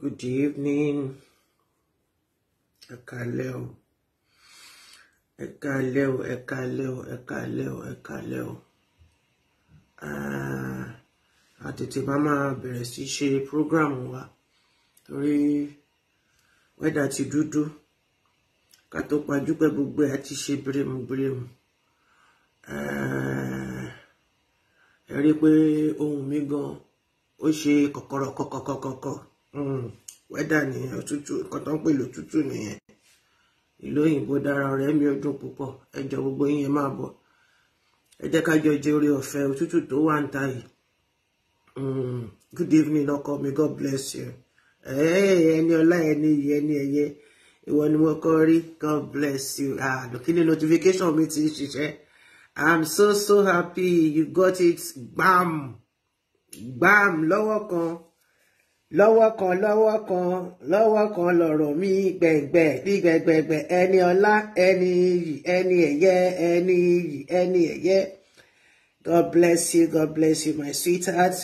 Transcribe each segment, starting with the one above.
Good evening. Ẹ káalẹ́ o. Ẹ káalẹ́ Ah, ẹ káalẹ́ mama ẹ káalẹ́ o, program wa torí wẹ́dà ti dúdú ká tó pajú pé gbogbo ẹ̀ á ti ṣe bírèmù bírèmù. Ah, ẹ rí i pé ohun mi gan ó ṣe kọ̀kọ̀rọ̀ kọ̀kọ̀kọ̀kọ̀ wẹ́dà nìyẹn òtútù nǹkan tó ń pè lòtútù nìyẹn ìlú òyìnbó dára ọ̀rẹ́ mi ó dùn púpọ̀ ẹ jọ̀ọ́ gbogbo yín ẹ máa bọ̀ ẹ jẹ́ ká jọ jẹ orí ọ̀fẹ́ òtútù tó wà ń ta yìí hmm, good evening ọkọ mi god bless you ẹni ọlá ẹni yìí ẹni ẹyẹ ìwọ ni mo kọ rí god bless you ah lókè ní notification mi ti ṣiṣẹ́. I'm so so happy you got it Bam, bam, lọ́wọ́ kan lọ́wọ́ kan lọ́wọ́ kan lọ́wọ́ kan lọ̀rọ̀ mi gbẹ̀gbẹ̀ bí gbẹ̀gbẹ̀gbẹ̀ ẹni ọlá ẹni iyì ẹni ẹ̀yẹ ẹni iyì ẹni ẹ̀yẹ God bless you God bless you my sweetheart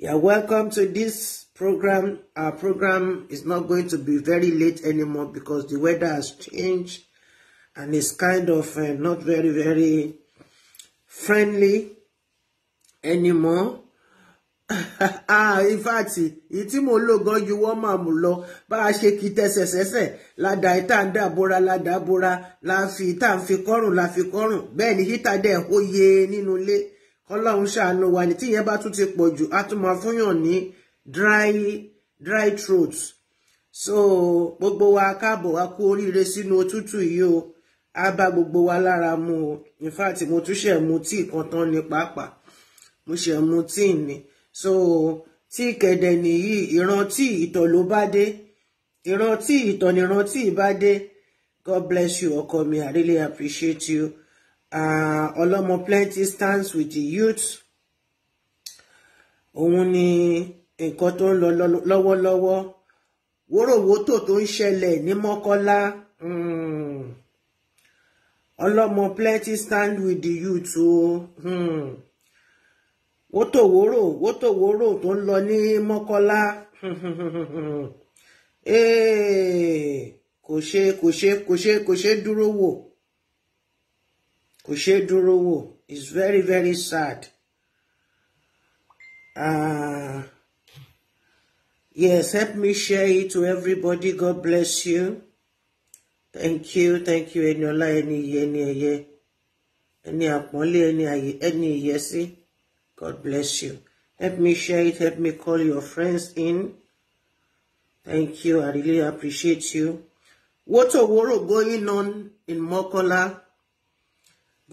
you're welcome to this program our program is not going to be very late anymore because the weather has changed and is kind of uh, not very, very friendly anymore. ah, in fact, ìtí mo lò gan ju wọ́n máa mú lọ bá a ṣe kí tẹsẹ̀sẹsẹ̀ ládà ìta ń dàbora ládàbora la fi ìta ń fi la fi kọ́rùn bẹ́ẹ̀ ni yíta dẹ̀ ó yẹ nínú ilé ọlọ́run ṣàánú wa ní tíyẹn bá tún ti pọ̀ jù á tún máa fúnyàn ní dry dry throats. so gbogbo wa káàbọ̀ wá kú oríire sínú òtútù yìí o á bá gbogbo wa lára mu o in fact mo tún ṣe mu tíì kan tán ni pàápàá mo ṣe mu tíì ni so tí kẹdẹ nìyí ìrántí ìtọ̀ ló bá dé ìrántí ìtọ̀ nìrántí bá dé God bless you ọkọ mi I really appreciate you ah, ọlọ́mọ uh, plenty stands with the youth òun ni nǹkan tó ń lọ lọ́wọ́lọ́wọ́ wóróworó tó tó ń ṣẹlẹ̀ ní Mọ́kọ́lá. Mm ọlọ́mọ plenty stand with the youth o wótòwórò hmm. wótòwórò tó ń lọ ní mọ́kọ́lá kò ṣe kò ṣe kò ṣe kò ṣe dúró wò kò ṣe dúró wò it's very very sad uh, yes help me share it to everybody god bless you thank you thank you ẹni ọlá ẹni iyì ẹni ẹ̀yẹ ẹni àpọ́nlé ẹni àyè ẹni ìyẹ́sí God bless you help me share it help me call your friends in thank you I really appreciate you What a world going on in Mokola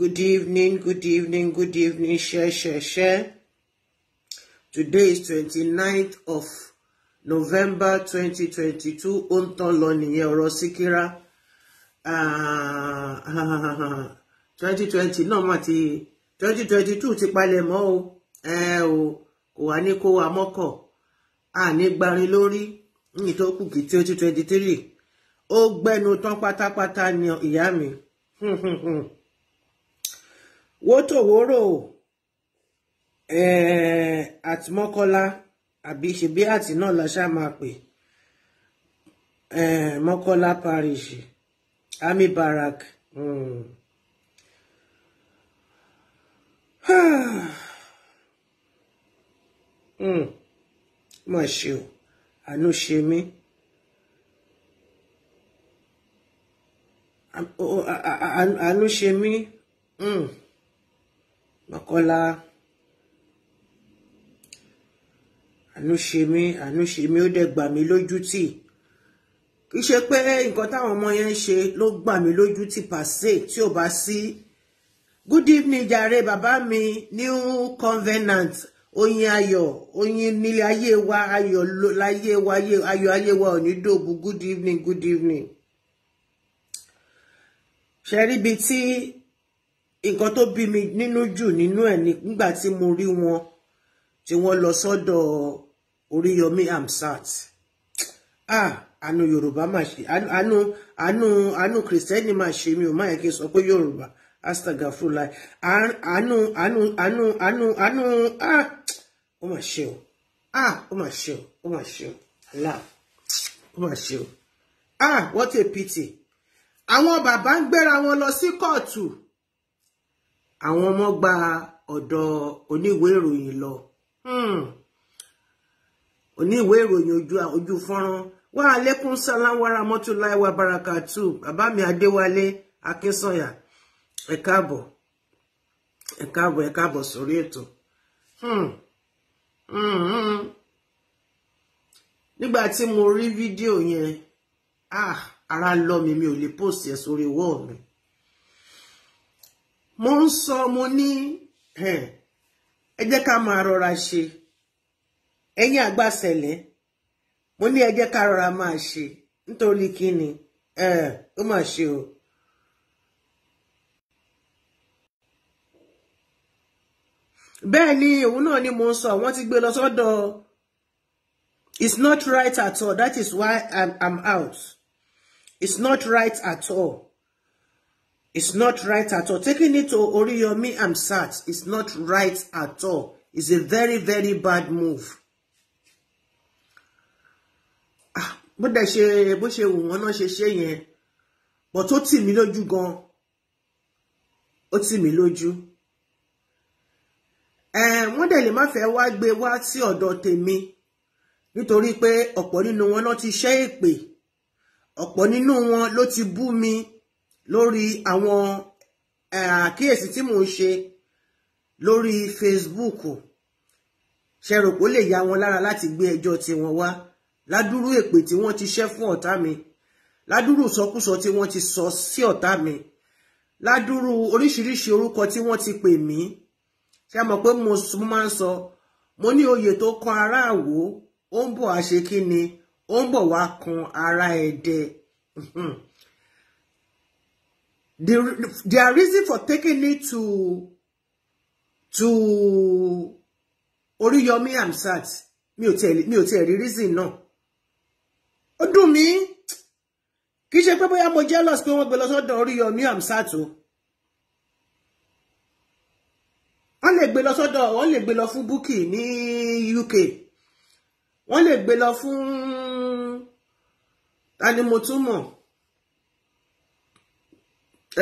good evening good evening good evening share share share today is 29th of November 2022 ó ń tán lọ nìyẹn ọ̀rọ̀ Ah, ah, twenty twenty náà mà ti twenty twenty two ti palẹ̀ mọ́ o ẹ o kò wá ní kó wa mọ́kọ̀ àní gbarin lórí ní tó kù kí twenty twenty three ó gbẹnu tán pátápátá ni ìyá mi wó tòwórò àtìmọ́kọ́lá àbí ṣèbí àti náà la ṣáà máa pè mọ́kọ́lá parish Ami barrack. Hmm. Mm. mm. Mà ṣe o, àánú ṣe mí. Àánú ṣe mí. Mọ̀kọ́lá. Hmm. Àánú ṣe mí, àánú ṣe mí, ó dẹ̀ gbà mí lójú tì kì pé nǹkan táwọn ọmọ yẹn ń ṣe ló gbà mí lójú ti pàṣẹ tí ò bá sí. good evening jàre bàbá mi new convenant oyin ayọ̀ oyin nílé ayé wa ayọ̀ láyé wa ayọ̀ ayé wa ò ní dòbu good evening good evening. ṣe rí ibi tí nǹkan tó bí mi nínú jù nínú ẹ̀ nígbà tí mo rí wọn tí wọ́n lọ sọ́dọ̀ Oríyọmí Hamzat. ah àánú yorùbá mà ṣe àánú àánú àánú kìrìsìtẹ́nì mà ṣe mi ò má yẹ kí n sọ pé yorùbá astagafula àánú àánú àánú àánú àánú ah ó mà ṣe o ah ó mà ṣe o ó mà ṣe o àlá ó mà ṣe o ah what a pity àwọn bàbá ń gbéra wọn lọ sí kóòtù àwọn ọmọ gba ọ̀dọ̀ oníwèé ìròyìn lọ hmm. oníwèé ìròyìn ojú fọ́nrán wa alekun salam wa rahmatullahi wa barakatu bàbá mi adéwálé akínsànyà ẹ káàbọ̀ ẹ káàbọ̀ ẹ káàbọ̀ sórí ètò hmm, hmm, hmm. nígbà tí mo rí fídíò yẹn ah ara lọ mi mi ò lè post ẹ sórí wall mi mo ń sọ mo ní ẹ jẹ́ ká máa rọra ṣe ẹ̀yin àgbàsẹ̀lẹ̀ mo ní ẹ jẹ́ ká rọra máa ṣe nítorí kí ni ó mà ṣe o. bẹ́ẹ̀ ni òun náà ni mo ń sọ wọ́n ti gbé lọ sọ́dọ̀ it's not right at all that is why I'm, I'm out it's not right at all it's not right at all taking it to Oriyomi sad. it's not right at all it's a very very bad move. bó dẹ̀ ṣe bó ṣe wù wọ́n náà ṣe ṣe yẹn bọ̀ tó tì mí lójú gan ó tì mí lójú wọ́n dẹ̀ lè má fẹ́ wá gbé wá sí ọ̀dọ̀ tèmi nítorí pé ọ̀pọ̀ nínú wọn náà ti ṣẹ́ èpè ọ̀pọ̀ nínú wọn ló ti bú mi lórí àwọn àkíyèsí tí mò ń ṣe lórí Facebook ṣe rò pé ó lè yá wọn lára láti gbé ẹjọ́ tiwọn wá ládùúrú èpè tí wọ́n ti ṣẹ́ fún ọ̀tá mi ládùúrú sọkúsọ tí wọ́n ti sọ sí ọ̀tá mi ládùúrú oríṣiríṣi orúkọ tí wọ́n ti pè mí ṣé mọ̀ pé mo máa ń sọ mo ní oyè tó kan ará àwo ó ń bọ̀ wá ṣe kí ni ó ń bọ̀ wá kan ará ẹ̀dẹ. Hmm. their reason for taking me to to Oriyomi Hamzat mi ò tẹ̀lé mi ò tẹ̀lé reason náà ó dùn mí kì í ṣe pé bóyá mo jealous pé wọ́n gbé lọ sọ́dọ̀ Oríyọ̀mí Hamzat o wọ́n lè gbé lọ sọ́dọ̀ wọ́n lè gbé lọ fún Bukky ní UK wọ́n lè gbé lọ fún tani mo tún mọ̀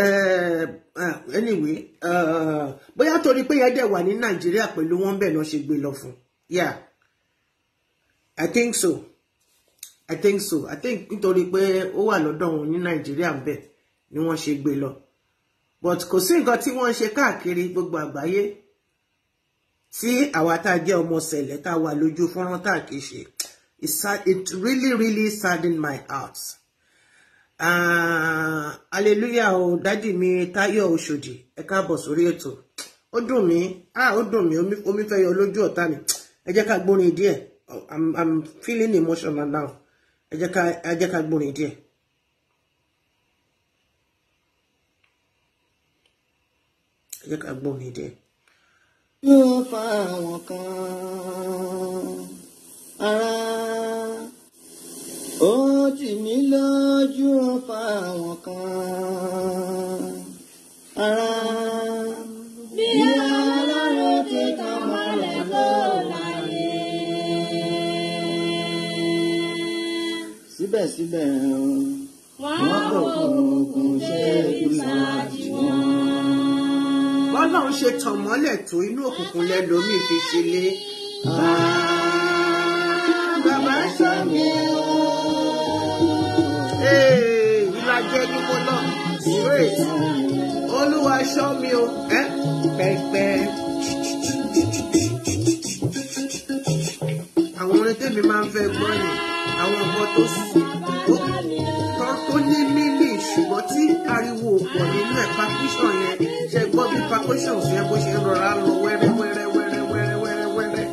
eh, eh, anyway eh, bóyá torí pé yẹn dẹ̀ wà ní Nàìjíríà pẹ̀lú wọn bẹ́ẹ̀ lọ ṣe gbé lọ fún yeah I think so. I think so I think nítorí pé ó wà lọ́dọ̀ wọn ní Nàìjíríà ń bẹ ni wọ́n ṣe gbé lọ but kò sí nǹkan tí wọ́n ṣe káàkiri gbogbo àgbáyé tí àwa tá a jẹ́ ọmọ ṣẹ̀lẹ̀ tá a wà lójú fọ́nrán tá a kì í ṣe it really really saddened my heart. Uh, hallelujah o dádì mi Táyọ̀ Òṣòdì ẹ káàbọ̀ sórí ètò ó dùn mí ah ó dùn mí omi fẹ́ yọ lójú ọ̀tá mi ẹ jẹ́ ká gbórin díẹ̀ oh, I'm I'm feeling emotional now ẹ jẹ́ ká ẹ jẹ́ ká gbórin díẹ̀. ẹ fa àwọn kan ara ó tì mí lójú ó fa àwọn kan ara. síbẹ̀síbẹ̀ wọ́n kò kòkòrò ṣe ìsáàjì wọn. bọ́lọ́run ṣe tàn mọ́lẹ̀ tó inú òkùnkùn lẹ́lòmí fi ṣe lé. bàbá ṣe mi o. ìlàjẹ ni mo lọ straight olúwa ṣọ́ mi o pẹ́pẹ́. àwọn orin tẹ́mi máa ń fẹ́ gbọ́ ni àwọn ọmọ tó sùn kan tó ní mímì ṣùgbọ́n tí ariwo pọ̀ nínú ẹ̀ percussion yẹn ṣe gbọ́ bí percussion yẹn bó ṣe rọra lọ wẹ́rẹ́ wẹ́rẹ́ wẹ́rẹ́ wẹ́rẹ́ wẹ́rẹ́ wẹ́rẹ́.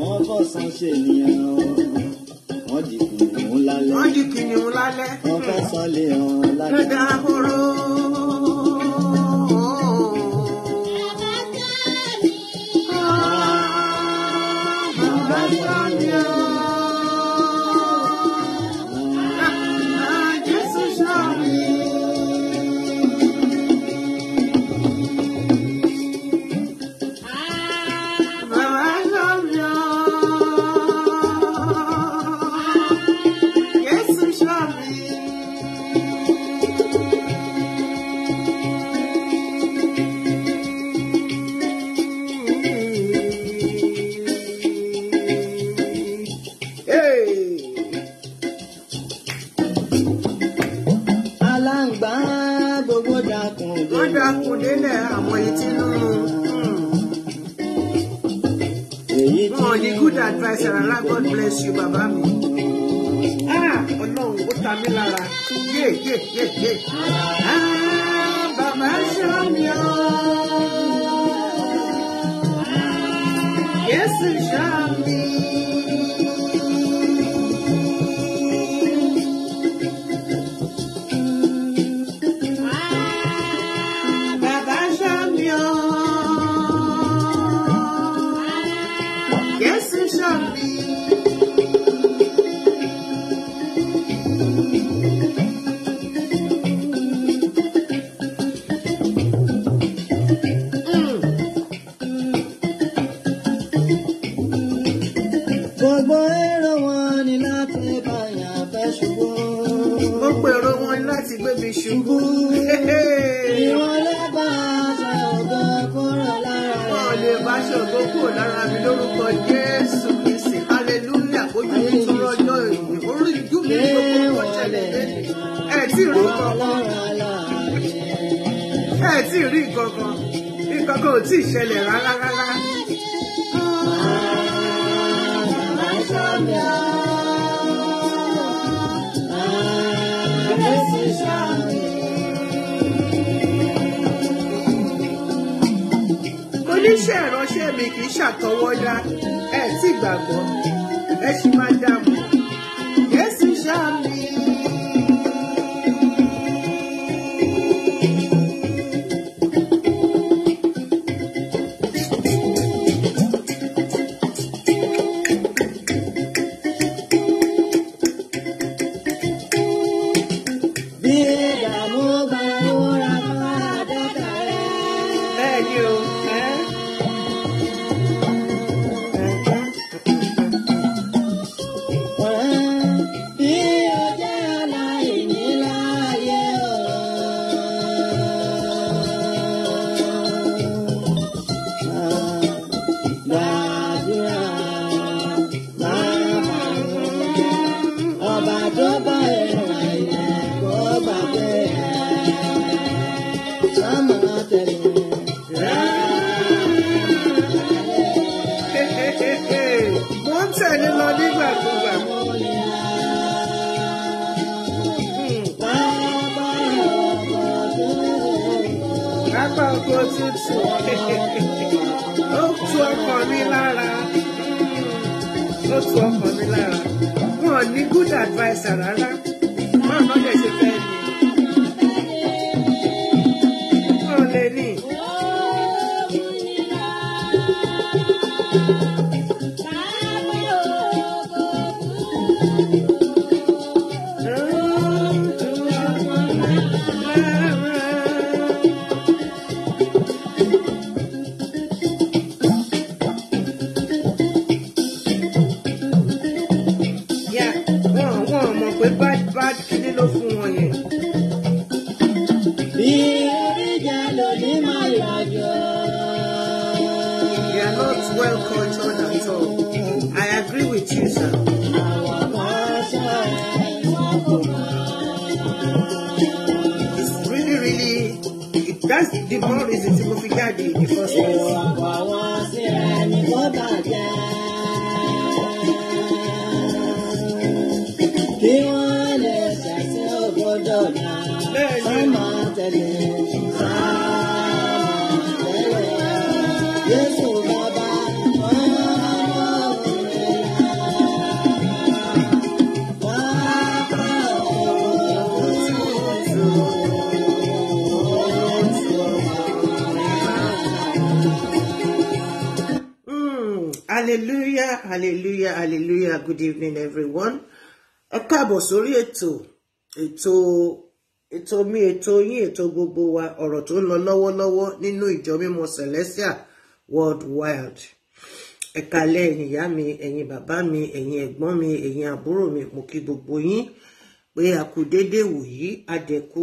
wọ́n bọ̀ sáńṣẹ́ ènìyàn wọ́n di kìnìún lálẹ́. wọ́n di kìnìún lálẹ́. wọ́n fẹ́ sọ lè hàn lálẹ́. lọ́dà ahoro. Hmm. Hallelujah, hallelujah, hallelujah. Good evening, everyone. ẹ káàbọ̀ sórí ètò ètò ètò mi ètò yín ètò gbogbo wa ọ̀rọ̀ tó ń lọ lọ́wọ́lọ́wọ́ nínú ìjọ Celestia World Wild. ẹ kálẹ́ ẹ̀yin ìyá mi ẹ̀yin bàbá mi ẹ̀yin ẹ̀gbọ́n mi ẹ̀yin àbúrò mi mo kí gbogbo yín pé a kú déédé wòyí adẹ̀kú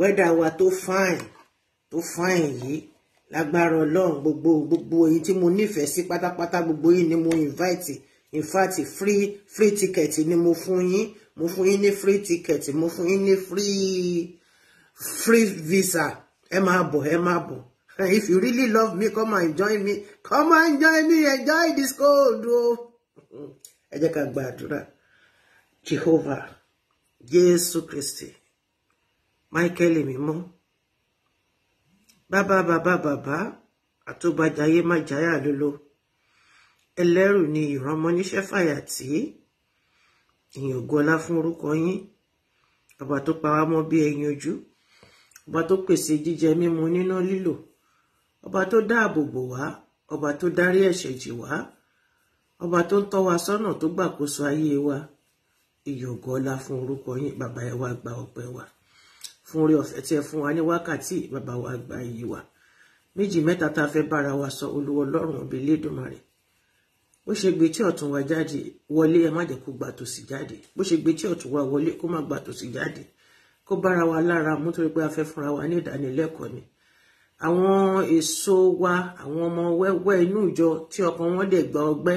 wẹ́dà wa tó fáìn tó fáìn yìí lágbára Ọlọ́run gbogbo gbogbo èyí tí mo nífẹ̀ẹ́ sí pátápátá gbogbo yìí ni mo invite in fact free free ticket ni mo fún yín mo fún yín ní free ticket mo fún yín ní free free visa ẹ máa bọ̀ ẹ máa bọ̀ if you really love me come and join me come and join me enjoy this cold Oh, ẹ jẹ́ ká gba Jehovah Jesus Christ, Michael mímọ́ bàbá Baba, Baba. àtúbàjáyé má jáyà lóló ẹlẹ́rù ni ìránmọ́níṣẹ́ fàyàtì èèyàn gọlá fún orúkọ yín ọba tó pa wá mọ́ bí ẹyin ojú ọba tó pèsè jíjẹ mímu níná lílò ọba tó dáàbò bò wá ọba tó dárí ẹ̀ṣẹ̀ jì wá ọba tó ń tọ́ wa sọ́nà tó gbàkóso ayé wa èèyàn gọlá fún orúkọ yín bàbá ẹ wá gba ọpẹ́ wa fún orí ọ̀fẹ́ tí ẹ fún wa ní wákàtí bàbá wa gba iyì wa méjì mẹ́ta tá a fẹ́ bára wa sọ olúwa ọlọ́run ọbẹ lẹdùnmarè bó ṣe gbé tí ọ̀tún wa jáde wọlé ẹ má jẹ́ kó gba tòsì jáde bó ṣe gbé tí ọ̀tún wa wọlé kó má gba tòsì jáde kó bára wa lára mú torí pé a fẹ́ fúnra wa ní ìdánilẹ́kọ̀ọ́ ni àwọn èso wa àwọn ọmọ wẹ́wẹ́ inú ìjọ tí ọkàn wọn dẹ̀ gba ọgbẹ́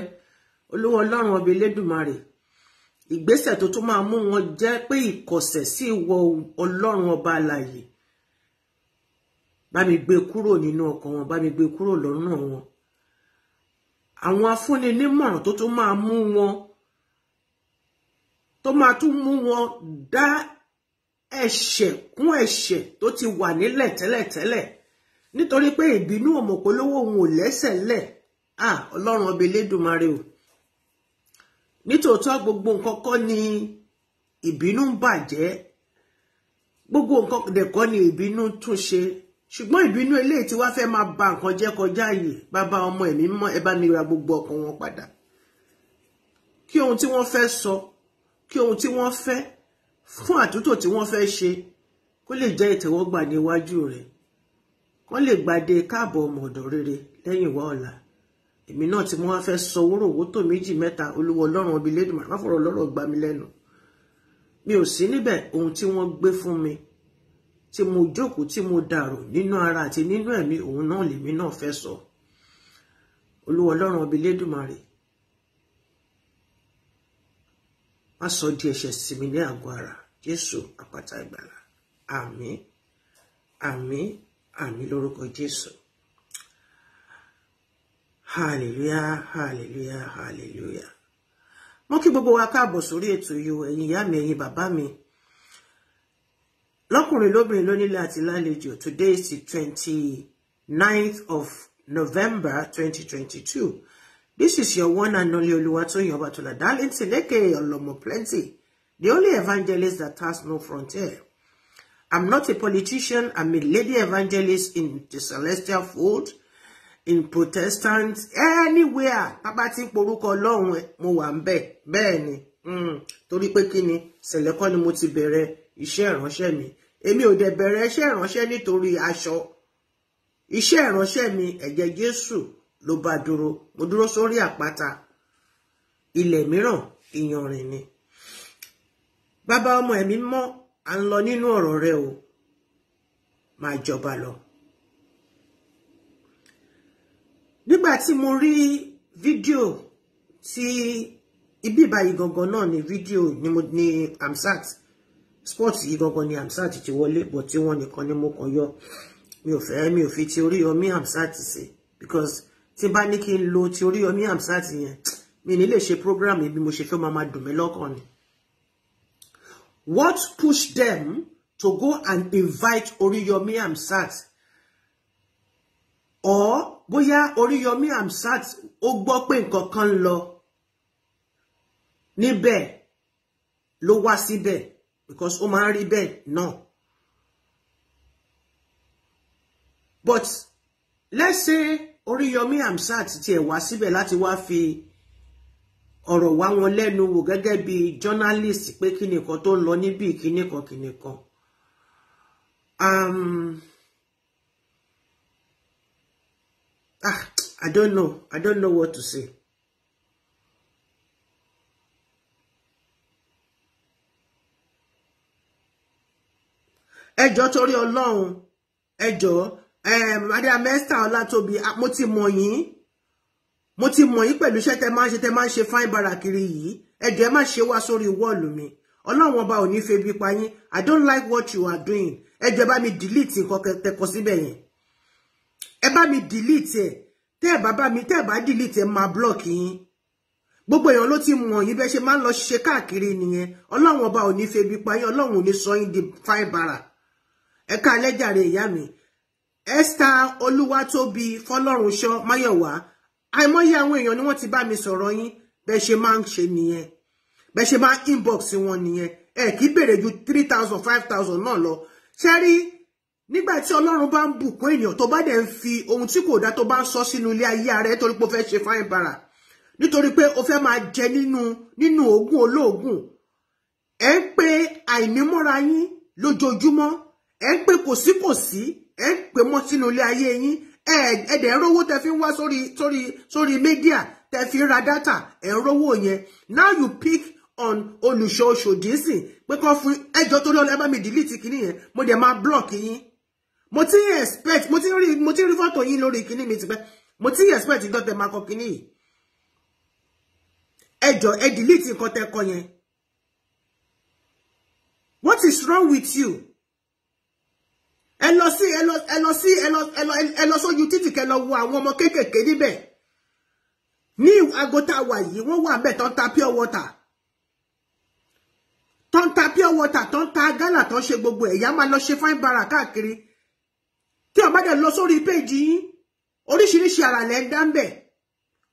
olówó ọlọ́run ọba elédùnmarè ìgbésẹ̀ tó tún máa mú wọn jẹ́ pé ìkọ̀sẹ̀ sí ìwọ ọlọ́run ọba alàyè bá mi gbé kúrò nínú ọkàn wọn bá mi gbé kúrò lọ́rùn wọn àwọn afúnni nímọ̀ràn tó tún máa mú wọn tó máa tún mú wọn dá ẹ̀ṣẹ̀ kún ẹ̀ṣẹ̀ tó ti wà nílẹ̀ tẹ́lẹ̀tẹ́lẹ̀ nítorí pé ìbínú ọ̀mọ̀polówó òun ò lẹ́sẹ̀ lẹ̀ à ọlọ́run ọba elédùnmarè o nítòótọ́ gbogbo nǹkan kọ́ ni ìbínú ń bàjẹ́ gbogbo nǹkan dẹ̀kọ́ ni ìbínú tún ṣe ṣùgbọ́n ìbínú eléyìí tí wàá fẹ́ máa ba nǹkan jẹ́ kọjá yìí bàbá ọmọ ẹ̀mí mọ́ ẹ bá mi ra gbogbo ọkàn wọn padà kí ohun tí wọ́n fẹ́ sọ kí ohun tí wọ́n fẹ́ fún àtúntò tí wọ́n fẹ́ ṣe kó lè jẹ́ ìtẹ́wọ́gbà níwájú rẹ̀ wọ́n lè gbàdé káàbọ̀ ọmọ ọ̀dọ̀ rere lẹ́yìn wá ọ̀la èmi náà tí wọ́n wá fẹ́ sọ owó rògbò tó méjì mẹ́ta olúwo ọlọ́run ọbí lẹ́dùnmọ̀ àbáfọ̀rọ̀ ọlọ́rọ̀ gbà mí lẹ́nu mi ò sí níbẹ̀ ohun tí wọ́n gbé fún mi tí mo jókòó tí mo dàrò nínú ara àti nínú ẹ̀mí òun náà lèmi náà fẹ́ sọ olúwa ọlọ́run ọbẹ̀ lẹ́dùnmarè má sọ di ẹ̀ṣẹ̀ sí mi ní àgọ́ ara jésù àpáta ìgbàlà àmín àmín àmín lórúkọ jésù hallelujah hallelujah hallelujah mo kí gbogbo wa káàbọ̀ sórí ètò yìí ẹ̀yin ìyá mi ẹ̀yin bàbá mi lọ́kùnrin lóbìnrin lónílé àti lálejò today is the twenty ninth of November twenty twenty two this is your one and only Olúwatóyìn Ọbàtọ́lá darling Tineke ọlọ́mọ plenty the only evangelist that has no frontier I'm not a politician I'm a lady evangelist in the celestial fold in Protestant anywhere bàbá tí ń porúkọ Ọlọ́run mo wà ń bẹ̀ bẹ́ẹ̀ ni hmm. torí pé kí ni ṣẹlẹ̀ kọ́ ni mo ti bẹ̀rẹ̀ iṣẹ́ ìránṣẹ́ mi èmi ò dẹ̀ bẹ̀rẹ̀ iṣẹ́ ìránṣẹ́ nítorí aṣọ iṣẹ́ ìránṣẹ́ mi ẹ̀jẹ̀ Jésù ló bá dúró mo dúró sórí àpáta ilẹ̀ mìíràn ìyanrìn ni bàbá ọmọ ẹ̀mí mọ́ à ń lọ nínú ọ̀rọ̀ rẹ o máa jọba lọ. nígbà tí mo rí fídíò tí ibí ìbáyìí gangan náà ni fídíò ni, ni Sports, yìí gangan ni Hamzat ti wọlé bọ̀ tí wọ́n nìkan ni mo kàn yọ mi ò fẹ́ mi ò fi ti Oríyọmí Hamzat sí because tí bá ní kí n lo ti Oríyọmí Hamzat yẹn mi ní lè ṣe program bí mo ṣe fẹ́ máa dùn mí lọ́kàn ni. What pushed them to go and invite Oríyọmí Hamzat or bóyá Oríyọmí Hamzat ó gbọ́ pé nǹkan kan ń lọ níbẹ̀ ló wá síbẹ̀. Si because ó máa ń rí bẹ́ẹ̀ but let's say Oríyọmí Hamzat ti ẹ̀ wá síbẹ̀ láti wá fi ọ̀rọ̀ wá wọn lẹ́nu wò gẹ́gẹ́ bí journalist pé kí nìkan tó ń lọ níbí kí nìkan kí nìkan. Um, ah, I don't know. I don't know what to say. ẹjọ́ torí ọlọ́run ẹjọ́ madam Esther Ọlátóbi mo ti mọ̀ yín mo ti mọ̀ yín pẹ̀lú iṣẹ́ tẹ máa ń ṣe tẹ máa ń ṣe fáin bara kiri yìí ẹjọ́ ẹ má ṣe wá sórí wọ́ọ̀lù mi ọlọ́run ọba ò ní febi pa yín i don't like what you are doing ẹjọ́ ẹ bá mi delete nǹkan tẹkọ síbẹ̀ yẹn ẹ bá mi delete ẹ tẹ́ ẹ̀ bá bá mi tẹ́ ẹ̀ bá delete ẹ máa block yín gbogbo èèyàn ló ti mọ̀ yín bẹ́ ṣe máa ń lọ ṣe káàkiri nìyẹn ọlọ́run ọba ò ní febi pa yín ọlọ́run ò ní sọ yín di fáin bara eka ká lẹ́jàre ìyá mi Esther Olúwatóbi Fọlọ́runṣọ Máyọ̀wá àìmọye àwọn èèyàn ni wọ́n ti bá mi sọ̀rọ̀ yín bẹ́ẹ̀ ṣe máa ń ṣe nìyẹn bẹ́ẹ̀ ṣe inbox wọn nìyẹn ẹ kì í ju three thousand five thousand náà lọ ṣe rí nígbà tí Ọlọ́run bá ń bùkún ènìyàn tó bá dẹ̀ ń ohun tí kò dá tó bá ń sọ sínú ilé ayé ara ẹ o fẹ́ ṣe fáyín bara nítorí pé o fẹ́ máa jẹ nínú nínú oògùn olóògùn ẹ pe àìnímọ́ra yín lójoojúmọ́ ẹ ń pè kò sí kò sí ẹ ń pè mọ́ sínú ilé ayé yín ẹ ẹ dẹ̀ ń rówó tẹ fi ń wá sórí sórí sórí mídíà tẹ fi ra dátà ẹ rówó yẹn now you pick on olùṣọ́ Òṣòdì sìn pé kọ́ fún ẹjọ́ tó lọ́lọ́ ẹ bá mi delete kìíní yẹn mo dẹ̀ máa block yín mo ti ń expect mo ti ń rí mo ti ń rí fọ́tò yín lórí kìíní mi tipẹ́ mo ti ń expect nǹkan tẹ máa kọ kìíní yìí ẹjọ́ ẹ delete nǹkan tẹ kọ yẹn what is wrong with you? ẹ lọ sí ẹ lọ ẹ lọ sí ẹ lọ ẹ lọ ẹ lọ sójú títì kẹ́ lọ wo àwọn ọmọ kéékèèké níbẹ̀ ní aago wà yìí wọ́n wà bẹ́ẹ̀ tó pure water tó ń pure water tó ń ta gálà tó ń ṣe gbogbo ẹ̀yà máa lọ ṣe fine bara káàkiri tí ọba dẹ̀ lọ sórí péjì yín oríṣiríṣi ara lẹ́ ń dá ń bẹ̀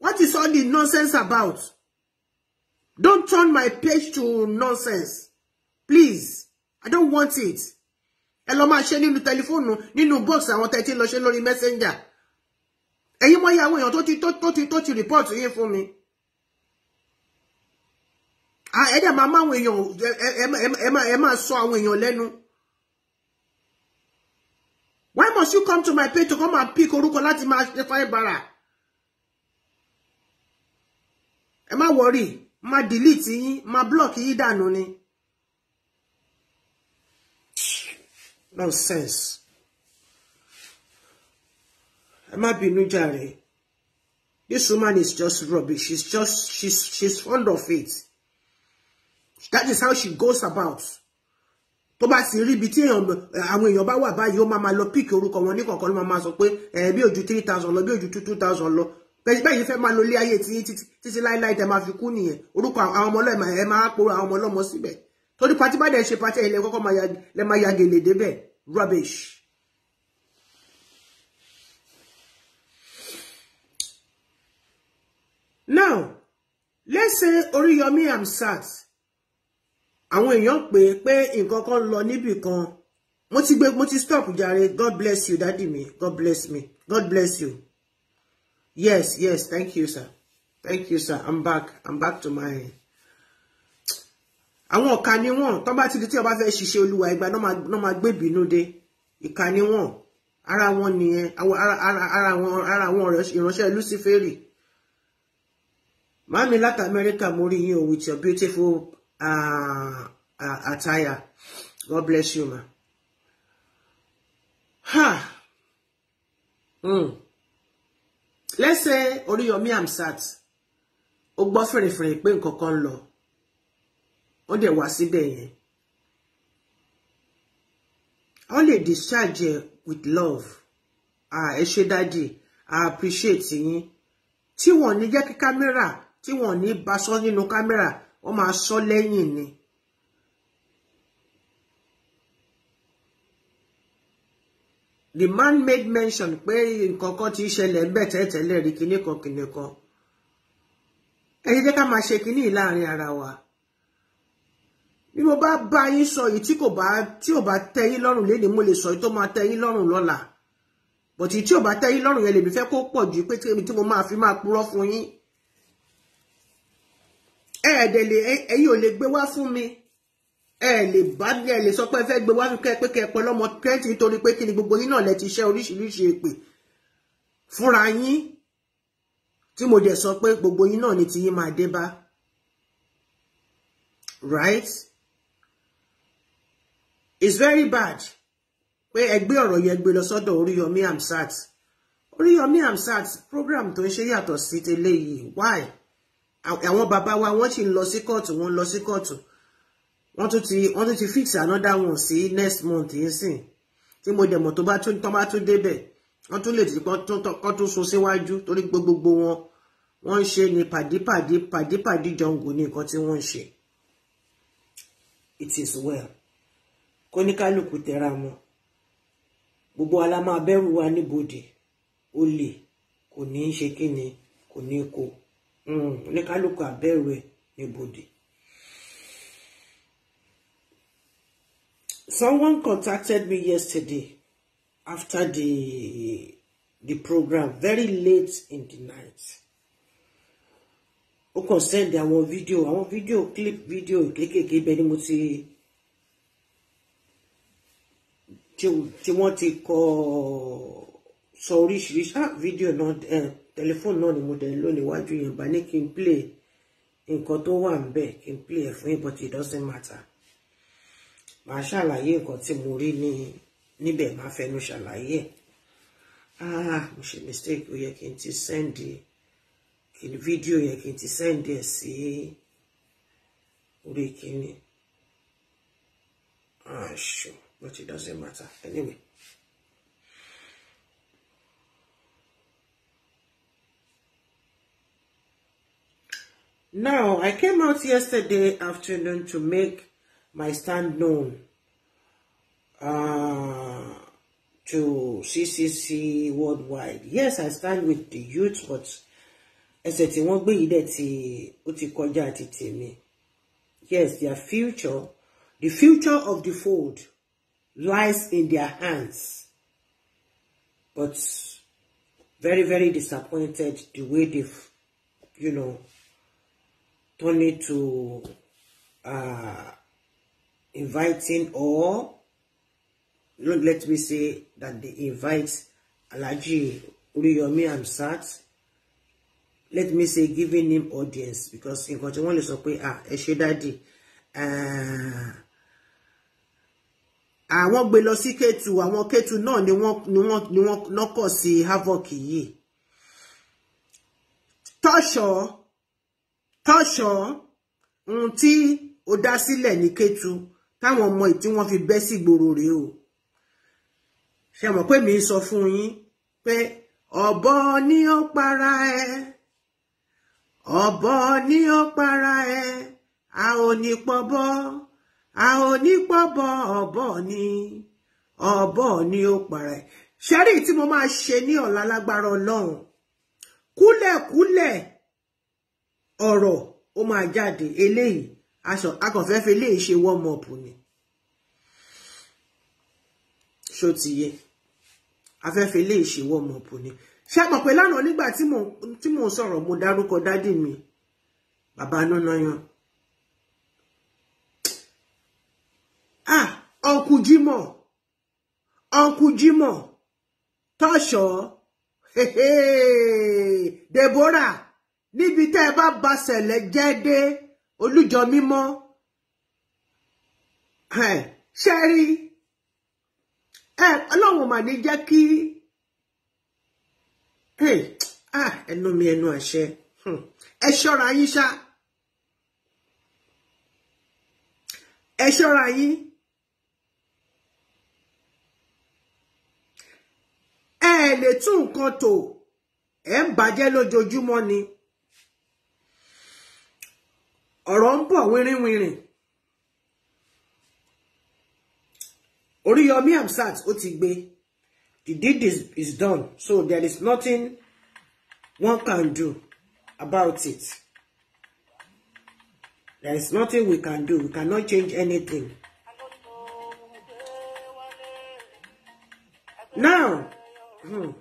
what is all the nonsense about don't turn my page to nonsense please i don't want it ẹ lọ máa ṣe nínú tẹlifóònù nínú box àwọn tẹ́tí lọ ṣe lórí messenger ẹ̀yin mọ̀ iye èèyàn tó ti tó yín fún mi ẹ dẹ̀ máa máwọn èèyàn ẹ máa sọ àwọn èèyàn lẹ́nu why must you come to my page to come and pick orúkọ láti máa ṣe bara? ẹ má wọrí má delete yín má block yín dànù ni. nonsense ẹ má bínú jàre this woman is just rubbish she's just she's she's fond of it that is how she goes about tó bá sì rí ibi tí àwọn èèyàn bá wà báyìí ó máa máa lọ píìkì orúkọ wọn níkọ̀ọ̀kan ló máa máa sọ pé bí ojú three thousand lọ bí ojú two two thousand lọ bẹ́ẹ̀ fẹ́ máa lo ilé ayé tí títí láíláí tẹ máa fi kú nìyẹn orúkọ àwọn ọmọ ọlọ́mọ ẹ máa pòrò àwọn ọmọ ọlọ́mọ síbẹ̀ torí patí bá dẹ̀ ṣe patí ẹ̀ lẹ́ kọ́kọ́ lẹ́ máa ya gèlè débẹ̀ Rubbish. Now, let's say Oriyomi Hamzat. Àwọn èèyàn pè é pé nǹkan kan lọ níbì kan. Mo ti gbé mo ti stop jare. God bless you daddy me. God bless me. God bless you. Yes, yes. Thank you, sir. Thank you, sir. I'm back. I'm back to my àwọn ọ̀ka ni wọ́n tó bá ti di tí ọba fẹ́ ṣiṣẹ́ olúwa ìgbà náà máa gbé ìbínú dé ìka ni wọ́n ara wọn nìyẹn ara àwọn ìránṣẹ́ luciferi mami láti America mo rí yín o with your beautiful uh, uh, attire God bless you ma. Ha. Mm. Let's say Oríyọmí Amsat ó gbọ́ fèrèfèrè pé nǹkan kan ń lọ wọ́n dẹ̀ wá síbẹ̀ yẹn wọ́n lè discharge with love ah ẹ ṣé dáàdì i appreciate yín Ti wọ́n ni jẹ́ kí kámẹ́rà tí wọ́n ni bá sọ nínú kámẹ́rà wọ́n máa sọ lẹ́yìn ni. the man made mention pé nǹkan kan ti ṣẹlẹ̀ ń bẹ̀ tẹ́tẹ́lẹ̀ rí kinní kan kinní kan ẹ jẹ́ ká máa ṣe kinní láàrin ara wa bí mo bá bá yín sọ yìí tí kò bá tí ò bá tẹ́ yín lọ́rùn lénìí mo lè sọ yìí tó máa tẹ́ yín lọ́rùn lọ́la but tí ò bá tẹ́ yín lọ́rùn yẹn lèmi fẹ́ kó pọ̀ ju pé tí mo máa fi máa purọ́ fún yín ẹ ẹdẹ lè ẹ̀yin ò lè gbé wá fún mi ẹ lè bá ní ẹ lè sọ pé ẹ fẹ́ gbé wá fún kẹ pé kẹ pẹ lọ́mọ twenty nítorí pé kí ni gbogbo yín náà lẹ ti ṣe oríṣiríṣi èpè fúnra yín tí mo dẹ̀ sọ pé gbogbo yín náà ni tiyín máa dé bá right it's very bad pé ẹ gbé ọ̀rọ̀ yẹn gbé lọ sọ́dọ̀ Oríyọmí Hamzat Oríyọmí Hamzat program tó ń ṣe yàtọ̀ sí tẹ́lẹ̀yìí why àwọn bàbá wa wọ́n ti ń lọ sí kóòtù wọ́n lọ sí kóòtù wọ́n tún ti wọ́n tún ti fix another one sí next month yìí sìn tí mo dẹ̀ mọ̀ tó bá tún tán bá tún débẹ̀ wọ́n tún lè ti kọ́ tún sun síwájú torí gbogbogbò wọn wọ́n ń ṣe ni pàdípàdí pàdípàdí jọǹgù ní nǹkan tí wọ́n ń ṣe it is well kó ní kálukú gbogbo wa máa bẹ̀rù wa níbodè olè kò ní í ṣe kí ni kò ní í kó hmm, oníkálukú àbẹ̀rù ẹ̀ níbodè. Someone contacted me yesterday after the the program very late in the night. Ó kàn send àwọn fídíò àwọn fídíò clip fídíò kéékèèké bẹ́ẹ̀ ni mo ti tí wọ́n ti kọ sọ oríṣiríṣi ah fídíò náà ẹ eh, tẹlifóònù náà ni mo dẹ̀ lónìí wájú yẹn bá ní kí n play nǹkan tó wà ń bẹ̀ kí n play ẹ̀ fún yín but it doesn't matter màá ṣàlàyé nǹkan tí mo rí ní níbẹ̀ máa fẹnu ṣàlàyé ah mo ṣe mistake ó yẹ kí n ti send kí ni fídíò yẹ kí n ti send ẹ̀ sí orí kíni àṣù. Ah, sure but it doesn't matter anyway. Now, I came out yesterday afternoon to make my stand known uh, to CCC worldwide. Yes, I stand with the youth, but ẹsẹ̀ tí wọ́n gbé yìí dẹ̀ tí ó ti Yes, their future, the future of the fold lies in their hands. But very, very disappointed the way they've, you know, turned it to uh, inviting or, not let me say that they invite Alhaji Oriyomi Hamzat let me say giving him audience because nǹkan tí wọ́n lè sọ pé ah ẹ ṣe dáàdì àwọn ah, gbé lọ sí K2 àwọn K2 náà ni wọ́n ni wọ́n ni wọ́n lọ́kọ̀ sí havoc yìí tọ́ṣọ̀ tọ́ṣọ̀ ohun tí ó dá sílẹ̀ ní K2 táwọn ọmọ tí wọ́n fi bẹ́ sí gbòòrò rèé o ṣe mọ̀ pé mi sọ fún yín pé ọ̀bọ ni ó para ẹ ọ̀bọ ni ó para ẹ a ò ní pọbọ a ò ni ọ̀bọ ni ó para ẹ̀ ṣẹ́rí tí mo máa ṣe ní ọ̀la lágbára ọlọ́run kúlẹ̀kúlẹ̀ ọ̀rọ̀ ó máa jáde eléyìí aṣọ akànfẹ́fẹ́ eléyìí ṣe warm up ni ṣó ti yé afẹ́fẹ́ eléyìí ṣe warm up ni ṣe mọ̀ pé lánàá nígbà tí mò ń sọ̀rọ̀ mo dárúkọ dádì mi bàbá nánáyàn. No, no, Uncle Jimoh, Uncle Jimoh, Tasha, hey, hey, Deborah, níbi tẹ́ ẹ bá ba sẹ̀lẹ̀ jẹ́ dé olújọ mímọ́ ṣe rí ẹ ọlọ́run mà ní jẹ́ kí ẹnu mi ẹnu àṣẹ hmm. ẹ ṣọ́ra yín ṣá ẹ ṣọ́ra yín. ẹ lè tún nǹkan tò ẹ ń bàjẹ́ lójoojúmọ́ ni ọ̀rọ̀ ń bọ̀ wínrínwínrìn Oríyọmí Hamzat ó ti gbé the deed is, is done so there is nothing one can do about it there is nothing we can do we cannot change anything now I hmm. don't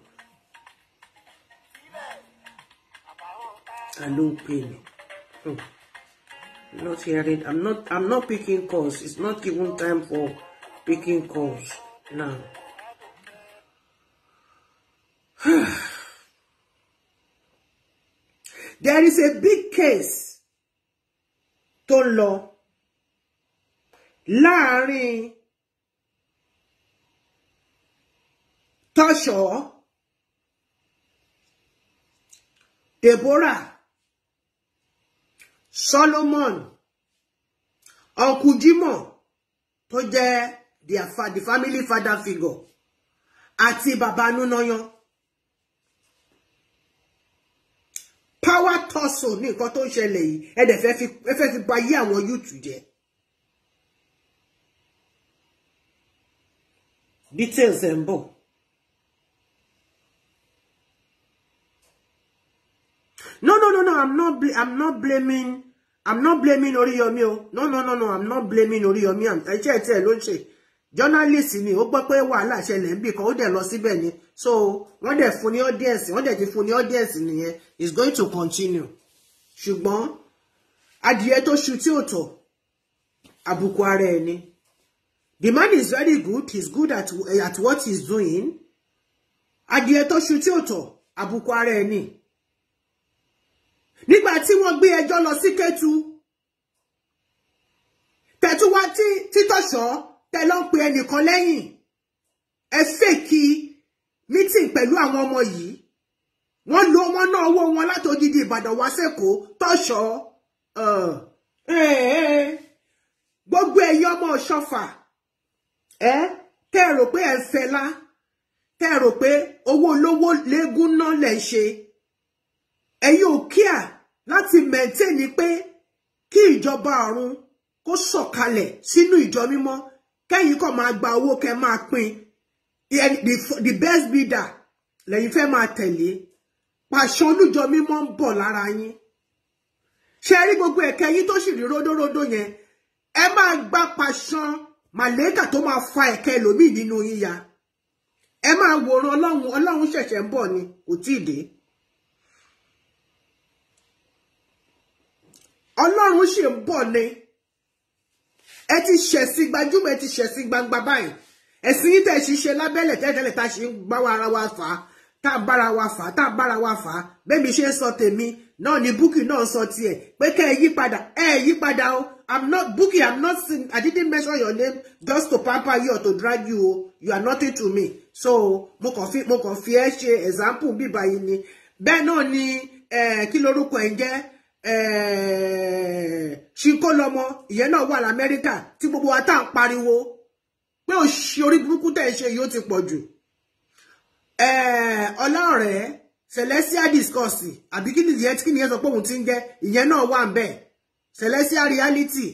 ń pè hmm. not hearing i'm not i'm not picking calls it's not even time for picking calls now. There is a big case tó ń lọ Tọ́ṣọ́, Deborah, Solomon, Uncle Jimoh, tó jẹ́ the family father figure, àti Bàbá Nunoyan. Power tussle ní nǹkan tó ń ṣẹlẹ̀ yìí, ẹ dẹ̀ fi ba yí àwọn youth jẹ́. Details ẹ̀ ń bọ̀. No, no, no, no. I'm not. I'm not blaming. I'm not blaming Oriyomi o. No, no, no, no. I'm not blaming Oriyomi. I'm. I tell tell don't say. Journalist ni ó gbọ́ pé wàhálà ṣẹlẹ̀ nbi kan ó dẹ̀ lọ síbẹ̀ ni. So wọ́n dẹ̀ fún ní audience. Wọ́n dẹ̀ ti fún ní audience nìyẹn. It's going to continue. Ṣùgbọ́n adìyẹ tó ṣu tí ò tọ̀ àbùkù ara The man is very good. He's good at at what he's doing. Adìyẹ tó ṣu tí ò tọ̀ àbùkù ara nígbà tí wọ́n gbé ẹjọ́ lọ sí Kétu tẹ̀tú wá tí títọ̀ṣọ́ tẹ ló ń pe ẹnìkan lẹ́yìn ẹ fèkì mítìn pẹ̀lú àwọn ọmọ yìí wọ́n lo wọn náà owó wọn látòjìdí Ìbàdàn wá sẹ́kọ̀ọ́ tọ̀ṣọ́ uh, eh, eh, eh. gbogbo ẹ̀yin ọmọ Ọ̀ṣọ́fà ẹ tẹ́ ẹ rò pé ẹ fẹ́ lá tẹ́ ẹ rò pé owó olówó légún náà lẹ̀ ń ṣe ẹ̀yin ò kíà láti maintain pé kí ìjọba ọ̀run kó sọ̀kalẹ̀ sínú ìjọ mímọ́ kẹ́yìn kàn máa gba owó kẹ́ máa pín the best bidder lẹ́yìn fẹ́ máa tẹ̀lé pàṣọ olújọ mímọ́ ń bọ̀ lára yín ṣe rí gbogbo ẹ̀kẹ́ yín tó sì rí ródóródó yẹn ẹ máa gbá pàṣán màlẹ́kà tó máa fa ẹ̀kẹ́ lòmíì nínú yín ya ẹ máa wòran ọlọ́run ọlọ́run ṣẹ̀ṣẹ̀ ń bọ̀ ni kò tíì dé. ọlọ́run ṣì ń bọ̀ ni ẹ ti ṣẹ̀sìn gbajúmọ̀ ẹ ti ṣẹ̀sìn gbangba báyìí ẹ̀sìn yìí tẹ̀ ṣiṣẹ́ lábẹ́lẹ̀ tẹ́lẹ̀tẹ́lẹ̀ tá ṣe ń gbáwa ara wa fà á tá a bára wa fà á tá a bára wa fà á bẹ́ẹ̀mi ṣe ń sọ tèmi náà ni Bukky náà sọ tiẹ̀ pé kẹ́ ẹ yí padà ẹ yí padà o I'm not Bukky I'm not sin I didn't mention your name just to pamper you or to drag you o you are nothing to me so mo kàn fi mo kàn fi ẹ ṣe example bíbá yìí ni bẹ́ẹ̀ náà ni eh, kí lorúkọ ẹ jẹ́ ṣíkó eh, lọmọ ìyẹn náà wà lamẹ́ríkà tí gbogbo wa tá à ń pariwo pé òṣì orí burúkú tẹ̀ ṣe yìí ó ti pọ̀ jù eh, ọlọ́rẹ̀ celestial discourse àbí kí nìyẹn tí nìyẹn sọ pé òun ti ń jẹ́ ìyẹn náà wà ń bẹ̀ celestial reality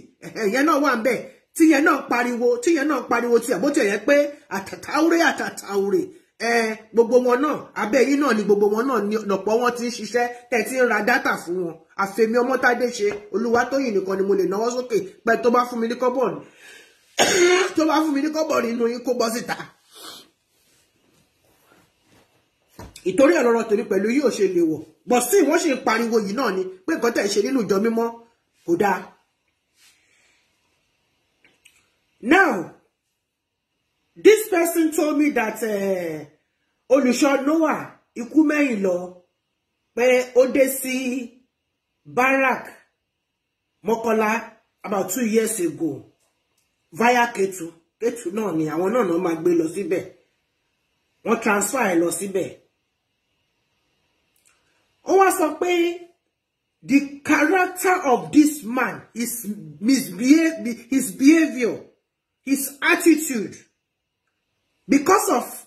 ìyẹn náà wà ń bẹ̀ tíyẹn náà pariwo tíyẹn náà pariwo tiẹ̀ bó tiẹ̀ yẹ pé àtàtàwúrẹ́ àtàtàwúrẹ́ gbogbo wọn náà abẹ́ yín náà ni gbogbo wọn náà ni ọ̀pọ̀ wọn ti ń ṣiṣẹ́ tẹ̀ tí ń ra dátà fún wọn àfẹ̀mí ọmọtádé ṣe olúwatóyìn nìkan ni mo lè náwó sókè pé tó bá fún mi ní kọ́bọ̀ọ̀nù tó bá fún mi ní kọ́bọ̀ọ̀nù inú yín kó bọ́ síta. ìtorí ẹ̀ lọ́rọ̀ torí pẹ̀lú yóò ṣe lè wọ̀ bọ̀ sí wọ́n ṣe ń pariwo yìí náà ni pé nǹkan tẹ̀ ṣe nínú ìjọ mímọ́ kò dáa. now this person told me that uh, noah ikú mẹ́yìn lọ pé ó dé sí barak mọ́kọ́lá about two years ago via ketu ketu náà ni àwọn náà náà máa gbé lọ síbẹ̀ wọ́n transfer ẹ̀ lọ síbẹ̀ ó wá sọ pé the character of this man his misbehavior his behavior his attitude Because of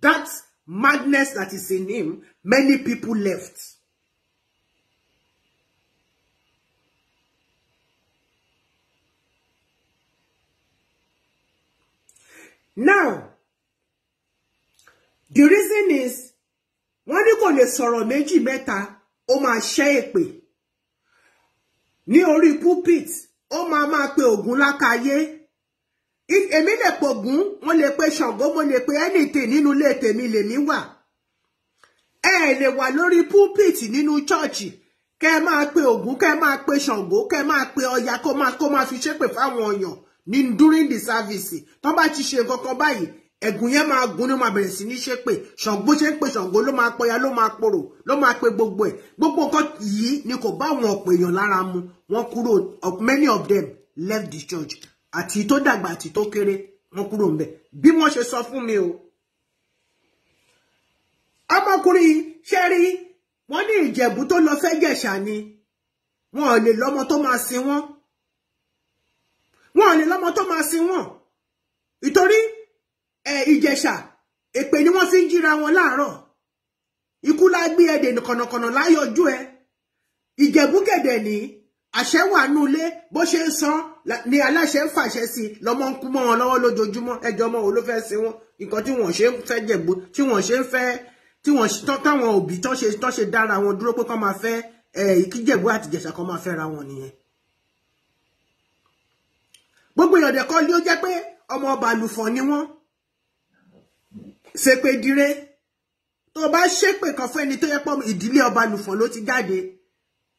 that madness that is in him, many people left. Now, the reason is, wọ́n ní kò lè sọ̀rọ̀ méjì mẹ́ta, ó máa ṣẹ́ èpè. Ní orí pulpit, ó máa máa pe ògún lákàyé èmi lè pògún mo lè pe Ṣàngó mo lè pe anything nínú ilé tèmi lèmi wà ẹ lè wà lórí pulpit nínú chọ́ọ̀chì kẹ máa pe Ògún kẹ máa pe Ṣàngó kẹ máa pe Ọya kó máa kó máa fi ṣépè fáwọn èèyàn ní during the service tán bá ti ṣe nǹkan kan báyìí ẹ̀gún yẹn gun ló máa bẹ̀rẹ̀ sí ní ṣe pé Ṣàngó ṣe pe Ṣàngó ló máa pọya ló máa porò ló máa pe gbogbo ẹ̀ gbogbo nǹkan yìí ni kò bá àwọn ọ̀pọ̀ èèyàn mu wọ́n kúrò many of them left the church àti tó dàgbà àti tó kéré wọ́n kúrò ńbẹ̀ bí wọ́n ṣe sọ fún mi o ọmọkùnrin ṣe rí ní Ìjẹ̀bú tó lọ fẹ́ ni wọn ò lè lọ́mọ tó máa sin wọ́n wọn ò lè lọ́mọ tó máa sin wọ́n ìtorí ẹ Ìjẹ̀ṣà èpè ni wọ́n fi ń jíra wọn láàárọ̀ ikú la gbé ẹdè kọ̀nàkọ̀nà láyọjú ẹ Ìjẹ̀bú kẹ̀dẹ̀ ní àṣẹ wà nulẹ̀ bó ṣe ń san ni aláṣẹ ń fàṣẹ sí lọ́mọ ń kú mọ́ wọn lọ́wọ́ lójoojúmọ́ ẹjọ́ ọmọ wo ló fẹ́ ṣe wọ́n nǹkan tí wọ́n ṣe ń fẹ́ jẹ̀bú tí wọ́n ṣe ń fẹ́ tí wọ́n táwọn òbí tán ṣe tán ṣe dára wọn dúró pé kán máa fẹ́ ìkíjẹ̀bú àti ìjẹ̀ṣà kan máa fẹ́ ra wọn nìyẹn. gbogbo ìyọ̀dẹ̀ kan ló jẹ́ pé ọmọ ọba àlùfọ̀ ni wọ́n ṣe pé dire tó bá ṣépè kan fún ẹni tó yẹ pọ́ ìdílé ọba àlùfọ̀ ló ti jáde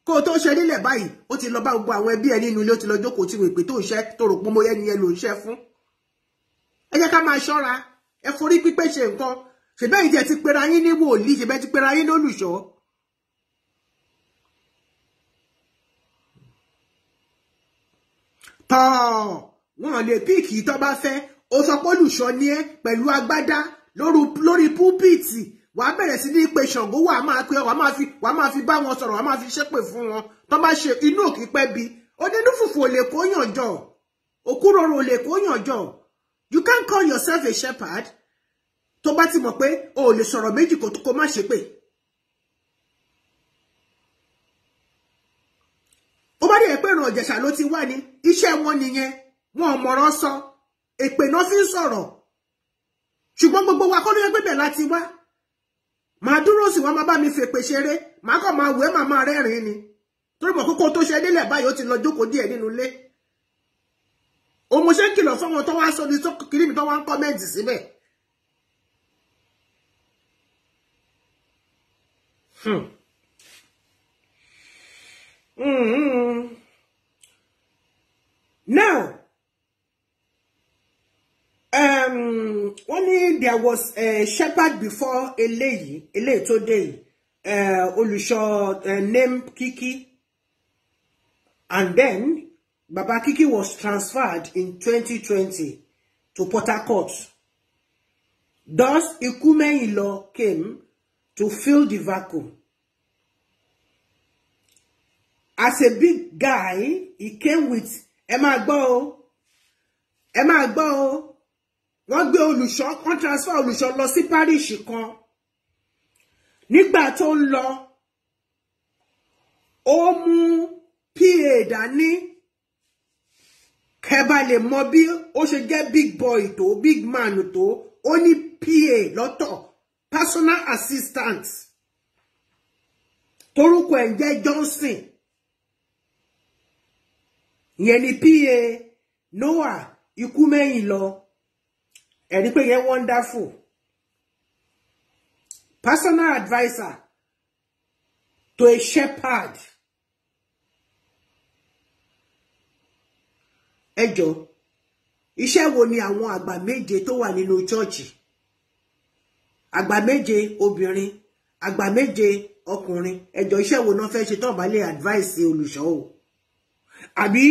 kó tó ṣe nílẹ̀ báyìí ó ti lọ bá gbogbo àwọn ẹbí ẹ nínú ilé ó ti lọ jókòó tí wèpè tó ṣe tó rò pọ́nmọ́ yẹn ni ẹ lò ń ṣe fún. ẹ jẹ́ ká máa ṣọ́ra ẹ forí pípé ṣe nǹkan ṣèbẹ́ ìjẹ́ ti pera yín ní wòlíì ṣèbẹ́ ti pera yín lólùṣọ́. tọ́ wọn lè píìkì tó bá fẹ́ ó sọ pé ni ẹ pẹ̀lú agbádá lórí púlpìtì wàá bẹ̀rẹ̀ sí ní pé Ṣàngó wàá máa pé wàá máa fi wàá máa fi bá wọn sọ̀rọ̀ wàá máa fi ṣépè fún wọn tó bá ṣe inú òkì pẹ́ bi onínú fùfù ò lè kó yàn jọ òkúròrò ò lè kó yàn jọ you can't call yourself a shepherd tó bá ti mọ̀ pé o ò lè sọ̀rọ̀ méjì kó kó má ṣépè. ó bá dé ẹ̀ pé ìran Ìjẹ̀ṣà ló ti wá ní iṣẹ́ wọn nìyẹn wọn ò mọ̀rọ̀ sọ èpè náà fi ń sọ̀rọ̀ ṣùgbọ́n gbogbo wa kọ́ ló yẹ pé bẹ̀ láti wá màá dúró sí wọn máa bá mi fèpè ṣeré màá ma máa wẹ màá máa rẹ́rìn-ín ni torí mọ kókó tó ṣe délẹ̀ báyìí ó ti lọ jókòó díẹ̀ nínú ilé òun ṣe ń kìlọ̀ fún wọn tó wá sórí tó kiri mi tó wá Hmm. kọmẹǹtì hmm, síbẹ̀. Hmm, hmm. now um wọ́n ní there was a shepherd before eléyìí eléyìí tó dé yìí uh, olùṣọ́ uh, name Kiki and then Baba Kiki was transferred in 2020 to Port Harcourt thus Ikumeyilo came to fill the vacuum as a big guy he came with ẹ máa gbọ́ o ẹ máa gbọ́ o wọ́n gbé olùṣọ́ wọ́n transfer olùṣọ́ lọ sí parish kan nígbà tó ń lọ ó mú pa dání kẹ́ bá lè mọ bí ó ṣe jẹ́ big boy tó big man tó ó ní pa lọ́tọ̀ personal assistant torúkọ ẹ̀ ń jẹ́ Johnson ìyẹn ni pa Noah ikú mẹ́yìn lọ ẹ̀rí pé yẹn wonderful personal adviser to a shepherd ẹjọ iṣẹ́ wo ni àwọn àgbà méje tó wà nínú chọ́ọ̀chì àgbà méje obìnrin àgbà méje ọkùnrin ẹjọ iṣẹ́ wo náà fẹ́ ṣe tó bá lè advice olùṣọ́ o àbí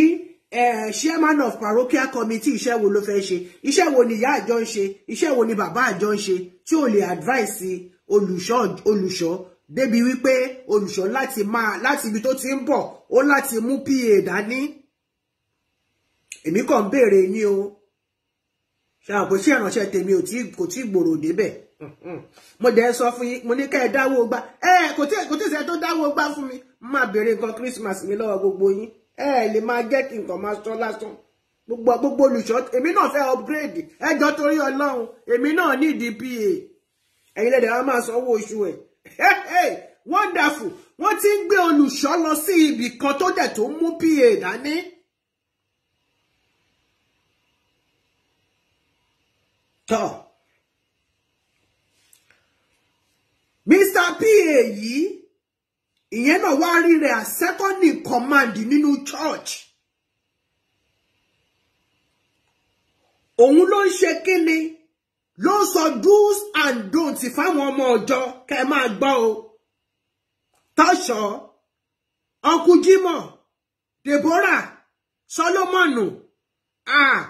Eh, chairman of parochial committee iṣẹ́ wo ló fẹ́ ṣe iṣẹ́ wo ni ìyá àjọ ń ṣe iṣẹ́ wo ni bàbá àjọ ń ṣe tí ò lè advice olùṣọ́ olùṣọ́ débi wípé olùṣọ́ láti máa láti ibi tó ti ń bọ̀ ó láti mú pa dání èmi kàn ń béèrè ni o ṣáà kò sí ìránṣẹ́ tèmi kò tí gbòòrò débẹ̀ mo dẹ̀ sọ fún yín mo ní kẹ́ ẹ dáwó gbá ẹ eh, kò tí ì sẹ́ tó dáwó gbá fún mi má béèrè nǹkan Christmas mi lọ́wọ́ gbogbo yín ẹ lè máa jẹ́ kí nǹkan máa sọ lásán gbogbo gbogbo olùṣọ́ èmi náà fẹ́ upgrade ẹjọ́ torí ọlọ́run èmi náà ní ìdí pa ẹ̀yin lẹ́dẹ̀ wa máa sanwó oṣù ẹ̀ wonderful wọ́n ti ń gbé olùṣọ́ lọ sí ibì kan tó dẹ̀ tó mú pa dání. tọ́ Mr. pa yìí ìyẹn náà wá rí rẹ̀ as second in command nínú church òun ló ń ṣe kíni ló ń sọ do's and don'ts fáwọn ọmọ ọjọ́ kẹ máa gbọ́ o tọ́ṣọ́ ọkú Jímọ̀ Deborah Solomonu ah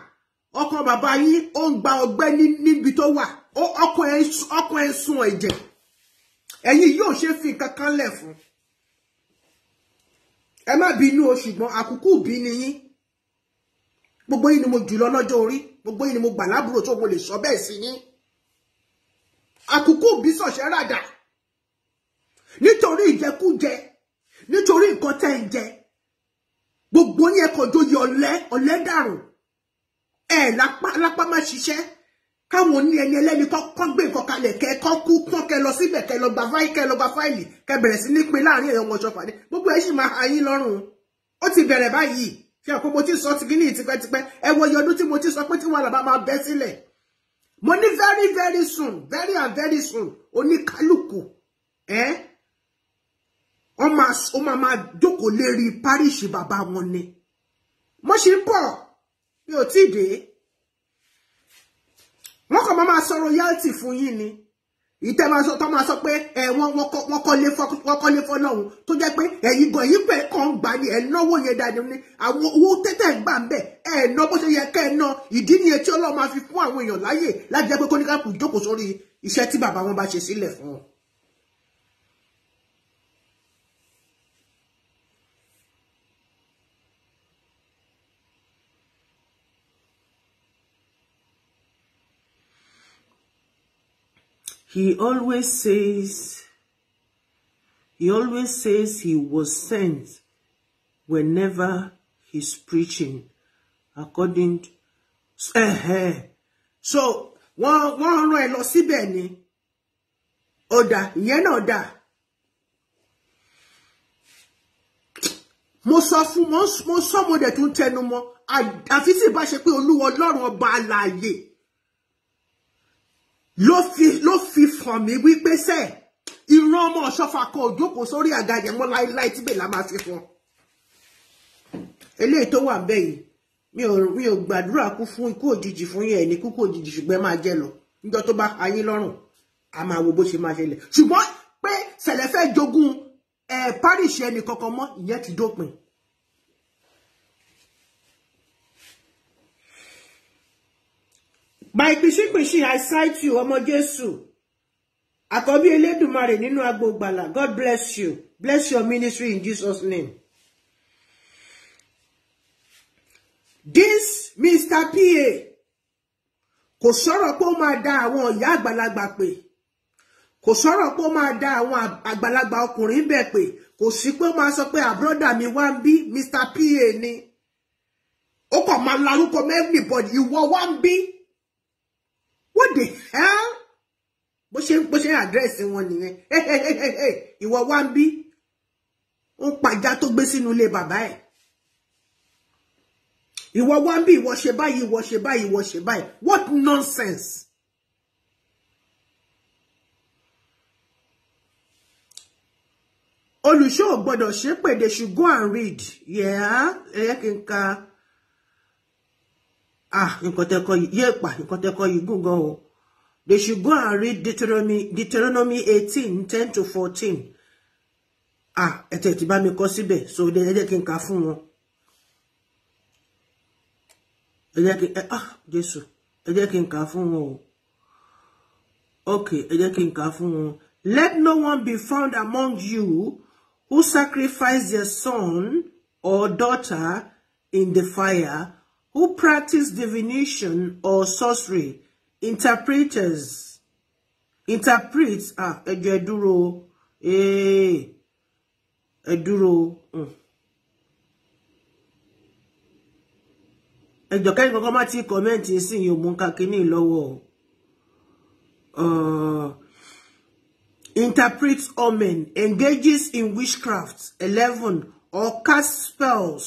ọkọ bàbá yín ó ń gba ọgbẹ́ níbi tó wà ọkọ ẹ̀ ń sun ẹ̀jẹ̀ ẹ̀yin yóò ṣe fi kankan lẹ̀ fún un ẹ má bínú o ṣùgbọ́n àkókò bí ni yín gbogbo yìí ni mo jùlọ lọ́jọ́ orí gbogbo yìí ni mo gbà lábúrò tó mo lè sọ bẹ́ẹ̀ sí yín àkókò bí sọ̀ṣẹ́ ràdà nítorí ìjẹkújẹ nítorí nǹkan tẹ́ ń jẹ gbogbo yín ẹkọ̀ jóye ọ̀lẹ ọ̀lẹ dàrú ẹ̀ lápá má ṣiṣẹ́ káwọn oní ẹni ẹlẹ́ni kọ́kọ́ gbé nǹkan kalẹ̀ kẹ́ kọ́ kú tán kẹ́ lọ síbẹ̀ kẹ́ lọ gba fáìlì kẹ́ lọ gba fáìlì kẹ́ bẹ̀rẹ̀ sí ní pin láàrin ẹ̀yọ́ wọn ṣọfàdé gbogbo ẹ̀ sì máa ha yín lọ́rùn ó ti bẹ̀rẹ̀ báyìí fi hàn pé mo ti sọ ti gíní tipẹ́tipẹ́ ẹ wo iye ọdún tí mo ti sọ pé tí wàhálà bá máa bẹ́ sílẹ̀ mo ní very very soon very and very soon oníkálùkù ẹ́ ó máa máa jókòó lérí parish bàbá wọn ni mo ṣì ń bọ̀ mi ò tíì dé wọ́n kàn máa sọ royalty fún yín ni ìtẹ́ máa sọ tó máa sọ pé ẹ wọ́n wọ́n kọ́lé fọ́lọ́hún tó jẹ́ pé ẹ̀yin gan yìí pé kàn gbà ní ẹ̀ náwó yẹn dání ní àwọn owó tẹ́tẹ́ gbà ń bẹ̀ ẹ̀ ná bó ṣe yẹ kẹ́ ẹ̀ ná ìdí nìyẹn tí Ọlọ́run máa fi fún àwọn èèyàn láyè láti jẹ́ pé kóníkàkù jókòó sórí iṣẹ́ tí bàbá wọn bá ṣe sílẹ̀ fún wọn. He always says, he always says he was sent whenever he's preaching, according to, uh -huh. so wọ́n wọ́n rán ẹ lọ síbẹ̀ ni ọ̀dà ìyẹn náà dà mo sọ fún mo sọ mo dẹ̀ tún tẹnu mọ́ àfi tí ìbá ṣe pé olúwa ọlọ́run ọba alààyè ló fi ló fi fàn mí wípé sẹ ìran ọmọ ọṣọfà kan òjókòó sórí àga yẹn mọ láíláí tí bèèlà máa fi fún eléyìí tó wà bẹ́ẹ̀ yìí mi ò mi ò gbàdúrà kú fún ikú òjijì fún yẹn ní kúkú òjijì ṣùgbọ́n ẹ máa jẹ lọ níjọ́ tó bá ayé lọ́rùn a máa wo bó ṣe máa ṣẹlẹ̀ ṣùgbọ́n pé sẹ̀lẹ̀ jogún ẹ̀ parish ẹnì kankan mọ́ ìyẹn ti dópin by pìṣípìṣí i cite you ọmọ jésù àkọ́bí elédùmarè nínú agbo gbàlà god bless you bless your ministry in jesus name this mr pa kò sọ̀rọ̀ pé ó máa da àwọn ìyá àgbàlagbà pé kò sọ̀rọ̀ pé ó máa da àwọn àgbàlagbà ọkùnrin bẹ̀ pé kò sí pé ó máa sọ pé àbúrọ́dà mi wá ń bí mr pa ni ó kàn máa larúkọ mẹ́rin bọ̀dì ìwọ wá ń bí what the hell bó ṣe bó ṣe address wọn nìyẹn ìwọ wá ń bí ó ń pàjá tó gbé sínú ilé bàbá ẹ̀ ìwọ wá ń bí ìwọ ṣe báyìí ìwọ ṣe báyìí ìwọ ṣe báyìí what nonsense. olùṣọ́ ò gbọ́dọ̀ ṣépèdè should go and read Yeah, ẹ̀yẹ́ kí n ka ah nǹkan tẹ́ kọ́ yìí yéèpà nǹkan tẹ́ kọ́ yìí gùn gan o they should go and read deuteronomy deuteronomy 18, 10 to 14. ah ete tí bá mi kọ́ síbẹ̀ so ẹ jẹ́ kí n kà fún wọn ẹ ah jésù ẹ jẹ́ kí n kà okay ẹ jẹ́ kí n kà let no one be found among you who sacrifice their son or daughter in the fire who practice divination or sorcery, interpreters, interprets, ah, eduro, ẹ̀dúró, eh, ẹ̀dúró, mm. ẹjọ́ kẹ́yìn kankan má ti kọ́mẹ́ǹtì sí yìí òun kàkíní lọ́wọ́ uh, interprets omen engages in witchcraft eleven or casts spells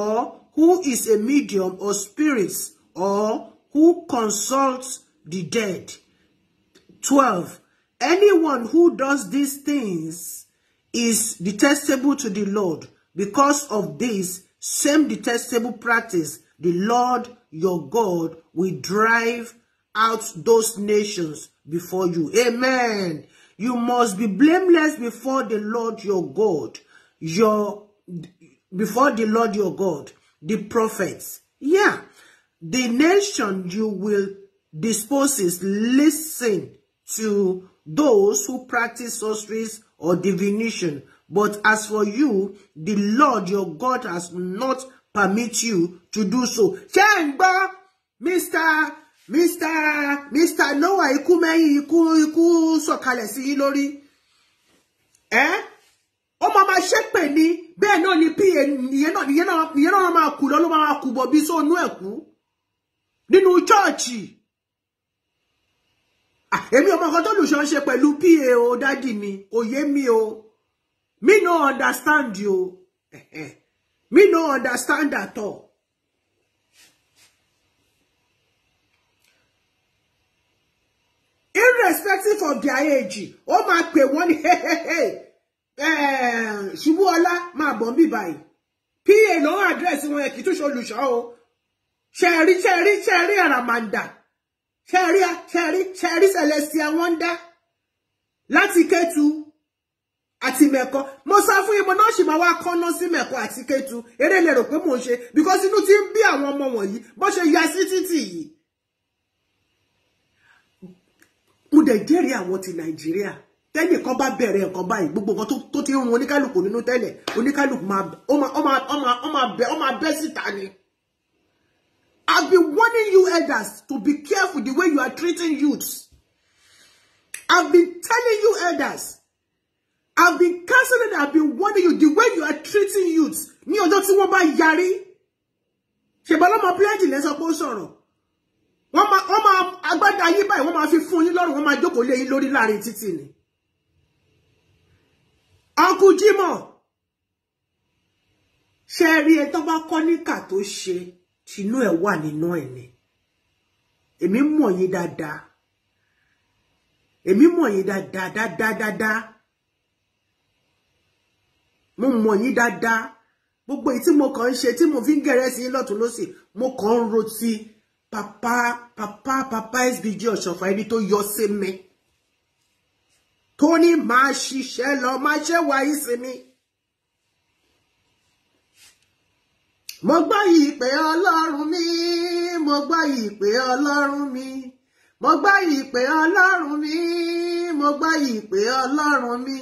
or who is a medium or spirits, or who consults the dead. 12. Anyone who does these things is detestable to the Lord. Because of this same detestable practice, the Lord your God will drive out those nations before you. Amen. You must be blameless before the Lord your God. Your before the Lord your God the prophets. Yeah, the nation you will dispose is listen to those who practice sorceries or divination. But as for you, the Lord your God has not permit you to do so. Ṣé ń gbọ́ Mr. Mr. Mr. Noah ikú mẹ́yìn Iku, ikú sọ̀kalẹ̀ sí yín lórí. Ẹ́ ó ni bẹ́ẹ̀ náà ni pa ìyẹn náà ìyẹn náà ìyẹn náà máa kù lọ ló máa kù bọ̀ bí sóònú ẹ̀ kú nínú chọ́ọ̀chì èmi ọmọ kan tó lùṣọ́ ṣe pẹ̀lú e o dádì mi kò yé mi o mi no understand o mi no understand at all. irrespective of their age ó máa pè wọ́n ní hehehe. Eh, ṣubúọlá máa bọ̀ bí báyìí pa ló ń àdírẹ́sì wọn ẹ̀kí tó ṣolùṣọ́ o ṣẹ́ẹ̀rí ṣẹ́ẹ̀rí ṣẹ́ẹ̀rí àràmàǹdà ṣẹ́ẹ̀rí ṣẹ́ẹ̀rí ṣẹ́ẹ̀rí celestia wonder láti kẹ́tù àti mẹ́kọ mo sọ fún yín mo náà ṣì máa wá kọ́ná sí mẹ́kọ àti kẹ́tù eré lè rò pé mò ń ṣe because inú ti ń bí àwọn ọmọ wọ̀nyí bó ṣe ya sí títì yìí mo dẹ̀ jẹ́rìí àwọn ti nàìjíríà tẹ́nìkan bá bẹ̀rẹ̀ nǹkan báyìí gbogbo nǹkan tó ti ń run oníkálùkù nínú tẹ́lẹ̀ oníkálùkù máa bẹ́ síta ni. I've been warning you elders to be careful the way you are treating youths. I've been telling you elders. I've been counseling I've been warning you the way you are treating youths ní ọjọ́ tí wọ́n bá yarí. Ṣèbọn lọ́mọ pílẹ́ǹtì lẹ́sọ̀ pé ó sọ̀rọ̀. Wọ́n máa agbádá yín báyìí wọ́n máa fi fún yín lọ́rùn wọ́n máa jókòó lé yín lórí láàrin títì ni uncle Jimoh ṣe rí ẹ tó bá kọ́ níkà tó ṣe tinú ẹ̀ wà nínú ẹ̀ ni èmi mọ̀ yín dáadáa èmi mọ̀ yín dáadáa dáadáa dáadáa mo mọ̀ yín dáadáa gbogbo èyí mo kàn ń ṣe mo fi ń gẹ̀rẹ́ sí yín mo kàn ń papa papa papa SBG Ọ̀ṣọ́fà ibi tó yọ sí mi tó ní máa ṣiṣẹ́ lọ máa ṣe wà ìsinmi. mo gbọ́ ìpè ọlọ́run mi mo gbọ́ ìpè ọlọ́run mi mo gbọ́ ìpè ọlọ́run mi mo gbọ́ ìpè ọlọ́run mi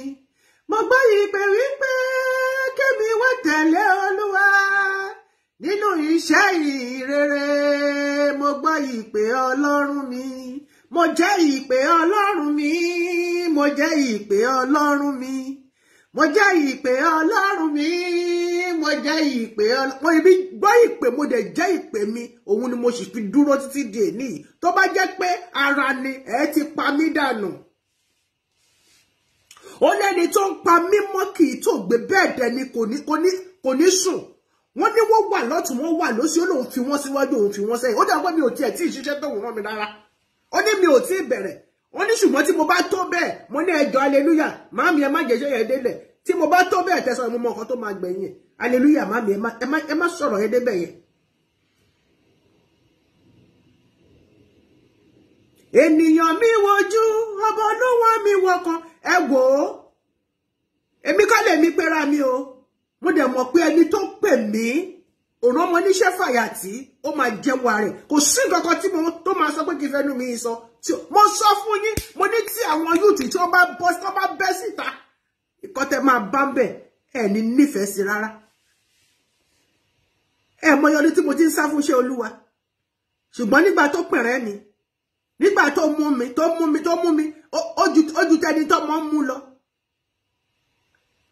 mo gbọ́ ìpè wípé kémi wá tẹ̀lé olúwa nínú iṣẹ́ ìrere mo gbọ́ ìpè ọlọ́run mi mo jẹ́ ìpè ọlọ́run mi mo jẹ́ ìpè ọlọ́run mi mo jẹ́ ìpè ọlọ́run mi mo jẹ́ ìpè ọlọ́run mo gbọ́ ìpè mo dẹ̀ jẹ́ ìpè mi òun ni mo sì fi dúró títí di èní tó bá jẹ́ pé ara ni ẹ ti pa mí dànù ó lẹ́ni tó ń pa mí mọ́ kì í tó gbé bẹ́ẹ̀ dẹni kò ní kò ní kò ní sùn wọ́n ní wọ́n wà lọ́tún wọ́n wà lọ́sí ó lóun fi wọ́n síwájú òun fi wọ́n sẹ́yìn ó dàgbọ́ mi ò tiẹ̀ tí ì ṣiṣẹ́ tó wù wọ́n mi rárá ó ní mi ò tí ì bẹ̀rẹ̀ ó ní ṣùgbọ́n tí mo bá tó bẹ́ẹ̀ mo ní ẹjọ́ aleluya màámi ẹ má jẹ́jọ́ yẹn délẹ̀ tí mo bá tó bẹ́ẹ̀ tẹ́sán mo mọ nǹkan tó máa gbẹ̀yìn aleluya màámi ẹ má sọ̀rọ̀ yẹn débẹ̀ yẹn. ènìyàn mi wojú ọba olówó mi wọkàn ẹ wò ó èmi kọ́ lèmi pera mi o mo dẹ̀ mọ̀ pé ẹni tó pè mí ọ̀rọ̀ ọmọ oníṣẹ́ fàyàtì ó máa jẹ́wọ́ rẹ̀ kò sí nǹkan kan tí mo tó máa sọ pé kí fẹ́nu mi sọ tí mo sọ fún yín mo ní tí àwọn yúùtì tí wọ́n bá bọ́ tí wọ́n bá bẹ́ síta nǹkan tẹ́ máa bá ń bẹ̀ ẹ̀ ní nífẹ̀ẹ́ sí rárá ẹ̀ mọ yọrí tí mo ti ń sá fún iṣẹ́ olúwa ṣùgbọ́n nígbà tó pẹ̀rẹ́ mi nígbà tó mú mi tó mú mi tó mú mi ojú tẹni tó mọ́ ń mú lọ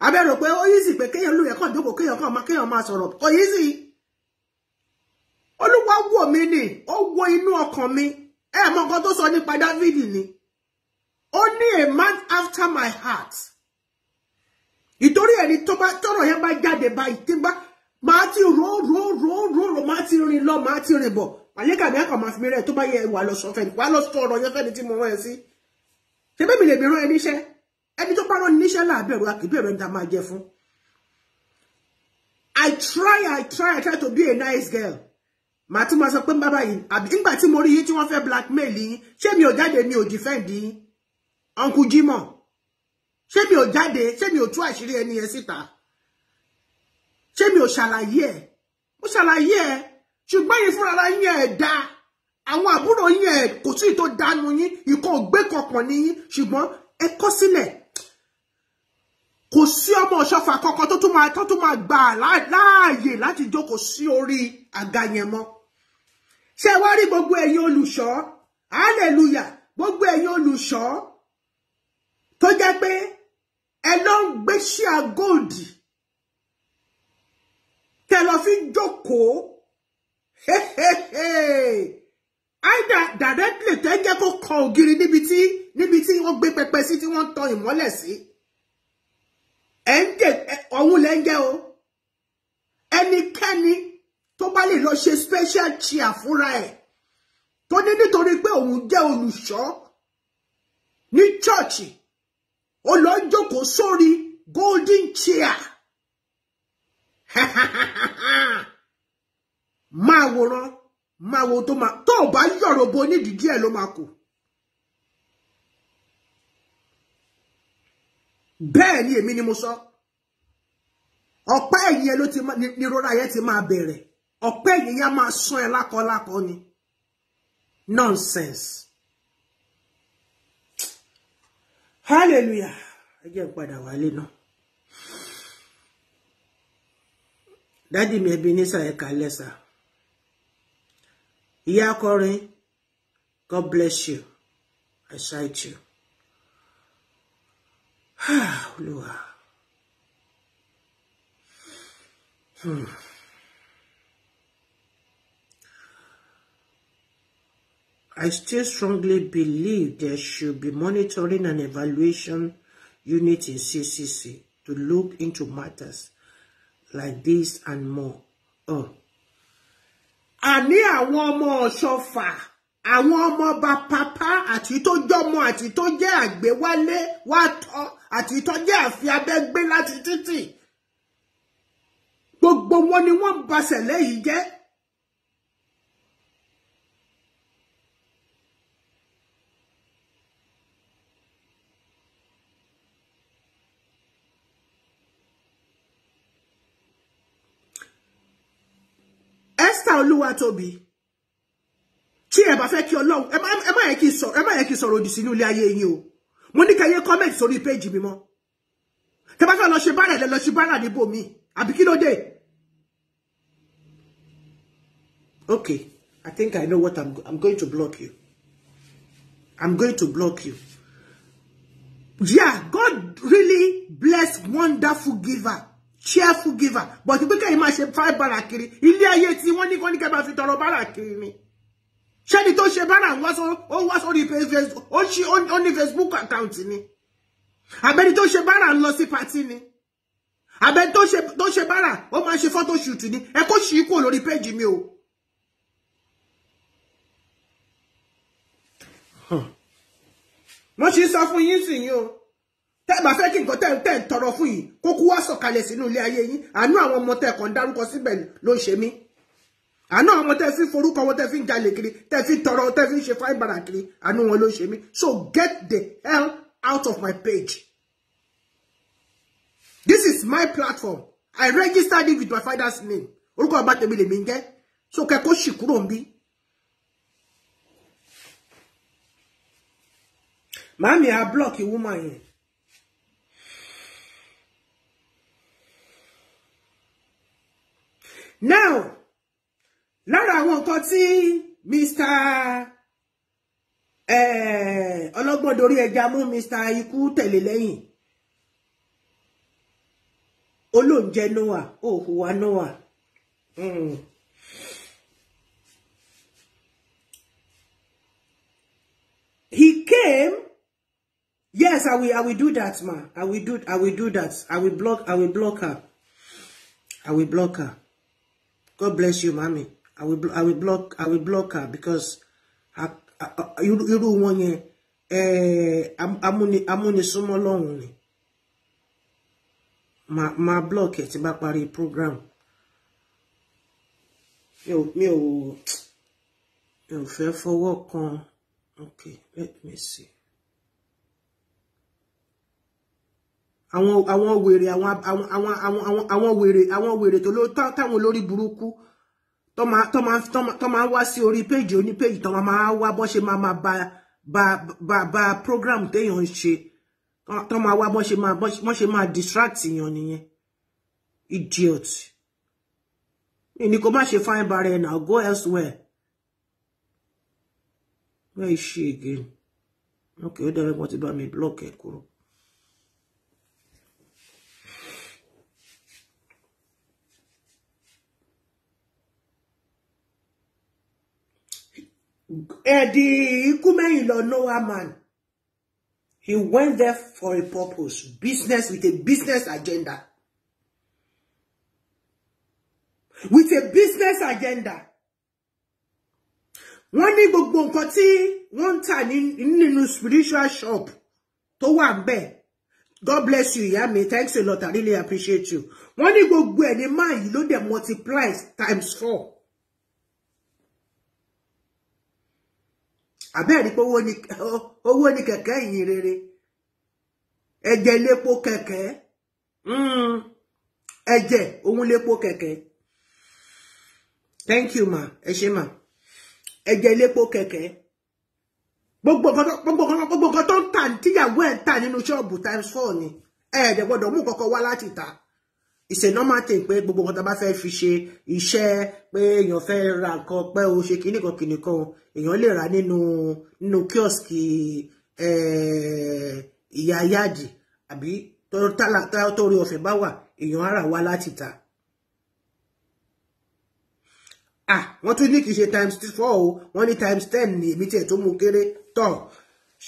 abẹ́rò pé ó yí sí pé kéèyàn lóye kàn jókòó kéèyàn kàn máa kéèyàn máa sọ̀rọ̀ kò yí sí i olúwa wò mí ni ó wo inú ọkàn mi ẹ mọ nǹkan tó sọ nípa dávidi ni ó ní a man after my heart ìtorí ẹni tó bá tọrọ yẹn bá jáde báyìí tí bá máa ti rò rò rò rò rò máa ti rìn lọ máa ti rìn bọ̀ àlékà mi àkàmọ àfimí rẹ tó bá yẹ wà lọ sọ fẹni wà lọ sọ ọ̀rọ̀ yẹn fẹni tí mo rán ẹ sí ṣebí mi lè mi rán ẹ níṣẹ́ ẹni tó bá rán níṣẹ́ láàbẹ̀rù àkìbẹ̀rù ẹni tá máa jẹ fún. I try I try I try to be a nice girl Ma tún m'a sọ pé bàbá yìí àbí nígbà tí mo rí yín tí wọ́n fẹ́ blackmail yín ṣé mi ò jáde mi ò defend uncle Jimoh ṣé mi ò jáde ṣé mi ò tú àṣírí ẹni yẹn síta ṣé mi ò ṣàlàyé ẹ̀ mo ṣàlàyé ẹ̀ ṣùgbọ́n yìí fúnra yín ẹ̀ dá àwọn àbúrò yín ẹ̀ kò sí tó dánú yín ìkan ògbé kọkàn ní yín ṣùgbọ́n ẹ kọ́ sílẹ̀ kò sí ọmọ ọ̀ṣọ́fà kankan tó tún máa gba láàyè láti jókòó sí orí àga yẹn mọ́ ṣe wá rí gbogbo ẹ̀yin olùṣọ́ hallelujah gbogbo ẹ̀yin olùṣọ́ tó jẹ́ pé ẹ lọ ń gbé ṣíà gold tẹ lọ fi jókòó either directly tẹ jẹ́ kó kan ògiri níbi tí níbi tí wọ́n gbé pẹpẹ sí tí wọ́n tan ìmọ́lẹ̀ sí ẹ ń jẹ ọ̀hún lẹ ń jẹ o ẹnikẹ́ni tó bá lè lọ ṣe special chair fúnra ẹ̀ tó ní nítorí pé òun jẹ́ olùṣọ́ ní chọ́ọ̀chì ó lọ jókòó sórí golden chair máa wòran máa wo tó máa tó bá yọ̀rọ̀ bo nídìí díẹ̀ ló máa kù. bẹ́ẹ̀ ni èmi ni mo sọ ọ̀pá ẹ̀yìn ẹ ló ti nírora yẹn ti máa bẹ̀rẹ̀ ọ̀pẹ́ yìí yá máa sún ẹ lákọlákọ ni nonsense hallelujah ẹ jẹ́ n padà wálé náà dádì mi ẹbí nísà lesa. kálẹ́ ìyá akọrin god bless you i sight you olúwa. Hmm. I still strongly believe there should be monitoring and evaluation unit in CCC to look into matters like this and more. Oh. Àní àwọn ọmọ Ọ̀ṣọ́fà, àwọn ọmọ ọba pàpá àti tó jọmọ àti tó jẹ́ àgbéwálé wá tọ́ àti tó jẹ́ àfi abẹ́gbé láti títì. Gbogbo wọn ni wọ́n basẹ̀ lẹ́yìn jẹ́. Olúwatóbi tí ẹ bá fẹ́ kí Ọlọ́run ẹ má ẹ má yẹ kí sọ ẹ má yẹ kí sọ̀rọ̀ òdì sínú ilé ayé yín o mo ní kẹ́ yé comment sórí page mi mọ́ tẹ́ bá fẹ́ lọ ṣe bára lẹ lọ ṣe bára mi àbí kí ló dé okay i think i know what i'm i'm going to block you i'm going to block you yeah god really bless wonderful giver cheerful giver but pé kẹ́yìn máa ṣe five bára kiri ilé ayé tí wọ́n ní kọ́ ní kẹ́ bá fi tọrọ bára kiri ni ṣẹ́ni tó ṣe bára ó wá sórí ó ní Facebook account ni àbẹ́ni tó ṣe bára ń lọ sí pàtí ni àbẹ́ni tó ṣe bára ó máa ṣe photo shoot ni ẹ kó ṣì í kúrò lórí péjì mi o. wọ́n ṣe sọ fún yín sìn yín o tẹ́ bá fẹ́ kí nǹkan tẹ́ tẹ́ ń tọrọ fún yìí kó wá sọ̀kalẹ̀ sínú ilé ayé yín àánú àwọn ọmọ tẹ́ kàn dárúkọ síbẹ̀ ló ń ṣe mí àánú àwọn ọmọ tẹ́ fi forúkọ wọn tẹ́ fi ń jalè kiri tẹ́ fi tọrọ tẹ́ fi ń ṣe fáìn kiri àánú wọn ló ń ṣe mí so get the hell out of my page this is my platform i registered it with my father's name orúkọ bàbá tèmi lèmi ń jẹ́ so kẹ́kọ̀ọ́ sì kúrò ń bí. màámi a block woman yẹn now lára àwọn nǹkan tí mr eh, ọlọ́gbọ́n dorí ẹja mú mr ikú tẹ̀lé lẹ́yìn olóúnjẹ noah òhùwà noah hmm. he came yes i will i will do that ma i will do i will do that i will block i will block her i will block her. God bless you, mommy. I will I will block I will block her because you you don't want irú I'm eh, only amúni amúni súnmọ́ lọ́hùn ni máa block it tí bá the program mi ò Yo fair for work on. okay let me see. àwọn àwọn wèrè àwọn àwọn àwọn àwọn àwọn wèrè àwọn wèrè tó ló táwọn olórí burúkú tó máa tó máa tó máa wá sí orí péjì onípéjì tó máa wá bọ́ ṣe máa máa ba ba ba ba program téèyàn ń ṣe tó máa wá bọ́ ṣe máa bọ́ ṣe máa distract èèyàn nìyẹn idiot ni kò má ṣe fine bare now go elsewhere where is she again okay ó dẹ́rẹ́ wọ́n ti bá mi block ẹ̀ kúrò. uh, the Ikumeyi law Noah man, he went there for a purpose, business with a business agenda. With a business agenda. Wọ́n ní gbogbo nǹkan tí wọ́n ń tà nínú spiritual shop to wà ń God bless you, yeah me. Thanks a lot. I really appreciate you. Wọ́n ní go ẹ̀ ní máa yìí ló dẹ̀ multiply times four. àbẹ́ẹ̀rí pé owó ni kẹ̀kẹ́ ìyìn rere ẹ̀jẹ̀ lépo kẹ̀kẹ́ hmm. ẹ̀jẹ̀ òun lépo kẹ̀kẹ́ thank you ma ẹ ma ẹ̀jẹ̀ lépo kẹ̀kẹ́ gbogbo nǹkan tó ń tà tíyàwó ẹ̀ ń tà nínú ṣọ́ọ̀bù times four ni it's a normal thing pé gbogbo nǹkan tá bá fẹ́ fi ṣe iṣẹ́ pé èèyàn fẹ́ ra nǹkan pé o ṣe kíní kan kíní kan èèyàn lè rà nínú nínú kiosk eh, ìyá yáàdì àbí tó rí ọ̀fẹ́ bá wà èèyàn á rà wá láti ta. ah wọ́n tún ní kì í ṣe times four o wọ́n ní times ten ní èmi tiẹ̀ tó mú kéré tọ̀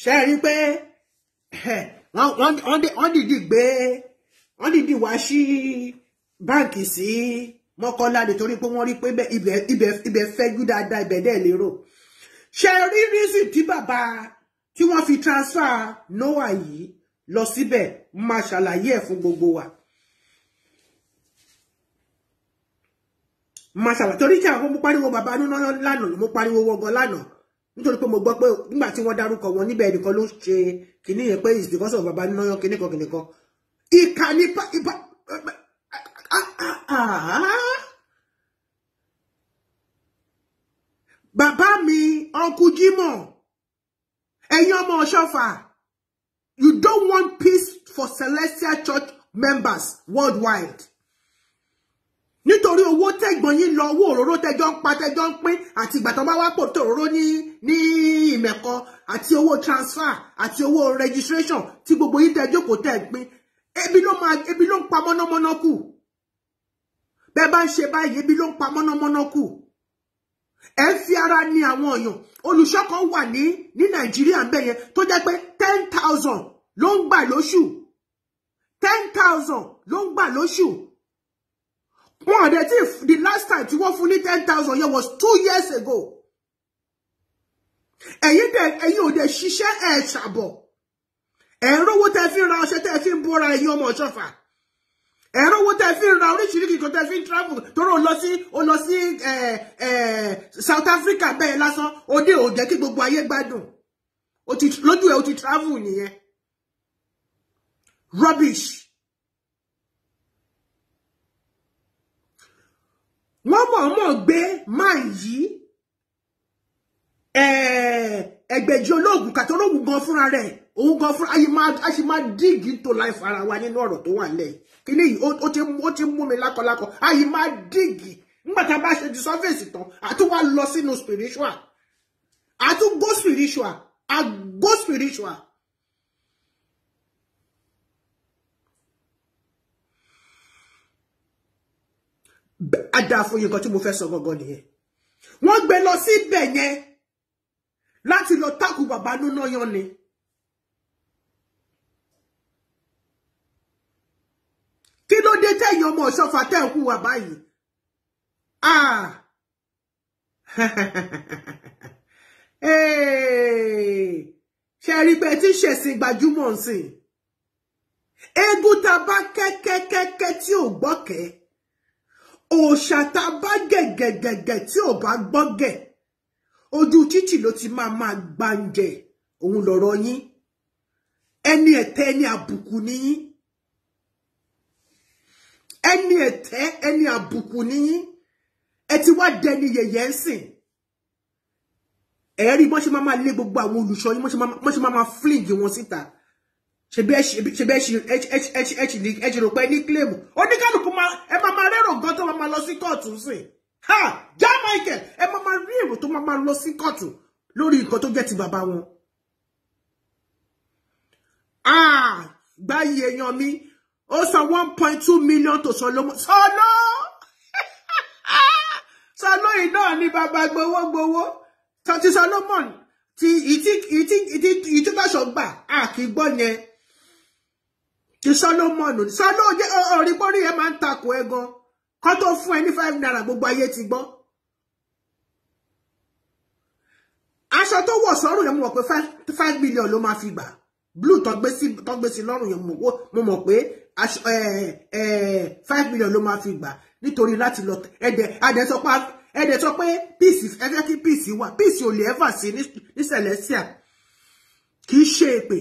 ṣe é rí pé wọ́n dìídì gbé wọ́n dìdí wá sí báǹkì sí mọ́kànlá nítorí pé wọ́n rí pé ibẹ̀ fẹ́jú dáadáa ibẹ̀ dẹ̀ lérò ṣe rí rísì tí bàbá tí wọ́n fi transfer Noah yìí lọ síbẹ̀ máa ṣàlàyé ẹ̀ fún gbogbo wa. máa ṣàlàyé torí kí àwọn mo pariwo bàbá nínú lánàá mo pariwo wọgán lánàá nítorí pé mo gbọ́ pé nígbà tí wọ́n dárúkọ wọn níbẹ̀ ẹnìkan ló ṣe kìnìyẹn pé is because of bàbá nínú kìnìkan kìnìkan Ìkà ni pa ìpa ah, ah, ah, mi, Uncle Jimo, ẹ̀yin ọmọ Ọ̀ṣọ́fà, you don't want peace for Celestial Church members worldwide Nitori owó tẹ̀gbọ́n yín lọ owó òróró tẹjọ́ ń pa tẹjọ́ ń pín àti ìgbà tó bá wá pò tó òróró ní ní ìmẹ̀kọ transfer ati owo registration tí gbogbo yín tẹjọ́ kò tẹ̀ pín ebi ló máa ebi ló ń pa mọ́nàmọ́ná kù bẹ́ẹ̀ bá ń ṣe báyìí ebi ló ń pa mọ́nàmọ́ná kù fi ara ni àwọn èèyàn olùṣọ́ kan wà ní ní nàìjíríà bẹ́ẹ̀ yẹn tó jẹ́ pé ten thousand ló ń gbà lóṣù ten thousand ló ń gbà lóṣù wọn the last time tí wọ́n fún ní ten thousand yẹn was two years ago ẹ̀yin dẹ̀ ẹ̀yin ò dẹ̀ ṣiṣẹ́ ẹ̀ ṣàbọ̀. ẹ̀ ń tẹ́ fi ń ra ọṣẹ fi ń ọmọ ọ̀ṣọ́fà ẹ̀ ń tẹ́ fi ra oríṣiríṣi fi travel torí lọ sí lọ sí South Africa bẹ́ẹ̀ lásán òde ò jẹ́ kí gbogbo ayé gbádùn lójú ẹ̀ o ti travel nìyẹn rubbish. wọ́n gbé máa ẹgbẹ̀jì olóògùn kàtó olóògùn òun gan fún a ṣe máa dig into life ara wa nínú ọ̀rọ̀ tó wà nílẹ̀ kíní yìí ó ti mú mi lákọlákọ a yìí máa dig nígbà tá a bá ṣe di surface tán a tún wá lọ sínú spiritual a tún go spiritual a go spiritual. adáfóyè nǹkan tí mo fẹ́ sọ gangan nìyẹn wọ́n gbé lọ síbẹ̀ yẹn láti lọ tákù bàbá núná yan ni. dé tẹ̀yìn ọmọ ọ̀ṣọ́fà tẹ̀ ń hùwà báyìí ah ṣe rí pé tí ṣèsìn gbajúmọ̀ nsìn eégún ta bá kẹ́kẹ́kẹ́kẹ́ tí ò gbọ́kẹ́ òòṣà ta bá gẹ̀gẹ̀gẹ̀gẹ̀ tí ò bá gbọ́gẹ̀ ojú títì ló ti máa máa gbàǹjẹ̀ òun lọ̀rọ̀ yín ẹni ẹ̀tẹ́ ẹni àbùkù ni yín ẹni ẹ̀tẹ́ ẹni àbùkù níyín ẹ ti wá dẹni yẹ̀yẹ́ ń sìn ẹ̀rí bọ́n ṣe máa máa lé gbogbo àwọn olùṣọ́ yín bọ́n ṣe máa máa fling wọn síta ṣebí ẹ ṣe rò pé ní claim oníkálùkù ẹ máa máa rẹ́rò gan tó máa máa lọ sí kóòtù sìn ha já Michael ẹ máa máa rí èrò tó máa máa lọ sí kóòtù lórí nǹkan tó jẹ́ ti bàbá wọn. Ah! gbáyé èèyàn mi ó san one point two million to Solomo Solo Solo yìí náà ni bàbá gbowó gbowó tọ́tí Solomon ti ìtí ìtí ìtí ìtúbàṣọ gbà á kì í gbọ́ yẹn ti Solomon Solo jẹ́ ọ̀rí pọ́nrí yẹn máa ń takò ẹ gan kó tó fún ẹ ní five naira gbogbo ayé ti gbọ́. aṣọ tó wọ̀ sọ́rùn yẹn mo mọ̀ pé five million ló máa fi gbà blue tọ́gbé sí tọ́gbé sí lọ́rùn yẹn mo mọ̀ pé Eh, eh, five million ló máa fi gbà nítorí láti lọ ẹ̀dẹ̀ adẹ̀ sọ pé ẹ̀dẹ̀ sọ pé peace ẹ fẹ́ kí peace wà peace ò lè ẹ́fà sí ní celestia kì í ṣe èpè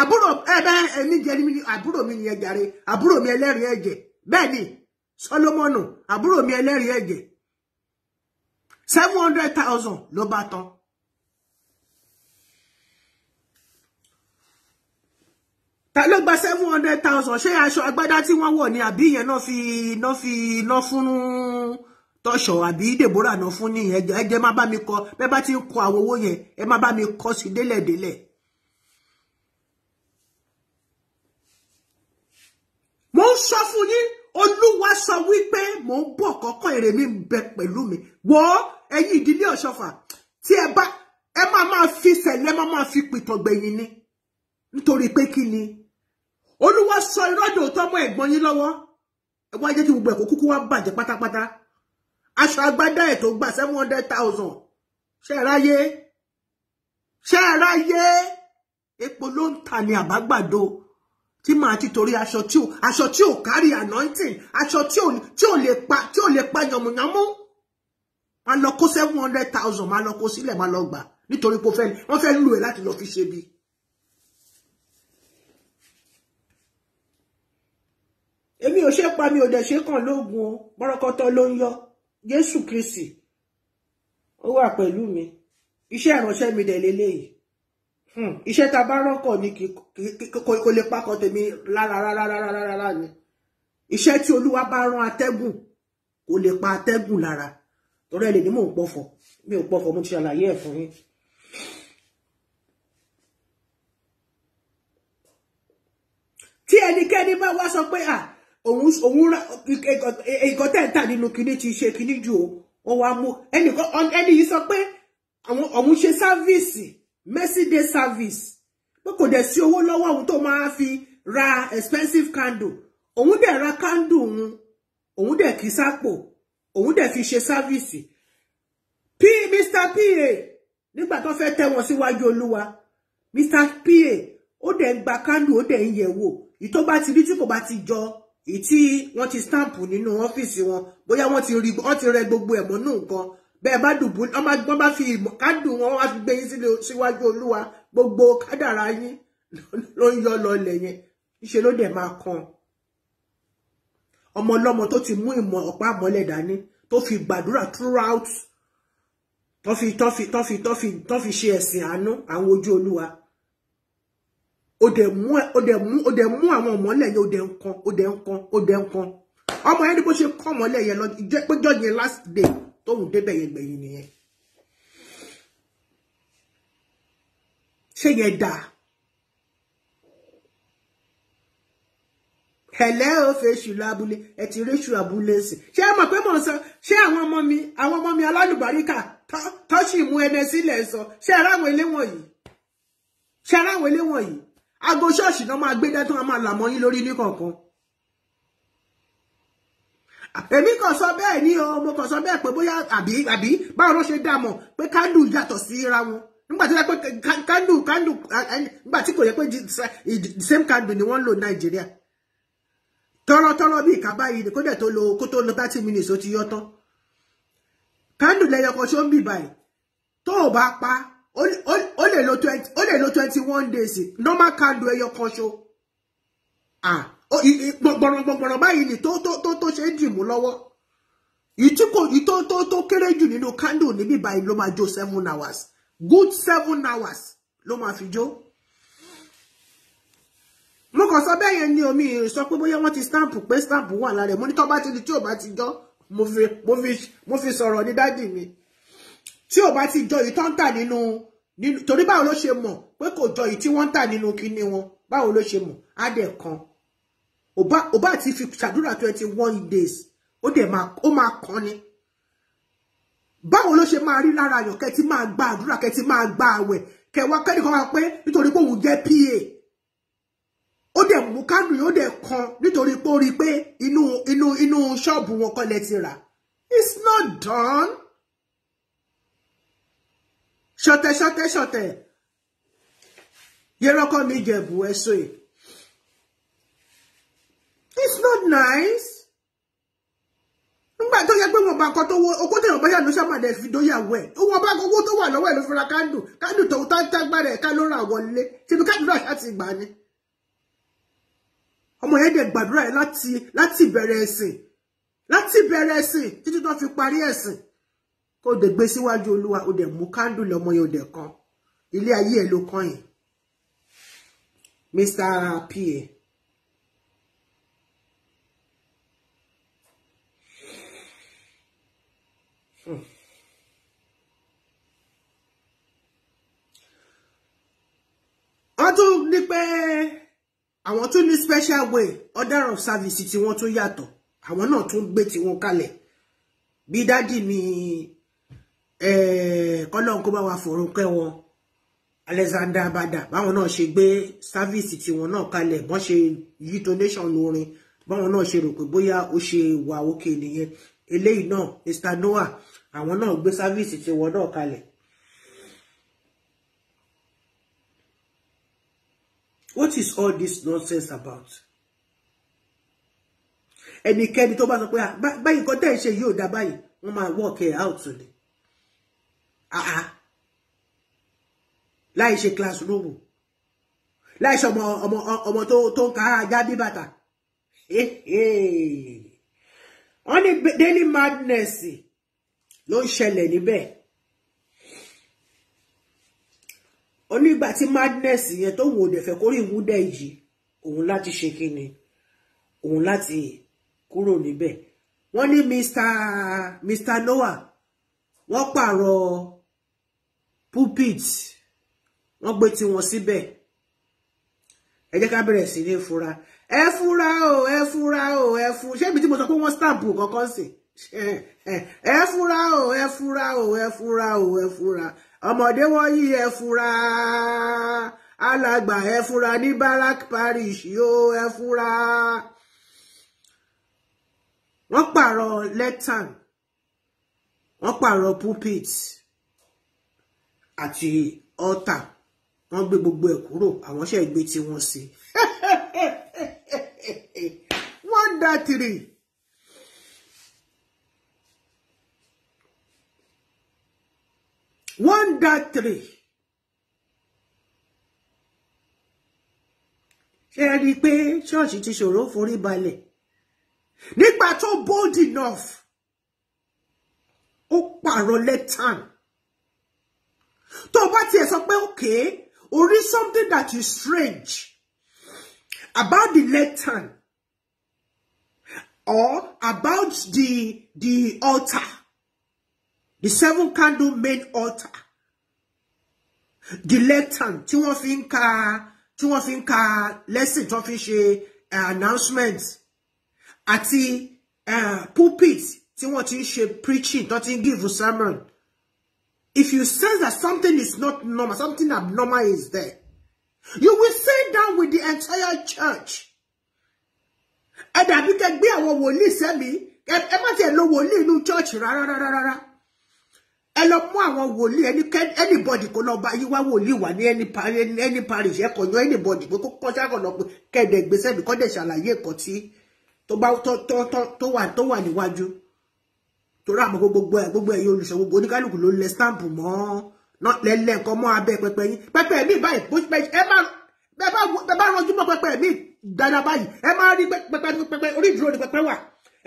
àbúrò ẹ̀bẹ̀ ẹ̀mí jẹ́rí mi ni àbúrò mi ni ẹ jàre àbúrò mi ẹlẹ́rìí ẹ̀jẹ̀ bẹ́ẹ̀ ni Solomon àbúrò mi ẹlẹ́rìí ẹ̀jẹ̀ seven hundred thousand ló bá tán. ta ló gba seven hundred thousand ṣé aṣọ agbádá tí wọ́n wọ̀ ni àbí ìyẹn náà fi náà fi náà fún tọṣọ àbí Deborah náà fún nìyẹn ẹ má bá mi kọ bẹ́ bá ti ń kọ àwọn owó yẹn ẹ má bá mi kọ sí délẹ̀délẹ̀. mo ń sọ fún yín olúwa sọ wípé mo ń bọ̀ kọ́kọ́ èrè mi bẹ pẹ̀lú mi wọ ẹ̀yin ìdílé ọ̀ṣọ́fà tí ẹ bá ẹ máa máa fi sẹ̀lẹ́ máa máa fi pìtàn gbẹ̀yìn ni nítorí pé kí ni olúwa sọ ìrọ́jò tọ́mọ ẹ̀gbọ́n yín lọ́wọ́ ẹ wá jẹ́ kí gbogbo ẹ̀kọ́ kúkú wá bàjẹ́ pátápátá aṣọ agbádá ẹ̀ tó gbà seven hundred thousand ṣe é ráyé ṣe é ráyé epo ló ń ta ní àbágbàdo tí màá ti torí aṣọ tí ò aṣọ tí ò kárí anointing aṣọ tí ò tí ò lè pa tí ò lè pa yànmùyànmú máa lọ kó seven hundred thousand máa lọ kó sílẹ̀ máa lọ gbà nítorí pé wọ́n fẹ́ lù ẹ́ láti lọ fi ṣe bíi. èmi ò ṣe pa mi ò dẹ̀ ṣe kàn lóògùn o bọ́rọ́kọ́tọ́ ló ń yọ Jésù Kristi ó wà pẹ̀lú mi iṣẹ́ ìránṣẹ́ mi dẹ̀ leléyìí hmm, iṣẹ́ ta bá rọ́kọ̀ ni kò lè la la la la la la ni iṣẹ́ tí Olúwa bá rán atẹ́gùn kò lè pa atẹ́gùn lára torí ẹ lè ní mò ń pọ̀fọ̀ mi ò pọ̀fọ̀ mo ti ṣàlàyé ẹ̀ fún yín. tí ẹnikẹ́ni bá wá sọ pé à òun òun nǹkan tẹ̀ ń tà nínú kinní ti ṣe kinní ju o ó wá mú ẹnì yìí sọ pé àwọn òun ṣe sáfíìsì mercedes service pé kò dẹ̀ sí owó lọ́wọ́ òun tó máa fi ra expensive candle òun dẹ̀ ra candle òun òun dẹ̀ kì í sápò òun dẹ̀ fi ṣe sáfíìsì p mr pa nígbà tó fẹ́ tẹ́ wọn síwájú olúwa mr pa ó dẹ̀ ń gba candle ó dẹ̀ ń yẹ̀ wò ìtọ́ bá ti rí tí kò bá ti jọ ìtí wọ́n ti stamp nínú ọ́fíìsì wọn bóyá wọ́n ti rí wọ́n ti rẹ gbogbo ẹ̀ mọ́nú nǹkan bẹ́ẹ̀ bá dùbú wọ́n bá fi kádùn wọn wá fi gbé yín síwájú olúwa gbogbo kádàrá yín ló ń yọ lọlẹ̀ yẹn níṣẹ́ ló dẹ̀ máa kan ọmọ ọlọ́mọ tó ti mú ìmọ̀ ọ̀pá àmọ́lẹ̀ dání tó fi gbàdúrà throughout tó fi tó fi tó fi tó fi ṣe ẹ̀sìn àánú àwọn ojú olúwa O de mú o de mú o de mú àwọn ọmọlẹ̀ yẹn ó o de kan o de ń o de dẹ̀ ń kan ọmọ yẹn ni bó ṣe kọ́ ọmọlẹ̀ yẹn lọ jẹ́ péjọ yẹn last day tóun débẹ̀ yẹn gbẹ̀yìn nìyẹn. ṣé yẹn dáa. ẹ̀lẹ́ ò fẹ́ ṣùlọ abúlé ẹ̀ ti rí ṣù abúlé sí ṣé ẹ mọ̀ pé mò ń sọ ṣé àwọn ọmọ mi àwọn ọmọ mi alálùbáríkà tó sì mú ẹnẹ sílẹ̀ sọ ṣé ẹ ráwọn ilé wọ̀nyí ṣé ẹ ráwọn ilé wọ̀nyí ago ṣọ́ọ̀ṣì náà máa gbé dẹ́tọ́ máa là mọ́ yín lórí emi èmi kàn sọ bẹ́ẹ̀ ni o mo kàn sọ bẹ́ẹ̀ pé bóyá àbí àbí báwo ló ṣe pé kándù yàtọ̀ ra wọn nígbà pé kándù kándù kò yẹ pé the same kándù ni wọ́n ń lò nàìjíríà tọ́rọ́tọ́rọ́ bí ìka báyìí ni tó lo kó tó lo thirty minutes ó ti yọ tán kándù ń bì pa ó lè lo twenty ó lè lo twenty one days normal card ẹyọ kan ṣo gbọ̀nrọ̀gbọ̀nrọ̀ báyìí ni tó tó tó tó ṣe é dìmú lọ́wọ́ ìtí kò tó tó tó kéré jù nínú candle níbí báyìí ló máa jó seven hours good seven hours ló máa fi jó mo kàn sọ bẹ́ẹ̀ yẹn ní omi ìrìn sọ pé bóyá wọ́n ti stamp pé stamp wà lára ẹ̀ mo ní tó bá ti di tí ò bá ti jọ́ mo fi mo fi mo fi sọ̀rọ̀ ní dádì mi tí ò bá ti jọ yìí tó ń tà nínú torí báwo ló ṣe mọ̀ pé kò jọ yìí tí wọ́n ń tà nínú kíní wọn báwo ló ṣe mọ̀ á dẹ̀ kan ò bá ti fi ṣàdúrà twenty one days ó dẹ̀ máa kan ni báwo ló ṣe máa rí lára yàn kẹ́ ti máa gba àdúrà kẹ́ ti máa gba àwẹ̀ kẹ́ wá kẹ́ni kan wá pé nítorí pé òun jẹ́ PA ó dẹ̀ mú kánú yìí ó dẹ̀ kan nítorí pé ó rí i pé inú inú inú ṣọ́ọ̀bù wọn kọ́lẹ̀ ti rà it's not done ṣọ̀tẹ̀ ṣọ̀tẹ̀ ṣọ̀tẹ̀ yẹrọkọ mi jẹ̀bù ẹ̀ṣọ́ ẹ̀ it's not nice nígbà tó yẹ pé wọn bá nǹkan tó wọ owó tó yàn báyà ló ṣàmàdé fi dóyàwó ẹ wọn bá owó tó wà lọ́wọ́ ẹ ló fura kándù kándù tó tá tágbára ẹ ká ra wọlé tìbí kádùrà láti gbà ni ọmọ yẹn dẹ̀ gbàdúrà ẹ láti láti bẹ̀rẹ̀ ẹ̀sìn láti fi parí ẹ̀sìn kó dẹ̀ gbé síwájú olúwa ó dẹ̀ mú kándùlù ọmọ yẹn ó dẹ̀ kan ilé ayé ẹ̀ ló kàn yìí Mr. pa hmm. wọ́n tún ní pé àwọn tún special way order of service tí wọ́n tún yàtọ̀ àwọn náà tún gbé tiwọn kalẹ̀ bí daddy mi Eh, kọ́lọ́n kó bá wa fòrún kẹ́ wọn Alexander Abada báwọn náà ṣe gbé sáfíìsì tiwọn náà kalẹ̀ bọ́n ṣe yí donation orin báwọn náà ṣe rò pé bóyá ó ṣe wà òkè nìyẹn eléyìí náà Mr Noah àwọn náà gbé sáfíìsì tiwọn náà kalẹ̀. What is all this nonsense about? ẹnikẹ́ni tó bá sọ pé ah, báyìí kọ́ tẹ̀ ṣe yóò dá báyìí wọ́n máa work it out ni. Ah ah, láì ṣe classroom láì ṣe ọmọ ọmọ ọmọ tó tó ń ká ajá bí bàtà wọ́n ní daily madness ló ń ṣẹlẹ̀ níbẹ̀ onígbà tí madness yẹn tó wò dẹ̀ fẹ́ kó rí ìwúdẹ̀ yìí òun láti ṣe kí ni òun láti kúrò níbẹ̀ wọ́n ní mr mr noah wọ́n pààrọ̀ pulpit wọ́n gbé tí wọ́n síbẹ̀ ẹ jẹ́ ká bẹ̀rẹ̀ sí ní fura ẹ fura o ẹ fura o ẹ fu ṣé ibi tí mo sọ pé wọ́n stamp kọ́kọ́ sí ẹ fura o ẹ fura o ẹ fura o ẹ fura ọmọdé wọ̀nyí ẹ fura alàgbà ẹ fura ní barak parish yo ẹ fura wọ́n pààrọ̀ lẹ́tàn wọ́n pààrọ̀ pulpit àti ọta wọ́n gbé gbogbo ẹ̀ kúrò àwọn ṣe gbé tí wọ́n sí one dot three. one dot three. ṣé ẹ rí i pé ṣọ́ọ̀ṣì ti ṣòro forí balẹ̀ nígbà tó bold enough ó pààrọ̀ lẹ́tàn tó bá tiẹ̀ sọ pé okay o rí something that is strange about the lantern, or about the the altar the seven candle main altar the lantern. hand tí wọ́n fi ń ka tí wọ́n fi ń ka lesson tí wọ́n fi ń eh, announcement àti uh, pulpit tí wọ́n ti ń preaching To wọ́n ti give sermon If you sense that something is not normal, something abnormal is there, you will sit down with the entire church. And that kẹ́ gbé àwọn wòlíì sẹ́mi, ẹ má tiẹ̀ lo wòlíì no, church rárá rárá rárá. Ẹ lọ mú àwọn wòlíì ẹni anybody kó lọ bá yín wá wòlíì wà ní any parish ẹ kò yan anybody pé kó kọjá kọ̀ lọ pé kẹ́ẹ̀dẹ̀ to mi to to ṣàlàyé ẹ̀kọ́ tí tó wà níwájú torí àmọ́ gbogbo ẹ̀ gbogbo ẹ̀yìn olùṣọ́ gbogbo oníkálùkù ló lẹ stamp mọ́ lẹ́lẹ́ nǹkan mọ́ abẹ́ pẹpẹ yín pẹpẹ mi báyìí bó ṣe ẹ má bẹ bá ranjú mọ́ pẹpẹ mi dáadáa báyìí ẹ má rí pẹpẹ pẹpẹ orí ìdúró ni pẹpẹ wà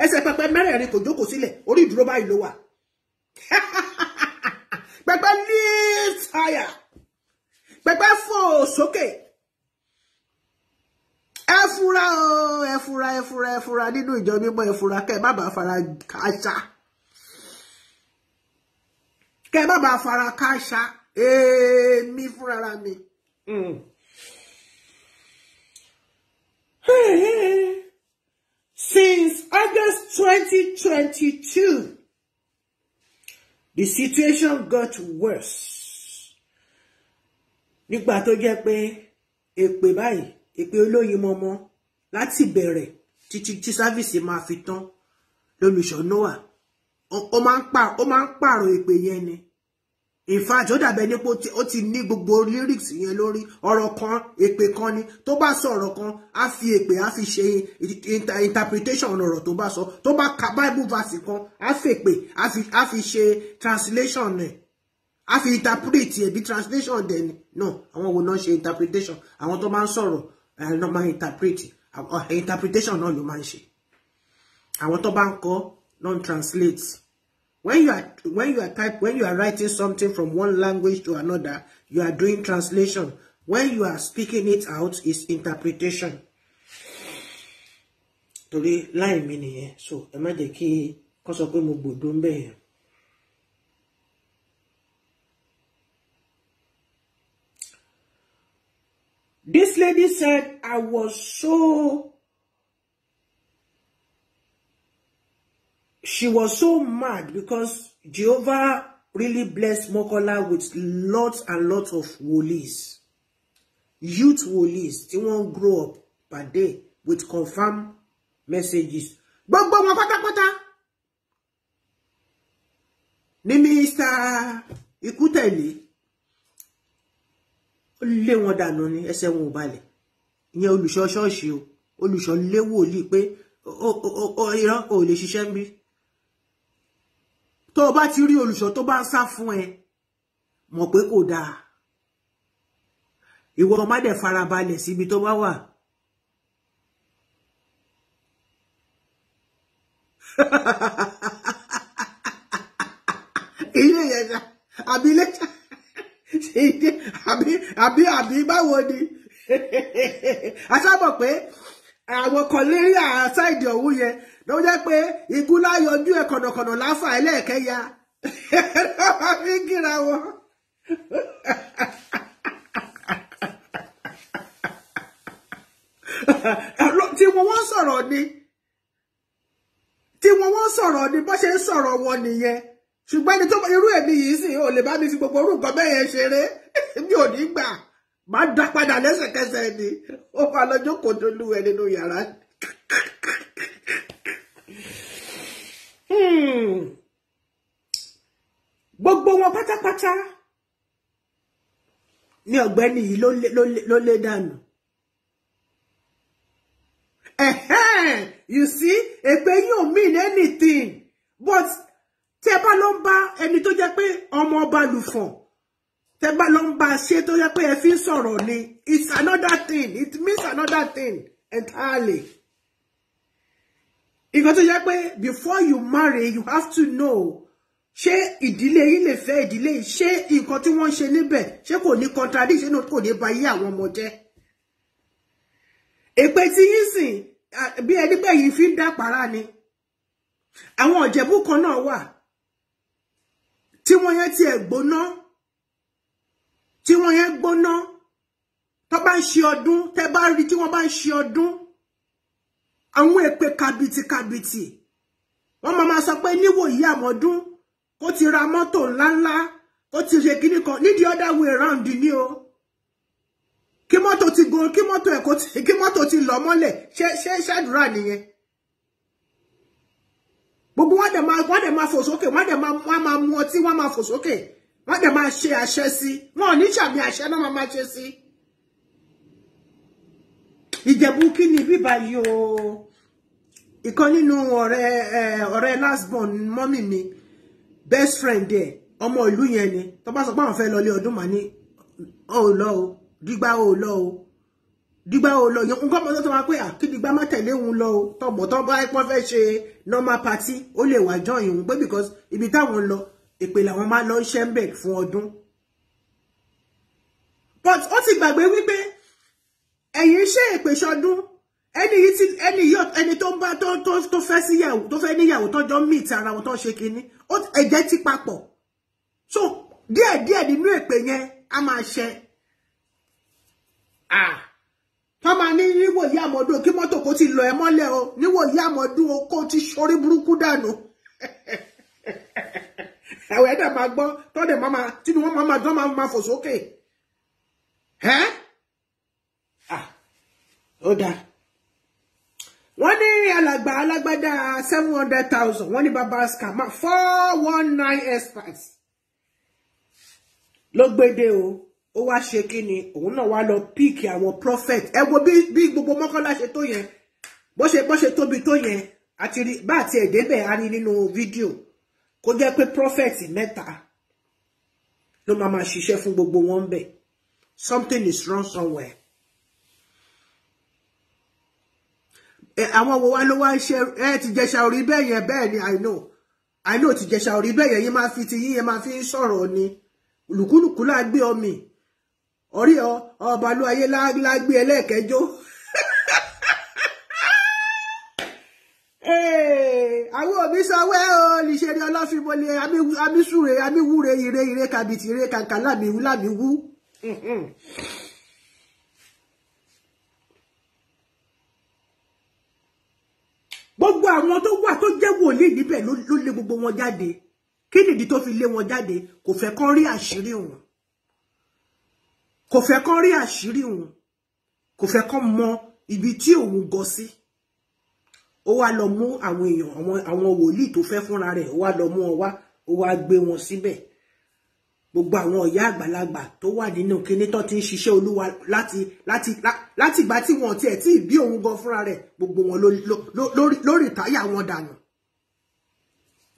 ẹsẹ̀ pẹpẹ mẹ́rẹ̀ẹ̀rin kò jókòó sílẹ̀ orí ìdúró báyìí ló wà pẹpẹ lift higher pẹpẹ fò sókè ẹ fura o ẹ fura ẹ fura ẹ fura nínú ìjọ mímọ́ ẹ fura kẹ má bàa fara àṣà kẹ má bàa fara káṣá èèmí fúnra mi. Hmm. Since August 2022, the situation got worse. Nígbà tó jẹ́ pé èpè báyìí, èpè olóyin mọ́mọ́ láti bẹ̀rẹ̀ títí tí sáfìsì máa fi tán lólùṣọ́ Noah ó máa ń pa ó máa ń pààrọ̀ èpè yẹn ni in fact ó dàbẹ̀ nípo ó ti ní gbogbo lyrics yẹn lórí ọ̀rọ̀ kan èpè kan ni tó bá sọ ọ̀rọ̀ kan á fi èpè á fi ṣe interpretation ọ̀rọ̀ tó bá sọ tó bá ka bible verse kan á fèpè á fi ṣe translation rẹ̀ á fi interpret ẹ̀ bí translation dẹ̀ ni no àwọn wo náà ṣe interpretation àwọn tó máa ń sọ̀rọ̀ àwọn náà interpret interpretation náà ló máa ń ṣe àwọn tó bá non-translate When you are when you are type when you are writing something from one language to another, you are doing translation. When you are speaking it out, is interpretation. Torí láì mi nìyẹn, so ẹ má jẹ́ kí kọ́ sọ pé mo gbòdo ń bẹ̀ yẹn. This lady said, I was so she was so mad because Jehovah really blessed Mokola with lots and lots of woolies, Youth woolies. they won't grow up per day with confirmed messages. Gbogbo wọn pátápátá. Ní mínísítà ikú tẹ̀lé. Ó lé wọn dànù Nye ẹsẹ̀ wọn ò balẹ̀. Ìyẹn olùṣọ́ ṣọ́ọ̀ṣì o. Olùṣọ́ o wòlíì pé ìran ò lè ṣiṣẹ́ ń bí tó bá ti rí olùṣọ́ tó bá ń sá E ẹ mọ̀ pé kò dáa ìwọ má dẹ̀ farabalẹ̀ síbi tó bá wà ilé yẹn ṣá àbí ilé ṣá àbí àbí àbí ni a sábà pé àwọn kan lérí àṣà ló jẹ́ pé igun láyọjú ẹ̀ kọ̀nàkọ̀nà láfà ha fi kíra wọn. tí ha ha sọ̀rọ̀ ni ha ha ha ha ha bó ṣe ń sọ̀rọ̀ wọn nìyẹn ṣùgbọ́n ha tó irú èmi yìí sì ò lè bá mi fi gbogbo orú nǹkan bẹ́ẹ̀ yẹn ṣeré mi ò ní gbà ha dá padà lẹ́sẹ̀kẹsẹ̀ ni ó ha lọ jókòó tó lú ẹ nínú yàrá gbogbo wọn pátápátá ni ọ̀gbẹ́ni yìí ló lé dànù you see èpè yìí ò mean anything but tẹ bá ló ń bá ẹni tó jẹ́ pé ọmọ ọba lùfọ̀n tẹ bá ló ń bá ṣe tó jẹ́ pé ẹ fi ń sọ̀rọ̀ ni it's another thing it means another thing entirely nǹkan tó jẹ́ pé before you marry you have to know ṣé ìdílé yìí lè fẹ́ ìdílé yìí ṣé nǹkan tí wọ́n ń ṣe níbẹ̀ ṣé kò ní contradict ṣé kò ní ba yé àwọn ọmọ jẹ́ èpè tí yín sìn bí ẹni pé yìí fi ń dá para ni àwọn ọ̀jẹ̀bú kan náà wà tí wọ́n yẹn tiẹ̀ gbóná tí wọ́n yẹn gbóná tó bá ń ṣe ọdún tẹ́ bá rí tí wọ́n bá ń ṣe ọdún àwọn èpè kabiti kabiti wọ́n máa máa sọ pé níwò yìí àmọ́dún kó ti ra mọ́tò ńláńlá kó ti ṣe kíní kan nídìí other way around ni o kí mọ́tò ti go kí mọ́tò ẹ̀ kó ti kí mọ́tò ti lọ mọ́lẹ̀ ṣe ṣe ṣàdúrà nìyẹn gbogbo wọn dẹ̀ máa wọ́n dẹ̀ máa fò sókè wọ́n dẹ̀ máa wọ́n máa mu ọtí wọ́n máa fò sókè wọ́n dẹ̀ máa ṣe àṣẹ sí wọn ò ní ṣàmì àṣẹ náà máa máa ṣe sí ìjẹ̀bú kí ni bíbá yìí o ìkan nínú ọ̀rẹ́ ọ̀rẹ́ lastborn mọ́mì mi best friend ẹ̀ ọmọ ìlú yẹn ni tó bá sọ pé àwọn fẹ́ lọ lé ọdún mà ní ò lọ o dígbà ò lọ o dígbà ò lọ yẹn nǹkan mọ́tò tó máa pé kí dígbà má tẹ̀lé òun lọ o tọ̀gbọ̀n tó bá pọ́n fẹ́ ṣe normal party ó lè wá join òun pé because ibi táwọn lọ èpè làwọn máa lọ ń ṣẹ́ ń bẹ̀ fún ọdún but ó ti gbàgbé wípé ẹ̀yin ṣe èpè ṣọdún ẹni yìí tí ẹni yìí ẹni tó ń bá tó tó tó fẹ́ síyàwó tó fẹ́ níyàwó tó jọ meet ara wọn tó ṣe kinní ó ẹ̀jẹ̀ ti papọ̀ so díẹ̀ díẹ̀ nínú èpè yẹn a máa ṣe ah tó máa ní níwòyí àmọ́dún kí mọ́tò kó ti lọ ẹ mọ́lẹ̀ o níwòyí àmọ́dún o kó ti ṣorí burúkú dànù ẹ̀wẹ̀ ẹ̀dẹ̀ máa gbọ́ tọ́dẹ̀ máa tínú wọn máa máa dán máa fò sókè ẹ́ ó dáa wọ́n ní alàgbà alágbádá seven hundred thousand wọ́n ní baba scammer four one nine experts ló gbédè o ó wá ṣe kí ni òun náà wá lọ píìkì àwọn prophet ẹ wo bí bí gbogbo mọ́kànlá ṣe tó yẹn bó ṣe bó ṣe tóbi tó yẹn àti rí bá àti ẹ̀dẹ́bẹ̀ á rí nínú fídíò kó jẹ́ pé prophet mẹ́ta ló máa máa ṣiṣẹ́ fún gbogbo wọn bẹ̀ something is wrong somewhere. Eh, àwọn wo wá ló wá ṣe ẹ ti jẹ̀ṣà orí bẹ́ẹ̀ yẹn bẹ́ẹ̀ ni i know i know ti jẹ̀ṣà orí bẹ́ẹ̀ yẹn yín máa fi ti yín yẹn máa fi ń sọ̀rọ̀ ni lùkúlùkú láà gbé ọmì orí ọ ọba ló ayé láà gbé ẹlẹ́ẹ̀kẹjọ. àwọn òbí sanwó ẹ o níṣẹ́ ni ọlọ́fínmọ́lé amíwúre ire ire kàbìtì ire kàǹkà lámìwú lámìwú. gbogbo àwọn tó wà tó jẹ́ wòlíì níbẹ̀ ló lé gbogbo wọn jáde kí nìdí tó fi lé wọn jáde kò fẹ́ kán rí àṣírí wọn kò fẹ́ kán rí àṣírí wọn kò fẹ́ kán mọ ibi tí òun gọ sí ó wá lọ mú àwọn èèyàn àwọn wòlíì tó fẹ́ fúnra rẹ̀ ó wá lọ mú ọ wá ó wá gbé wọn síbẹ̀. Si gbogbo àwọn ìyá àgbàlagbà tó wà nínú kinní tó ti ń ṣiṣẹ́ olúwa láti láti láti ìgbà tí wọn tiẹ̀ tí bí òun gan fúnra rẹ̀ gbogbo wọn lórí táyà wọn dànù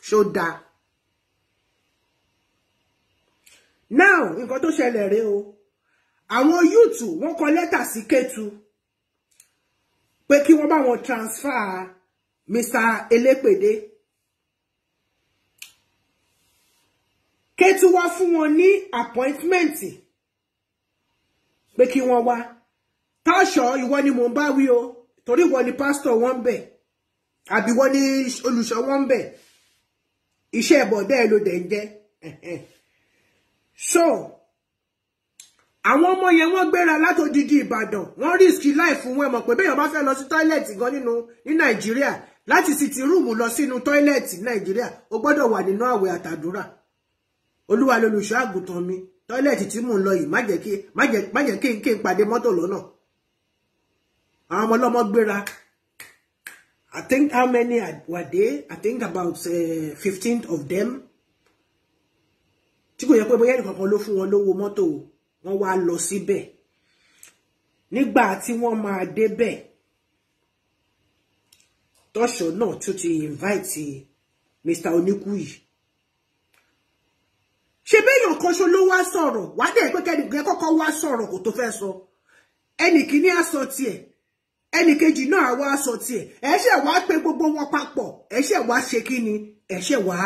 ṣó dáa. now nǹkan tó ṣẹlẹ̀ rèé o àwọn yúùtù wọ́n kọ lẹ́tà sí Kétu pé kí wọ́n bá wọn transfer Mr. Elépèdé ké tún wá fún wọn ní appointment pé kí wọ́n wá táṣọ ìwọ ni mò ń bá wí o torí ìwọ ni pásítọ̀ wọn ń bẹ àbí wọ́n ní olùṣọ́ wọn ń bẹ iṣẹ́ ìbọ̀dẹ́ ló dẹ̀ ń jẹ́ so àwọn ọmọ yẹn wọ́n gbéra látòdìdí Ìbàdàn wọ́n risk life fún wọn mọ̀ pé béèyàn bá fẹ́ lọ sí tọ́ílẹ̀tì gan nínú ní Nàìjíríà láti sì ti rúùmù lọ sínú tọ́ílẹ̀tì Nàìjíríà ó gbọ́dọ̀ wà nínú àwẹ̀ àtàdúrà olúwa lolùṣọ́ àgùntàn mi tọ́lẹ̀tì tí mò ń lọ yìí má kí n pàdé mọ́tò lọ́nà àwọn ọmọ gbéra I think how many were there I think about eh, fifteen uh, of them tí kò yẹ pé bóyá ẹnìkankan ló fún wọn lówó mọ́tò wọn wá lọ síbẹ̀ nígbà tí wọ́n máa débẹ̀ tọ́ṣọ̀ náà tún ti invite Mr. Oníkúyì ṣe béèyàn kan ṣo ló wá sọ̀rọ̀ wá dẹ̀ pé kẹ́nìkan kọ́kọ́ wá sọ̀rọ̀ kò tó fẹ́ sọ ẹnì kìíní á sọ tiẹ̀ ẹnì kejì náà wá sọ tiẹ̀ ẹ ṣẹ̀ wá pé gbogbo wọn papọ̀ ẹ ṣẹ̀ wá ṣe kí ni ẹ ṣẹ̀ wá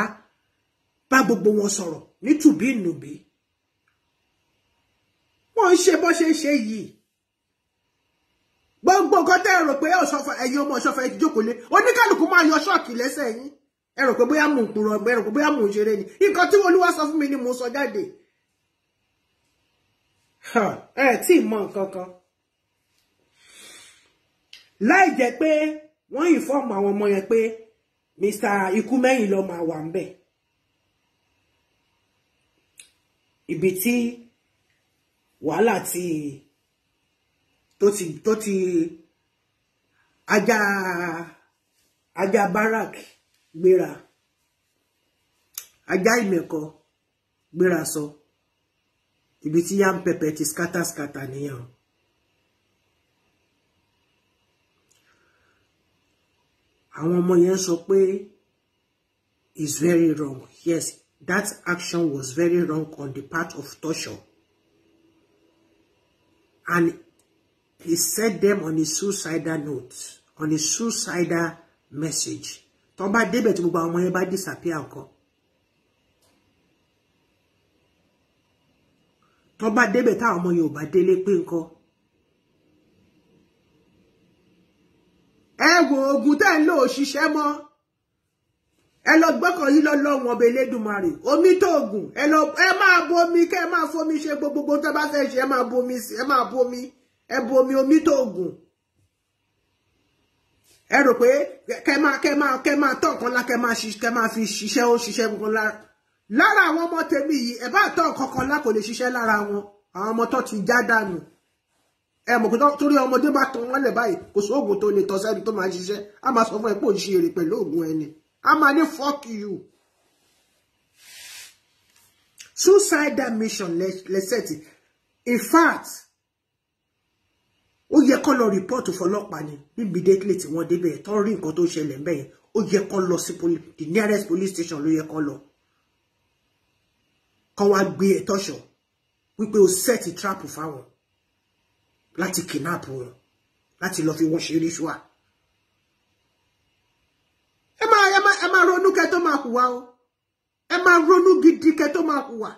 bá gbogbo wọn sọ̀rọ̀ ní tùbí nùbí wọ́n ń ṣe bó ṣe ń ṣe yìí gbogbo nǹkan tẹ́ ẹ rò pé ẹ̀yin ọmọ ọ̀ṣọ́fẹ́ ẹ jókòó lé oníkálùkù máa yọ ṣọ́ọ̀kì lẹ́sẹ̀ yín ẹ rò pé bóyá mò ń purọ́ ẹ rò pé bóyá mò ń ṣeré ni nǹkan tí olúwa sọ fún mi ni mo sọ jáde ẹ tí ì mọ nǹkan kan láì jẹ́ pé wọ́n ìfọ́ọ̀mù àwọn ọmọ yẹn pé mr ikumẹ́yìn ló máa wà ń bẹ̀ ibi tí wàhálà ti tó ti tó ti ajá ajá barak gbéra ajá ìmẹ̀kọ gbéra sọ ibi tí yam pepper ti scatter scatter nìyẹn àwọn ọmọ yẹn sọ pé is very wrong yes that action was very wrong on the part of Tosho and he set them on a suicidal note on a suicidal message tó bá débẹ̀ tí gbogbo àwọn ọmọ yẹn disappear ọkọ tó bá débẹ̀ táwọn ọmọ yẹn ò bá délé pé nǹkan ẹ wo oògùn tẹ́ ń lò òṣìṣẹ́ mọ́ ẹ lọ gbọ́kàn yín lọ́lọ́run ọba Elédùmarè omi tó oògùn ẹ lọ ẹ bomi kẹ́ ẹ fomi ṣe gbogbo tó bá fẹ́ ṣe ẹ máa bomi ẹ máa bomi ẹ bomi omi tó oògùn ẹ rò pé kẹ máa kẹ máa kẹ máa tọ́ nǹkan lá kẹ máa kẹ máa fi ṣiṣẹ́ ó ṣiṣẹ́ gbogbo lá lára àwọn ọmọ tèmi yìí ẹ bá tọ́ nǹkan kan lá kò lè ṣiṣẹ́ lára wọn àwọn ọmọ tó ti já dànù ẹ mọ̀ pé torí ọmọdé bá tan wọ́n lẹ̀ báyìí kò sí oògùn tó lè tọ́ sẹ́ni tó máa ṣiṣẹ́ a máa sọ fún ẹ pé ò ń ṣe èrè pẹ̀lú oògùn ẹni a máa ní fuck you suicide mission lẹ́sẹ̀tì in fact ó yẹ kó lọ rìpọ́ọ̀tù fọlọ́pàá ni immediately tí wọ́n débẹ̀ tó rí nǹkan tó ṣẹlẹ̀ ń bẹ̀ yẹn ó yẹ kó lọ sí the nearest police station ló yẹ kó lọ kó wá gbé ẹ tọ́ṣọ̀ wípé o set trap fáwọn láti kidnap wọn láti lọ fi wọn ṣe ríṣùà ẹ máa ẹ máa ẹ máa ronú kẹ́ tó máa hùwà o ẹ máa ronú gidi kẹ́ tó máa hùwà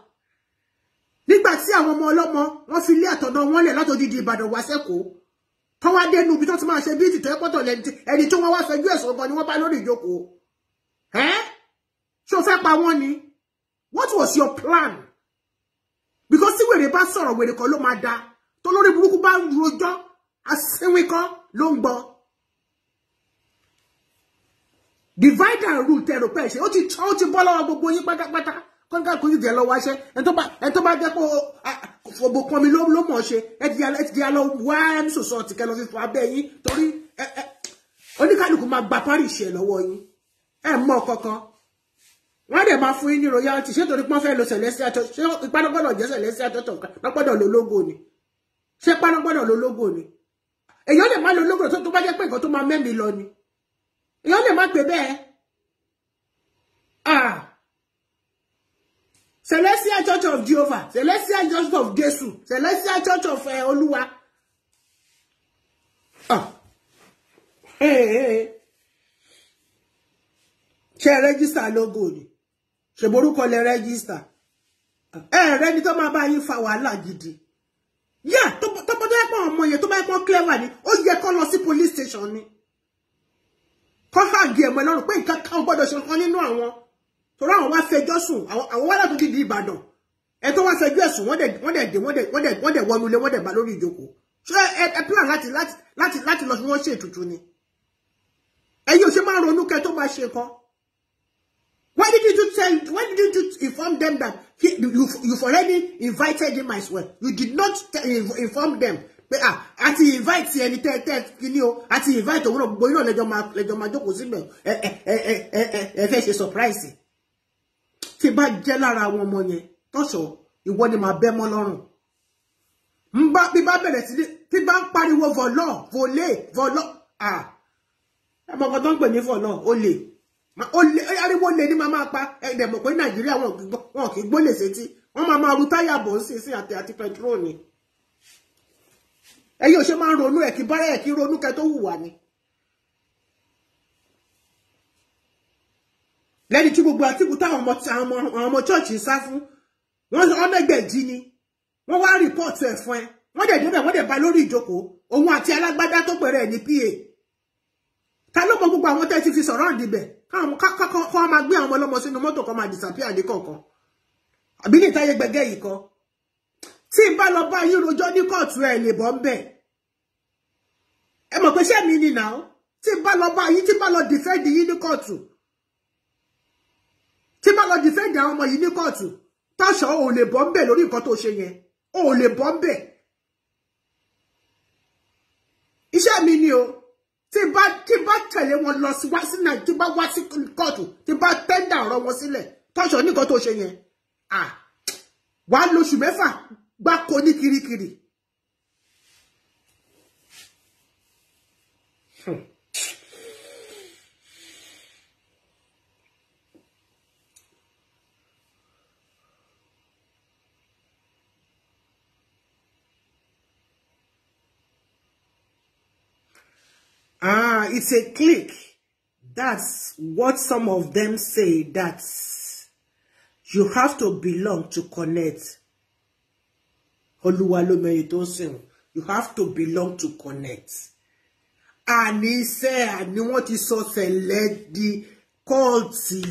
nígbà tí àwọn ọmọ ọlọ́mọ wọ́n fi lé àtọ̀dọ̀ wọn lẹ̀ látòdìdì Ìbàdàn wá sẹ́kọ̀ọ́ tán wá dénú ibi tán ti máa ṣe bí ìtìtẹ́ pọ́tọ̀ ẹni tí wọ́n wá fẹjú ẹ̀sùn gan ni wọ́n bá lórí ìjókòó ẹ́ ṣé o pa wọ́n ni what was your plan because tí wèrè bá sọ̀rọ̀ wèrè kan ló máa da tó lórí burúkú bá ń rojọ́ asínwín kan ló ń gbọ́ divide and rule tẹ̀rọ pẹ́ ṣe ó ti tọ́ ó ti bọ́ lọ́wọ́ gbogbo yín pátápátá kọ́ńkà kò yìí dẹ̀ lọ wáṣẹ́ ẹni tó bá ẹni tó bá jẹ́ pé òbò kan mi ló mọ̀ ṣe ẹ ti di alọ wá ẹni sòsọ ọ̀tí kẹ lọ sí fún abẹ́ yín torí oníkálukú máa gba parish ẹ̀ lọ́wọ́ yín ẹ̀ mọ́ kankan wọ́n dẹ̀ máa fún yín ní royalty ṣé torí pọ́n fẹ́ lo celestial church ṣé ìpánágbọ́dọ̀ jẹ́ celestial church ọ̀kan lọ́gbọ́dọ̀ lo logo ni ṣé ìpánágbọ́dọ̀ lo logo ni èèyàn lè má lo logo tó bá jẹ́ pé nǹkan tó máa mẹ́mi lọ ni èèyàn lè má pè bẹ́ẹ̀ Celestial Church of Jehovah, Celestial Church of Jesu, Celestial Church of uh, Oluwa. Ah. Hey, eh, eh, hey. Ṣé register logo ni. Ṣé borúkọ lẹ register. Eh, ready tó máa bá yín fa wàhálà gidi. Yeah, tó tó bá jẹ́ pé ọmọ yẹn tó bá pon clever ni, ó yẹ kó lọ sí police station ni. Kó fagi ẹ mọ́ lọ́rùn pé nǹkan kan gbọ́dọ̀ ṣe nǹkan nínú àwọn torí àwọn wá fẹjọ́ sùn àwọn wá láti dìdí Ìbàdàn ẹ tó wá fẹjọ́ ẹ̀sùn wọ́n dẹ̀ wọ́n dẹ̀ dé wọ́n dẹ̀ wọ́n dẹ̀ wọ́n dẹ̀ wọnú ilé wọ́n dẹ̀ bá lórí ìjókòó ṣé ẹ ẹ plan láti láti láti láti lọ sí wọ́n ṣe ètùtù ni ẹ̀yin ò ṣe máa ronú kẹ́ tó máa ṣe kan why did you tell why did you inform them that he, you you've already invited him as well you did not inform them pé ah àti invite ẹni tẹ́ tẹ́ kíní o àti invite òun náà gbogbo iná lẹ́jọ́ máa lẹ́jọ́ máa jókòó síbẹ̀ ẹ ẹ ẹ ẹ ẹ fẹ́ ṣe surprise tí bá jẹ́ lára àwọn ọmọ yẹn tọ́ṣọ̀ ìwọ ni màá bẹ́ mọ́ lọ́rùn ń bá bí bá bẹ̀rẹ̀ sí tí bá ń pariwo vọ̀lọ́ vọ̀lẹ́ vọ̀lọ́ à ẹ mọ̀ kan tó ń pè ní vọ̀lọ́ olè olè ariwo olè ni màá máa pa ẹ̀dẹ̀ mọ̀ pé nàìjíríà wọn kì í gbólè sétí wọn máa máa ru táyà bò ń sìn sí àti àti pẹtrol ni ẹ̀yin ò ṣe máa ń ronú ẹ̀ kí bára ẹ̀ kí ronú kẹ tó hùwà ni. lẹ́ni tí gbogbo àtìkù táwọn ọmọ chọ́ọ̀chì ń sá fún wọ́n ọ̀nẹ́gbẹ̀dì ni wọ́n wá rìpọ́ọ̀tù ẹ̀ fún ẹ wọ́n dẹ̀ débẹ̀ wọ́n dẹ̀ bá lórí ìjókòó òun àti alágbádá tó pẹ̀rẹ̀ ní pa ta ló mọ gbogbo àwọn tẹ́ ti fi sọ̀rọ̀ àdìbẹ̀ kọ́ máa gbé àwọn ọlọ́mọ sínú mọ́tò kan máa disappear ní kọ̀ọ̀kan àbí ní ìtayé gbẹgẹ́ yìí kan tí n bá lọ bá yín rojọ́ ní kóòtù ẹ̀ lè bọ́ ń bẹ̀ ẹ mọ̀ pé ṣé mi ni nàá tí n bá lọ bá yín tí n bá lọ dìfẹ́ǹdì yín ní kóòtù tí bá lọ defend àwọn ọmọ yìí ní kóòtù táṣọ ò lè bọ́ ń bẹ̀ lórí nǹkan tó ṣe yẹn ò lè bọ́ ń bẹ̀ mi ni o tí bá tí bá tẹ̀lé wọn lọ sí wá sí náà tí bá wá sí kóòtù tí bá tẹ́ndà ọ̀rọ̀ wọn sílẹ̀ táṣọ ní nǹkan tó ṣe yẹn à wàá lóṣù mẹ́fà gbáko ní kirikiri. Hmm. Ah, it's a click. That's what some of them say that you have to belong to connect. Olúwa ló mẹ́rin tó ń sìn. You have to belong to connect. Àní iṣẹ́ àní wọ́n ti sọ tẹ̀lẹ́ di kọ́ọ̀tì.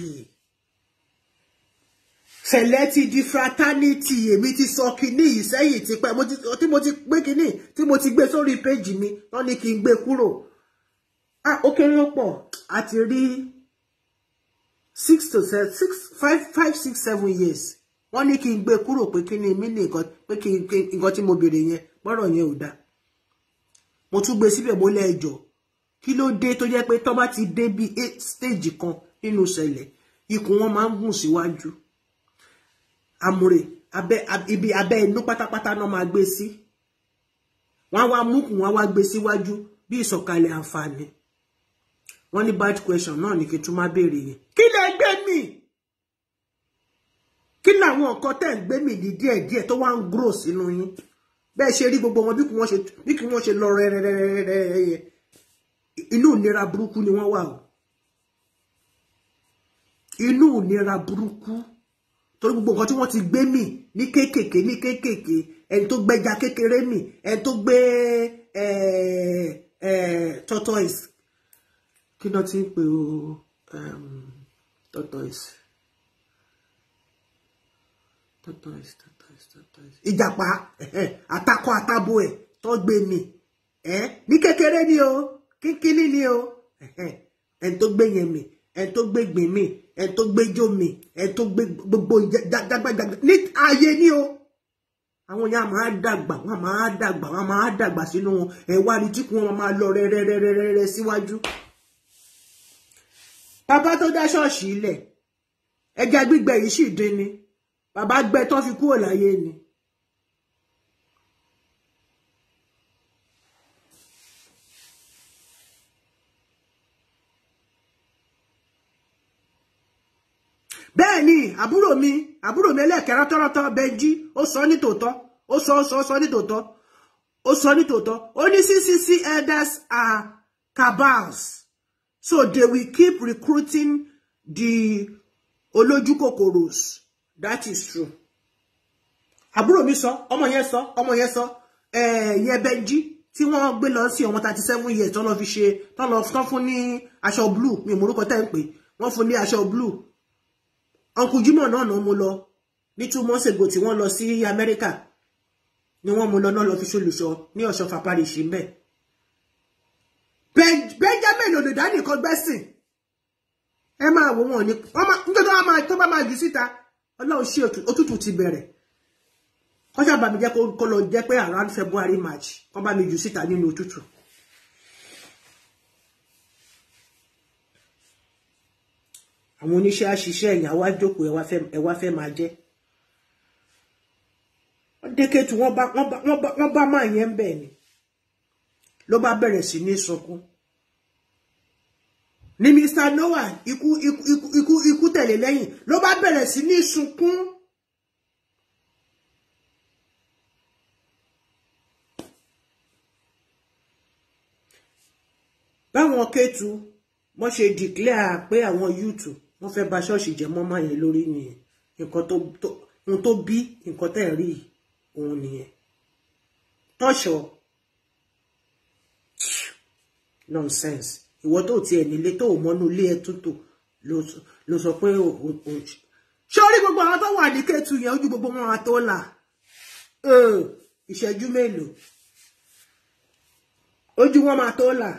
Tẹ̀lẹ́ ti di fraternity. Èmi ti sọ kinní yìí sẹ́yìn tipẹ́ tí mo ti gbé kinní tí mo ti gbé sórí péjì mi. Wọ́n ní kí n gbé kúrò ah ó kéré ó pọ̀ a ti rí six to seven six five five six seven years wọ́n ní kí n gbé kúrò pé kí ni mí ní nǹkan pé kí nǹkan tí mo béèrè yẹn bọ́rọ̀ yẹn ò dáa mo tún gbé síbẹ̀ mo lẹ́ẹ̀jọ́ kí ló dé tó jẹ́ pé tó bá ti dé bí e, stage kan nínú ṣẹlẹ̀ ikùn wọn máa ń gùn síwájú àmúre abẹ́ ibi abẹ́ inú pátápátá náà máa gbé sí wọ́n á wá mú kùn wọ́n á wá gbé síwájú bí ìsọ̀kalẹ̀ àǹfààní wọ́n ní bad question náà ni kí tún máa béèrè yẹn kí lẹ gbé mi kí làwọn nǹkan tẹ́ ń gbé mi ní díẹ̀díẹ̀ tó wá ń grow sínú yín bẹ́ẹ̀ ṣe rí gbogbo wọn bí kí wọ́n ṣe bí kí wọ́n ṣe lọ rẹ́rẹ́rẹ́rẹ́rẹ́ yẹn inú ìnira burúkú ni wọ́n wà o inú ìnira burúkú torí gbogbo nǹkan tí wọ́n ti gbé mì ní kéékèèké ní kéékèèké ẹni tó gbẹja kékeré mì ẹni tó gbé eh, eh, tortoise kí ló ti ń pe o um, tortoise tortoise tortoise tortoise ìjàpá àtakọ àtabo ẹ tọgbẹ ni ẹ ní kékeré ni o kínkínní ni o ẹni tó gbé yẹn mi ẹni tó gbé gbìn mi ẹni tó gbé jó mi ẹni tó gbé gbogbo jágbàjàgbà ní ayé ni o àwọn yẹn a máa dàgbà wọn a máa dàgbà wọn a máa dàgbà sínú wọn ẹ wá ní tí kò wọn máa lọ rẹrẹrẹrẹrẹ síwájú. Si bàbá tó dá ṣọ́ọ̀ṣì ilẹ̀ ẹja gbígbẹ yìí sì dín ni bàbá gbẹ tó fi kúrò láyé ni. bẹ́ẹ̀ ni àbúrò mi àbúrò mi ẹlẹ́ẹ̀kẹ́ rọ́tọ́rọ́tọ́ Benji ó sọ ní tòótọ́ ó Toto, ó sọ ó sọ ní tòótọ́ ó sọ ní tòótọ́ ó ccc elders are cabals So they will keep recruiting the olójú kokoros. That is true. Àbúrò mi sọ, ọmọ yẹn sọ, ọmọ yẹn sọ, eh yẹn Benji tí wọ́n gbé lọ sí ọmọ 37 years ton lọ fi ṣe, ton lọ ton fún ní aṣọ blue, mi moruko tẹ́ ń pè. Wọ́n fún ní blue. Uncle Jimo náà no mo lọ ní 2 months ago tí wọ́n lọ sí America. Ni wọ́n mo lọ náà lọ fi ṣe olùṣọ́ ní Ọ̀ṣọ́fà parish ńbẹ̀. Benjamin òdòdá nìkan gbẹ́sìn ẹ máa wò wọn ní nítorí tó bá máa jù síta ọlọ́run ṣe otutu ti bẹ̀rẹ̀ kọjá bá mi jẹ́ kó lọ jẹ́ pé around February March kọ́ bá mi jù síta nínú òtútù. àwọn oníṣẹ́ àṣìṣe ẹ̀yìn àwa jókòó ẹ̀wá fẹ́ ló bá bẹ̀rẹ̀ sí ní sunkún ní Mr Noah ikú ikú ikú ikú tẹ̀lé lẹ́yìn ló bá bẹ̀rẹ̀ sí ní sunkún báwọn Kétu wọ́n ṣe declare pé àwọn yúùtù wọ́n fẹ́ ba ṣọ́ọ̀ṣì jẹ́ mọ́mọ́ yẹn lórí nìyẹn nǹkan tó tó bí nǹkan tẹ̀ rí òun nìyẹn tọ́ṣọ̀ọ́ nonsense ìwọ tó tiẹ̀ nílé tó mọ́nú ilé ẹ túntò ló sọ pé sórí gbogbo àwọn tó wà ní kẹtù yẹn ojú gbogbo wọn tó là ìṣẹ́jú mélòó ojú wọn máa tó là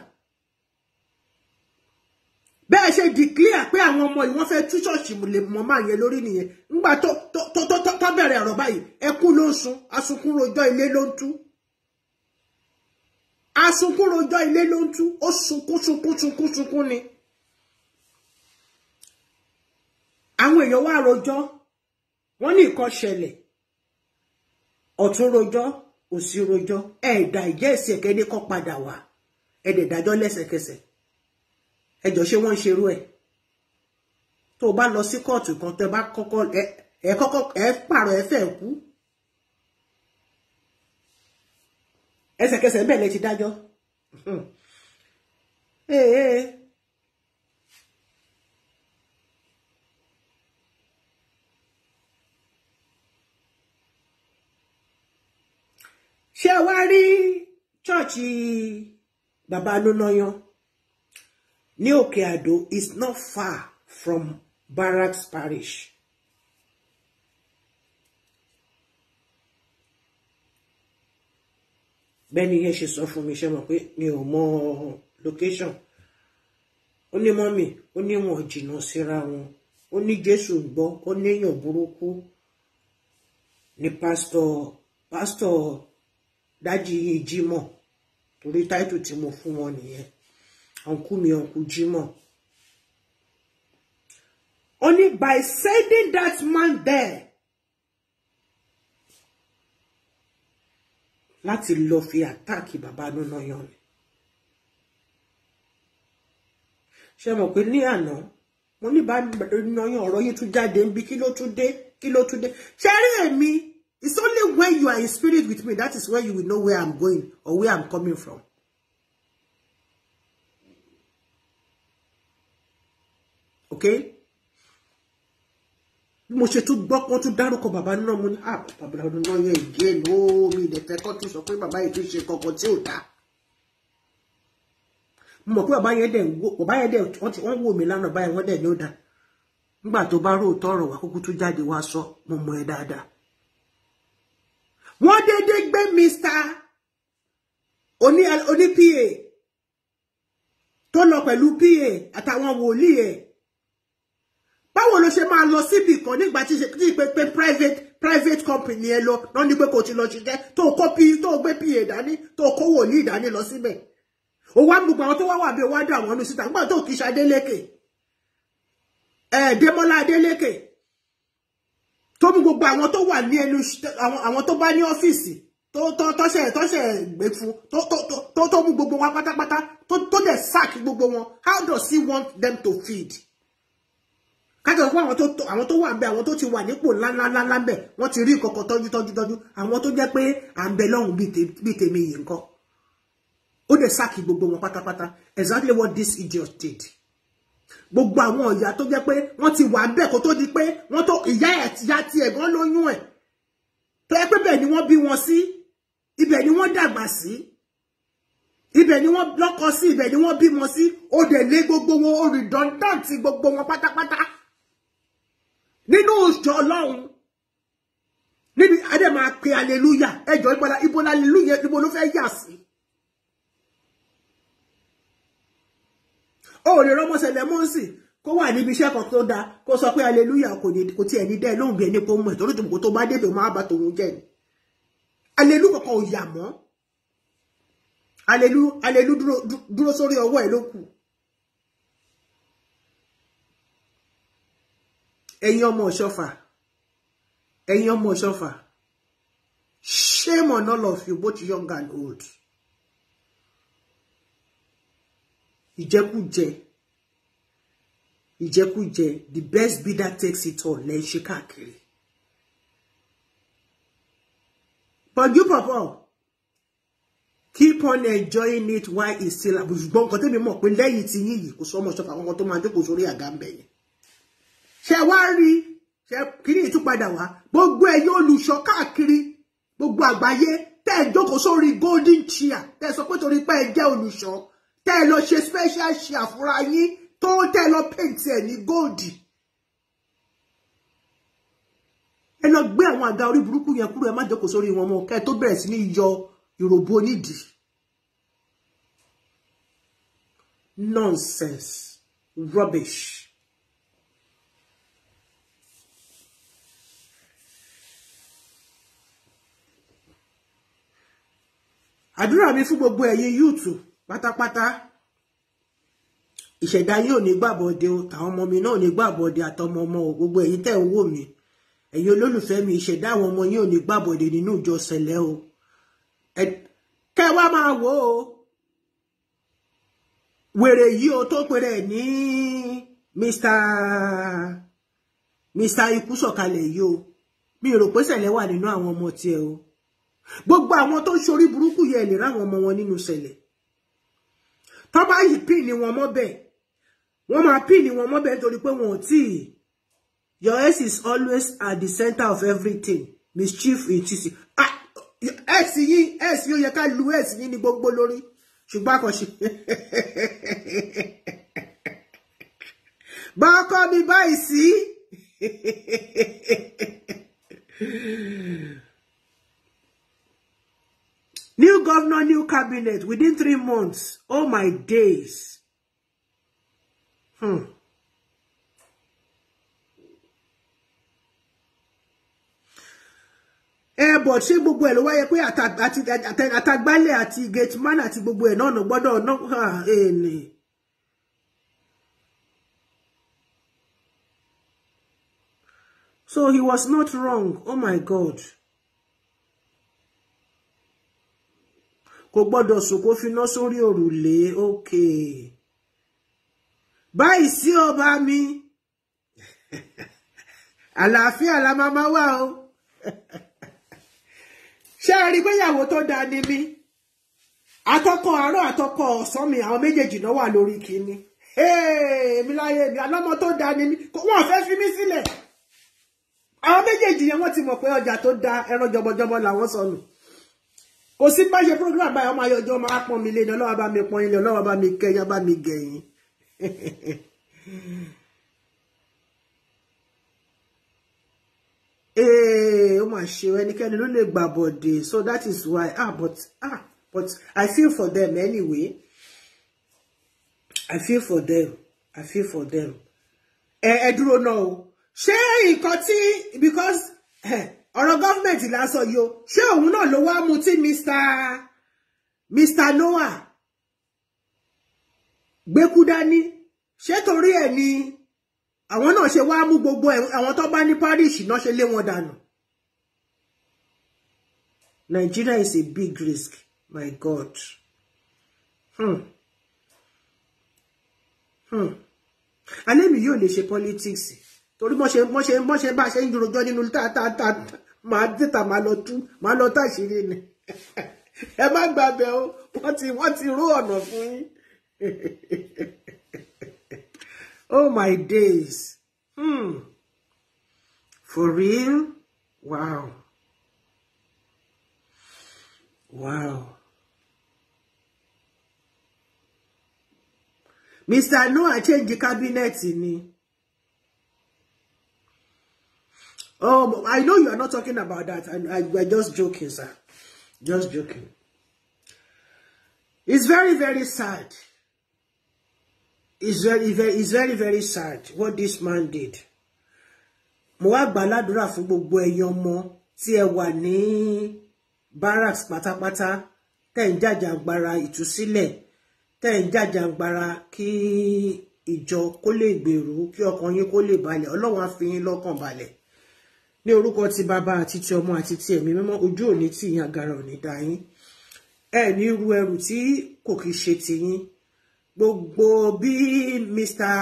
bẹ́ẹ̀ ṣe dìklíà pé àwọn ọmọ yìí wọ́n fẹ́ tú ṣọ́ọ̀ṣì lè mọ́ máa yẹn lórí nìyẹn ńgbà tó bẹ̀rẹ̀ ọ̀rọ̀ báyìí ẹkún ló ń sun asunkún rojọ́ ilé ló ń tú asunkún rojọ́ ilé ló ń tú ó sunkún sunkún sunkún sunkún ni àwọn èèyàn wá rojọ́ wọ́n ní nǹkan ṣẹlẹ̀ ọ̀tún rojọ́ òsì rojọ́ ẹ̀ẹ̀dà ìjẹ́ ìsìn ẹ̀kẹ́ ní kan padà wá ẹ̀dẹ̀ dájọ́ lẹ́sẹ̀kẹsẹ̀ ẹjọ́ ṣé wọ́n ń ṣerú ẹ̀ tó o bá lọ sí kóòtù kan tẹ bá kọ́kọ́ ẹ kọ́kọ́ ẹ pààrọ̀ ẹ fẹ́ kú ẹsẹ̀kẹsẹ̀ bẹ́ẹ̀ lẹ ti dájọ́ ee ṣé wá rí chọ́ọ̀chì bàbá lónáyán ní òkè àdó is not far from barracks parish. bẹ́ni yẹn ṣe sọ fún mi ṣe mọ̀ pé mi ò mọ location ó ní mọ́mì ó ní wọn jìnnà síra wọn ó ní jésù gbọ́ ó níyàn burúkú ni pásítọ̀ pásítọ̀ dájí Jímọ̀ torí táìtù tí mo fún wọn nìyẹn ọ̀nkú mi ọ̀nkú Jímọ̀ ó by sending that man there láti lọ fi àtáàkì bàbá Nononyan ni ṣe mọ̀ pé ní àná mo ní bá Nononyan ọ̀rọ̀ yìí tún jáde ń bi kí ló tún dé kí ló tún dé ṣe rí èmi it's only when you are in spirit with me that is when you will know where I'm going or where I'm coming from. Okay? mo ṣe tún gbọ́ pọ́n tún dárúkọ bàbá náà mo ní à ah, bàbá náà yẹ ìgé ló mi ìdẹ̀fẹ́ kọ́ tún sọ pé bàbá yìí tún ṣe kankan tí ò dá mo mọ̀ pé bàbá yẹn dẹ̀ bàbá yẹn dẹ̀ wọ́n wò mí lánàá báyìí wọ́n dẹ̀ ní ó dá nígbà tó bá róòtọ́ ọ̀rọ̀ wá kúkú tún jáde wá sọ mo mọ̀ ẹ́ dáadáa wọ́n dédé gbé Mr. oní PA tó lọ pẹ̀lú PA àtàwọn wòlíì ẹ̀ báwo ló ṣe máa lọ síbì kan nígbà tí ìpè pé private private company ẹ lọ náà ní pé kò ti lọ ṣiṣẹ́ tó kó p tó gbé pa dání tó kó wòlíì dání lọ síbẹ̀ ó wá gbogbo àwọn tó wá wà bí wá dà wọ́n nu síta nígbà tó kì í ṣe Adélékè ẹ Dẹ́mọ́lá Adélékè tó mú gbogbo àwọn tó wà ní ẹnu àwọn tó bá ní ọ́fíìsì tó tó tọ́ṣẹ̀ tọ́ṣẹ̀ gbé fún tó tó tó mú gbogbo wọn pátápátá tó dẹ̀ sack gbogbo wọn how does he want them to feed? kájọ pé àwọn tó àwọn tó wà ń bẹ àwọn tó ti wà nípò ńláńláńlá ń bẹ wọ́n ti rí ìkọ̀kọ̀ tọ́jú tọ́jú tọ́jú àwọn tó jẹ́ pé à ń bẹ lọ́hùn bíi tèmi yìí nǹkan ó dẹ̀ sáàkì gbogbo wọn pátápátá exactly what this idiot did gbogbo àwọn ọ̀yà tó jẹ́ pé wọ́n ti wà bẹ́ẹ̀ kó tó di pé wọ́n tó ìyá ẹ̀ ya tiẹ̀ gan lóyún ẹ̀ tó yẹ pé bẹ́ẹ̀ ni wọ́n bí wọn sí ibẹ̀ ni wọ́n dàgbà sí ibẹ̀ ni wọ́n lọ́kọ sí ibẹ̀ ni wọ́n bímọ sí ó dẹ̀ lé gbogbo wọn ó redundant gbogbo wọn pátápátá nínú ìjọ ọlọ́run níbi adé máa pe aleluya ẹjọ́ ìpàdà ibo aleluya ibo ló fẹ́ yà sí. o ò lè rọ́mọ ṣẹlẹ̀ mọ́sì kó wà níbi iṣẹ́ kan tó dáa kó sọ pé aleluya kò ní kò tiẹ̀ ní dẹ́ lóhùn bí ẹni kó mọ̀ ìtọ́jú tó tó bá débẹ̀ máa bá tòun jẹ́ ni alelu kankan ò yà mọ́ alelu dúró sórí ọwọ́ ẹ̀ ló kù. ẹ̀yin ọmọ Ọ̀ṣọ́fà ẹ̀yin ọmọ Ọ̀ṣọ́fà shame on all of you both young and old ìjẹkújẹ ìjẹkújẹ the best bidder takes it all lẹ́ ń ṣe káàkiri but you papa keep on enjoying it while it's still ṣùgbọ́n nǹkan tẹ́mi mọ̀ pé lẹ́yìn tí yín kò sọ ọmọ Ọ̀ṣọ́fà àwọn tó máa jókòó sórí àga ṣe wá rí ṣe kiri ìtúpadà wá gbogbo ẹ̀yin olùṣọ́ káàkiri gbogbo àgbáyé tẹ́ ẹ jókòó golden chair tẹ́ ẹ sọ pé torí pé ẹ jẹ́ olùṣọ́ tẹ́ special chair fúnra yín tó tẹ́ ẹ lọ paint ẹ ní gold ẹ lọ gbé àwọn àga orí burúkú yẹn kúrò ẹ má jókòó sórí wọn mọ́ kẹ́ tó bẹ̀rẹ̀ sí ní yọ ìròbó onídìí nonsense rubbish. àdúrà mi fún gbogbo ẹ̀yin yúùtù pátápátá ìṣẹ̀dá yín ò ní gbàbọ̀dé o tàwọn ọmọ mi náà ò ní gbàbọ̀dé àtọmọ ọmọ o gbogbo ẹ̀yin tẹ́ ń wò mí ẹ̀yin mi ìṣẹ̀dá àwọn ọmọ yín ò ní gbàbọ̀dé nínú ìjọ Sẹ̀lẹ̀ o kẹ́ wá máa wò ó wèrè yìí o tó pèrè ní Mr. Mr. ikú sọ̀kalẹ̀ yìí o mi rò pé Sẹ̀lẹ̀ wà nínú àwọn ọmọ tiẹ̀ o gbogbo àwọn tó ń ṣorí burúkú yẹ lè ráwọn ọmọ wọn nínú ṣẹlẹ̀ tó bá yìí pín ní wọn mọ́bẹ̀ wọ́n máa pín ní wọn mọ́bẹ̀ nítorí pé wọn ò tí ì your ex is always at the center of everything mischief etc ah ex yín ex yóò yẹ ká lu ex yín ní gbogbo lórí ṣùgbọ́n àkànṣe bá ọkọ mi báyìí sí. New governor, new cabinet within three months. Oh my days. Hmm. Eh, but she ṣé gbogbo ẹ̀ ló wáyé pé àtàgbálẹ̀ àti gateman No gbogbo ẹ̀ náà gbọ́dọ̀ náà ẹni. So he was not wrong. Oh my God. kò gbọ́dọ̀ sòkó finá sórí òrùlé òkè báyìí sí ọba mi àlàáfíà la máa máa wà o ṣé a rí gbéyàwó tó dáa ni mí atọ́kọ̀ àárọ̀ atọ́kọ̀ ọ̀sán mi àwọn méjèèjì náà wà lórí kínní èmi láyé mi alọ́mọ tó dáa ni mí wọ́n fẹ́ fi mí sílẹ̀ àwọn méjèèjì yẹn wọ́n ti mọ̀ pé ọjà tó dáa ẹran jọbọjọbọ làwọn sọnù kò sí bá program báyìí ọmọ ayọjọ ọmọ apọn mi lé ní ọlọ́wọ́ bá mi pọn ilé ọlọ́wọ́ bá mi kẹyìn bá mi gẹ̀yìn eh, ó mà ṣe ẹnikẹ́ni ló lè gbà bọ̀dé so that is why ah but ah but I feel for them anyway I feel for them I feel for them ẹ ẹ dúró náà o ṣé nǹkan tí because. Eh, ọ̀rọ̀ gọ́fìmẹ̀ntì lásọ yo ṣé òun náà ló wá mu tí mr noah gbẹ́kú dání ṣé torí ẹ̀ ni àwọn náà ṣe wá mú gbogbo àwọn tó bá ní parish náà ṣe lé wọn dànù Nigeria is a big risk my God hmm. Hmm. alẹ́ mi yóò lè ṣe politics torí mọ́ṣe mọ́ṣe mọ́ṣe bá ṣe ń jòròjọ́ nínú tààtàtà máa dìtà máa lọ tú máa lọ táṣìírí ni ẹ má gbàgbé o wọ́n ti wọ́n ti rú ọ̀nà fún yín oh my days hmm. for real wow wow. Mr. Noah change cabinet ni. Um, I know you are not talking about that. I, I, am just joking, sir. Just joking. It's very, very sad. It's very, very, it's very, very sad what this man did. Mo wá fubu fún gbogbo ẹ̀yin ọmọ barracks pátápátá tẹ́ ń jàjàǹgbara ìtúsílẹ̀ tẹ́ ń jàjàǹgbara kí ìjọ kó lè gbèrú kí ọkàn yín kó lè balẹ̀ Ọlọ́run lo fi yín Ni orúkọ ti bàbá àti ti ọmọ àti ti ẹ̀mí mímọ́ ojú òní tì yín àgàrà òní dá yín ẹ ní irú ẹrù tí kò kìí ṣe tiyín gbogbo bí mr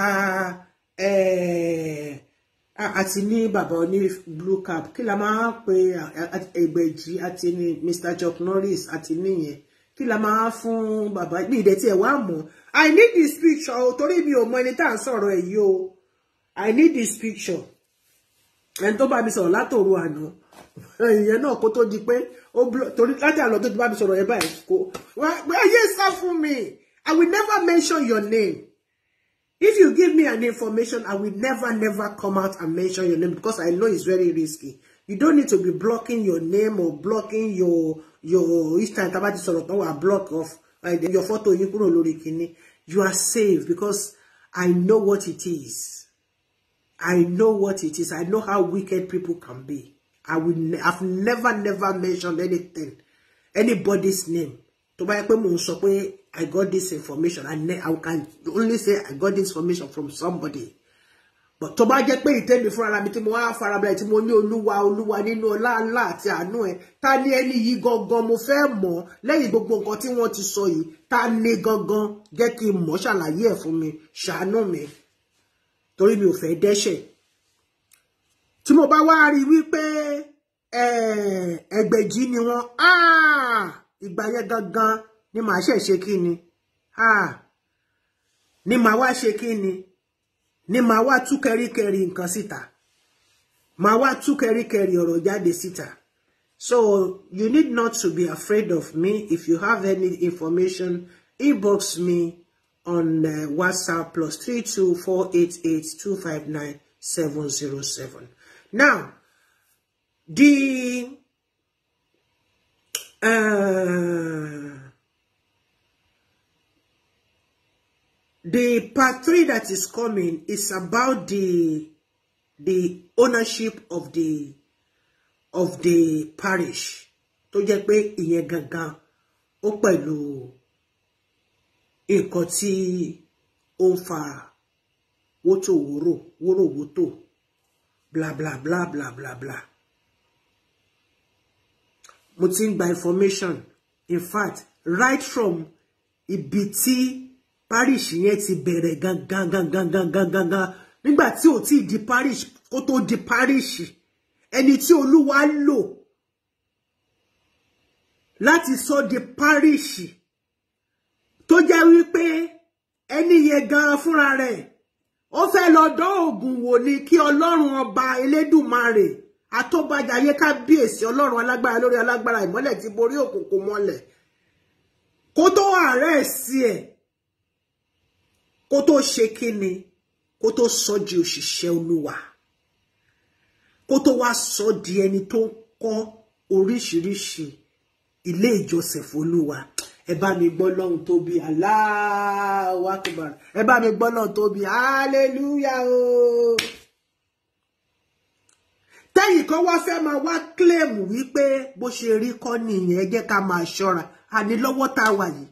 àti ní bàbá oní blue cap kí la máa ń pe ẹgbẹ̀jì àti ní mr jock norris àti níyẹn kí la fun baba bàbá ní ìdẹ̀tí ẹ̀ wá mọ̀ i need this picture torí mi ò mọ ẹni tá à ń o i need this picture ẹni tó bá mi sọ̀rọ̀ látòru àná ìyẹn náà kó tó di pé ó torí láti àlọ́ tó ti bá mi sọ̀rọ̀ ẹ báyìí kó ayé ah, sá fún mi I will never mention your name if you give me an information I will never never come out and mention your name because I know it's very risky you don't need to be blocking your name or blocking your your Instagram. time tá bá ti sọ̀rọ̀ tán wà block off eh, your photo yín kúrò lórí kínní you are safe because I know what it is. I know what it is. I know how wicked people can be. I will ne I've never never mentioned anything, anybody's name. To bá yẹ pé mo ń I got this information. I, ne I can only say I got this information from somebody. But tó bá jẹ́ pé ìtẹ́mi fúnra mi tí mo wá farabalẹ̀ tí mo ní olúwa olúwa nínú ọlá ńlá àti àánú ẹ̀ ta ni ẹni yìí gangan mo fẹ́ mọ̀ lẹ́yìn gbogbo nǹkan tí wọ́n ti sọ yìí ta ni gangan jẹ́ kí n mọ̀ ṣàlàyé ẹ̀ fún mi ṣàánú mi torí mi ò fẹ́ dẹ́ṣẹ̀ tí mo bá wá rí wípé ẹgbẹ̀jì ni wọ́n ah, ìgbà yẹn gangan ni màá ṣẹ̀ ṣe kí ni ah, ni màá wá ṣe kí ni ni màá wá tú kẹríkẹrí nǹkan síta màá wá tú kẹríkẹrí ọ̀rọ̀ jáde síta so you need not to be afraid of me if you have any information inbox me on uh, WhatsApp plus three two four eight eight two five nine seven zero seven. Now, the uh, the part three that is coming is about the the ownership of the of the parish. Tó jẹ́ pé ìyẹn gangan ó pẹ̀lú nǹkan tí ó ń fa wótò wóró wóró wótò bla bla bla bla bla bla mo ti ń gba information in fact right from ibi tí parish yẹn ti bẹ̀rẹ̀ gangan gangan gangan gangan nígbà tí ò tí di parish kó tó di parish ẹni tí olúwa lò láti sọ di parish tó jẹ́ wípé ẹni yẹn gan fúnra rẹ̀ ó fẹ́ lọ dán ògùn wò ni kí ọlọ́run ọba elédùmarè àtọ́bàjáyé kábíyèsí ọlọ́run alágbára lórí alágbára ìmọ́lẹ̀ ti borí òkùnkùn mọ́lẹ̀ kó tó àárẹ̀ sí ẹ̀ kó tó ṣe kíni kó tó sọ di òṣìṣẹ́ olúwa kó tó wá sọ di ẹni tó ń kọ́ oríṣiríṣi ilé ìjọsìn fún olúwa ẹ bá mi gbọ́ lọ́hùn tóbi Allahu Akbar ẹ bá mi gbọ́ lọ́hùn tóbi hallelujah o tẹ́yìn kan wá fẹ́ máa wá kílèmù wípé bó ṣe rí kọ́ nìyẹn ẹ jẹ́ ká máa ṣọ́ra àní lọ́wọ́ tá a wà yìí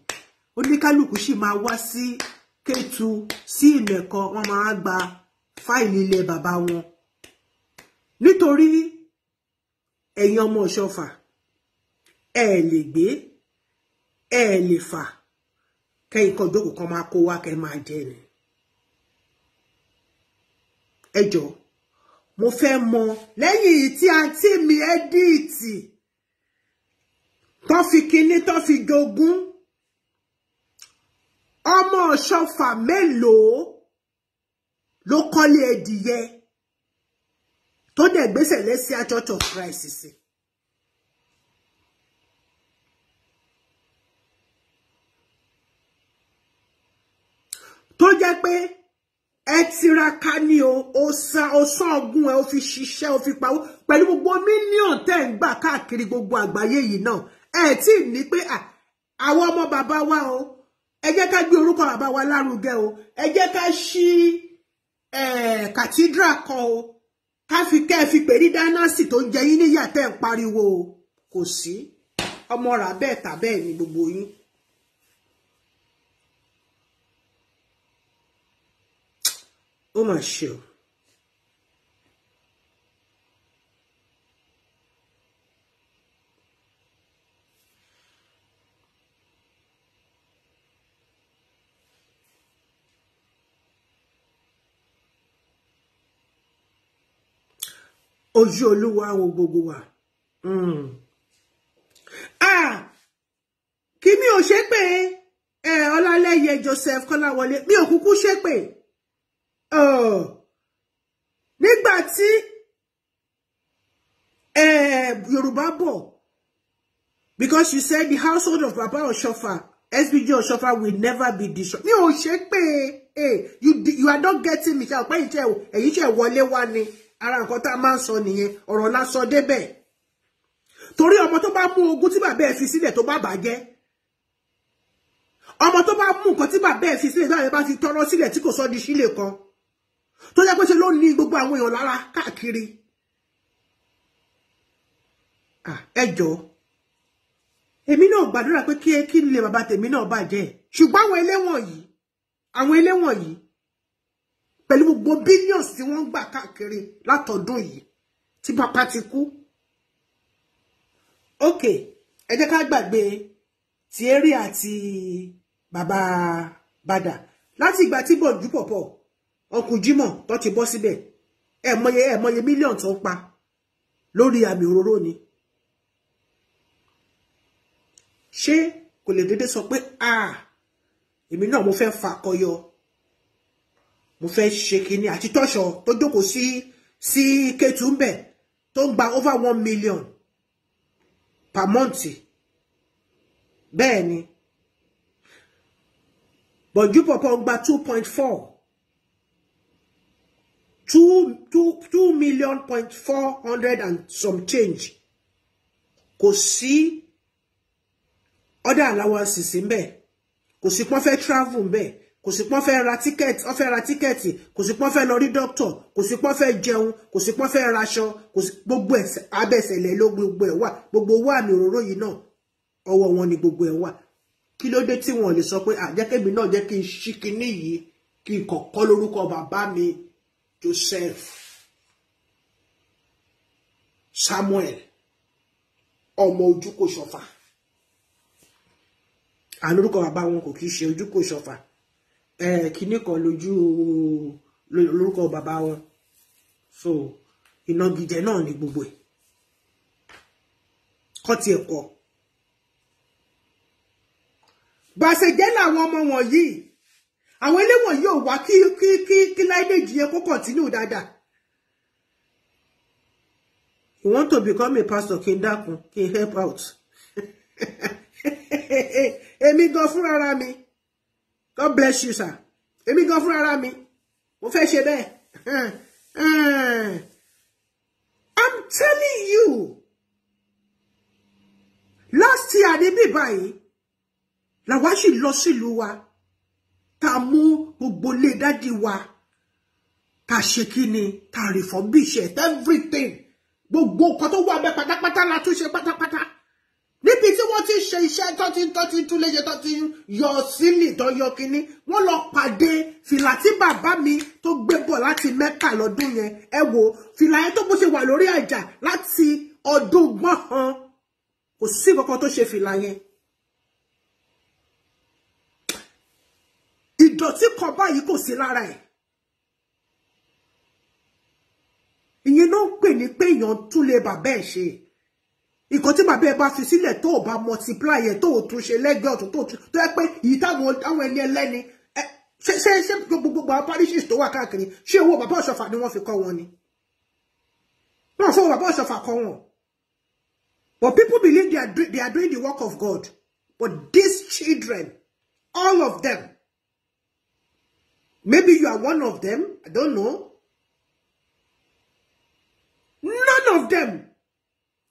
oníkálukú sì máa wá sí Kétu sí Ìmẹ̀kọ wọ́n máa gba fáìlì ilé bàbá wọn nítorí ẹ̀yin ọmọ Ọ̀ṣọ́fà ẹ lè gbé ẹ lè fà kẹ́yìn kan jókòó kan máa kó wá kẹ́ máa jẹ ni ẹ jọ̀ọ́ mo fẹ́ mọ lẹ́yìn tí àǹtí mi ẹ́díìtì tó fi kinní tó fi jogún ọmọ ọ̀ṣọ́fà mélòó ló kọ́lé ẹdìyẹ tó dẹ̀ gbèsè lẹ́sí àjọ́tọ̀ Christ sí. Si. jẹ́ pé ẹ tiraka ni o sa ó sán ọgún ẹ ó fi ṣiṣẹ́ o fi pawó pẹ̀lú gbogbo mílíọ̀n tẹ́ ń gbà káàkiri gbogbo àgbáyé yìí náà ẹ tí ì ní pé àwọn ọmọ bàbá wa o ẹ jẹ́ ká gbé orúkọ bàbá wa lárugẹ o ẹ jẹ́ ká ṣí kàtídrà kan o ká fi kẹ́ ẹ fi pè ní dánásì tó ń jẹ yín níyà tẹ́ ń pariwo o kò sí ọmọ rà bẹ́ẹ̀ tà bẹ́ẹ̀ ni gbogbo yín. ó mà ṣe o ojú olúwa wo gbogbo wa hmm. kí mi ò ṣépè ọlálẹyẹ Joseph Kọ́láwọlé mi ò kúkú ṣépè. Oh. nígbà tí eh, Yorùbá bọ̀ because you said the household of Baba Oshofa SBG Oshofa will never be destroyed mi ò ṣe pé eh, you you are not getting me ṣe àpẹ́ ìṣe ẹ̀yìn ṣe wọlé wá ni ara nǹkan tá a máa ń sọ nìyẹn ọ̀rọ̀ la sọ débẹ̀ torí ọmọ tó bá mú ogún tí bàbá ẹ̀ fi sílẹ̀ tó bá bàjẹ́ ọmọ tó bá mú nǹkan tí bàbá ẹ̀ fi sílẹ̀ tó bá ti tọrọ sílẹ̀ tí kò sọ di sílẹ̀ kan tó jẹ́ pé ṣe ló ní gbogbo àwọn èèyàn lára káàkiri ẹjọ́ èmi náà gbàdúrà pé kí kí lè bàbá tèmi náà bàjẹ́ ṣùgbọ́n àwọn ẹlẹ́wọ̀n yìí àwọn ẹlẹ́wọ̀n yìí pẹ̀lú gbogbo billions tí wọ́n gbà káàkiri látọ̀dún yìí tí bàbá ti kú ok ẹ jẹ́ ká gbàgbé Thierry àti bàbá Bada láti ìgbà tí bọ̀jú pọ̀pọ̀ ọkùn Jimoh tó ti bọ́ síbẹ̀ ẹ mọye ẹ mọye mílíọ̀n tó pa lórí àmì òróró ni ṣé kò lè dédé sọ pé a èmi náà mo fẹ́ fakọyọ mo fẹ́ ṣe kinní àti tọ́ṣọ tó jókòó sí sí kẹtù ń bẹ̀ tó ń gba over one million per month bẹ́ẹ̀ ni bọ̀jú pọ̀pọ̀ ń gba two point four two two two million point four hundred and some change kò sí other allowances ńbẹ̀ kò sí pọ́n fẹ́ travel ńbẹ̀ kò sí pọ́n fẹ́ ra tíkẹ́ẹ̀tì ọ́n fẹ́ ra tíkẹ́ẹ̀tì kò sí pọ́n fẹ́ lọ rí dókítọ̀ kò sí pọ́n fẹ́ jẹun kò sí pọ́n fẹ́ raṣọ kò sí gbogbo ẹ̀ abẹ́sẹ̀lẹ̀ ló gbogbo ẹ̀ wà gbogbo owó àmì òróró yìí náà ọwọ́ wọn ni gbogbo ẹ̀ wà kí ló dé tí wọn lè sọ pé àjẹkẹ́mi náà jẹ́ kí n ṣí kinní yìí kí n kọ̀kọ́ lórúkọ bàbá mi Joseph Samuel ọmọ Ojúkòṣọfà àánú orúkọ bàbá wọn kò kìí ṣe Ojúkòṣọfà kínní kan lójú lórúkọ bàbá wọn so ìnagijẹ náà ni gbogbo ẹ̀ kọtí ẹ̀kọ́ bàṣẹjẹ làwọn ọmọ wọ̀nyí àwọn eléwọ̀n yóò wá kí kí kí kí láìdèjì yẹn kó continue dáadáa you want to become a pastor kí n dákun kí n help out èmi gan fúnra ara mi god bless you sir èmi gan fúnra ara mi mo fẹ́ ṣe bẹ́ẹ̀ i'm telling you last year ní bíbá yìí làwa sì lọ sílùú wa ta mú gbogbo ilé dádì wa ta ṣe kí ni ta refurbish everything gbogbo nǹkan tó wà bẹ pátápátá la tún ṣe pátápátá níbi tí wọ́n ti ṣe iṣẹ́ tó ti tó ti tún léṣe tó ti yọ sílì tó yọ kínní wọ́n lọ pàdé fìlà tí bàbá mi tó gbé bọ̀ láti Mẹ́kà lọ́dún yẹn ẹ wo fìlà yẹn tó bó ṣe wà lórí àjà láti ọdún gbọ̀ngàn kò sí kankan tó ṣe fìlà yẹn ìdọ̀tí kan báyìí kò sí lára ẹ̀ ìyẹn ló ń pè ní pé èèyàn tún lè bàbá ẹ̀ ṣe nǹkan tí bàbá ẹ bá fi sílẹ̀ tó ò bá multiply ẹ̀ tó ò tún ṣe lẹ́gbẹ̀ẹ́ ọ̀tún tó tó yẹ pé èyí táwọn àwọn ẹni ẹlẹ́ni ṣe ṣe ṣe gbogbo àwọn parishes tó wà káàkiri ṣé owó bàbá ọ̀ṣọ́fà ni wọ́n fi kọ́ wọn ni wọ́n fọwọ́ bàbá ọ̀ṣọ́fà kọ́ wọn but people believe they are, they are doing the work of God but these children all of them Maybe you are one of them. I don't know. None of them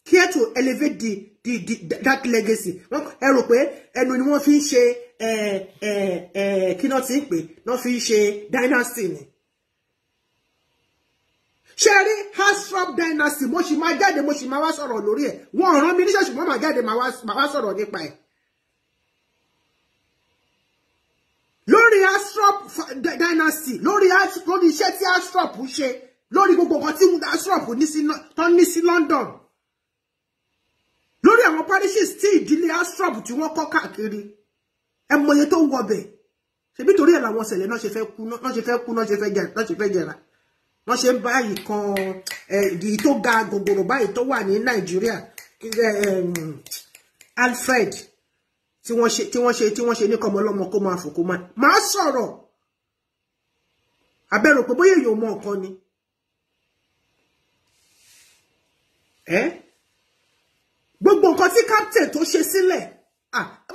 care to elevate the, the, the that legacy. Ẹ rò pé ẹnu ni wọ́n fi ń ṣe kí náà ti ń pè náà fi ń dynasty ni. Ṣé rí Hasrop dynasty mo ṣì máa jáde mo ṣì máa wá sọ̀rọ̀ lórí ẹ̀. Wọ́n rán mi níṣẹ́ ṣùgbọ́n màá jáde màá wá sọ̀rọ̀ nípa ẹ̀. dynasty lórí lórí iṣẹ́ tí astrop ṣe lórí gbogbo nǹkan tí astrop tán ní sí London lórí àwọn parishes tí ìdílé astrop tí wọ́n kọ́ káàkiri ẹ mọye tó ń wọbẹ̀ ṣebí torí ẹ̀ làwọn ṣẹlẹ̀ náà ṣe fẹ́ kú náà ṣe fẹ́ kú náà ṣe fẹ́ jẹra wọ́n ṣe ń bá ìkan èyí tó ga gògòrò báyìí tó wà ní Nàìjíríà mm, Alfred tí wọ́n ṣe tí wọ́n ṣe tí wọ́n ṣe ní kọmọlọ́mọ kó máa fò kó máa sọ̀rọ̀. abẹ́rò pé bóyá èèyàn mọ nǹkan ni gbogbo nǹkan tí captain tó ṣe sílẹ̀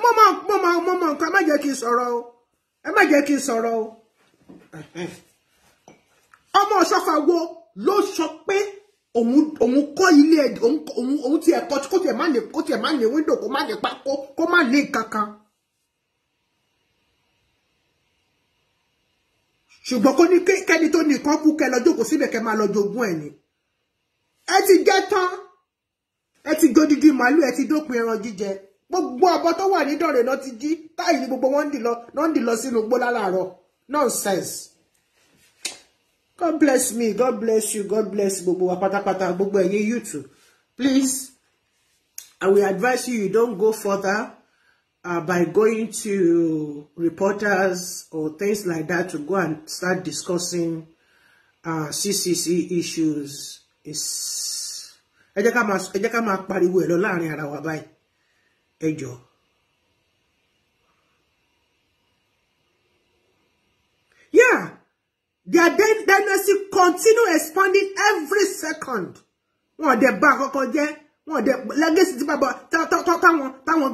mo máa nǹkan ẹ má jẹ́ kí n sọ̀rọ̀ o ẹ má jẹ́ kí n sọ̀rọ̀ o ọmọ ọ̀ṣọ́fà wo ló sọ pé òun kọ́ ilé òun tí tiẹ̀ kọ́ kó tiẹ̀ má ní kó tiẹ̀ má ní wíńdò kó má ní pákó kó má ní kankan. ṣùgbọ́n kó ní kẹ́ni tó nìkan kú kẹ́ lọ jókòó síbẹ̀ kẹ́ máa lọ jogún ẹ̀ ni ẹ ti jẹ tán ẹ ti godigi màálù ẹ ti dópin ẹran jíjẹ gbogbo ọbọ tó wà ní dọ̀rẹ̀ náà ti jí táyì ní gbogbo wọn ń dì lọ sínú gbó lálàárọ̀ nonsense god bless me god bless you god bless gbogbo wa pátápátá gbogbo ẹ̀yin YouTube please i will advise you you don't go further uh, by going to reporters or things like that to go and start discussing uh, CCC issues is ẹ jẹ́ ká máa pariwo ẹ̀ lọ láàrin ara wa báyìí ẹ jọ̀ọ́. Yeah, their dynasty continue expanding every second. Wọ́n dẹ̀ bá àkọ́kọ́ jẹ́ wọn dẹ̀ legacy tí bàbá táwọn táwọn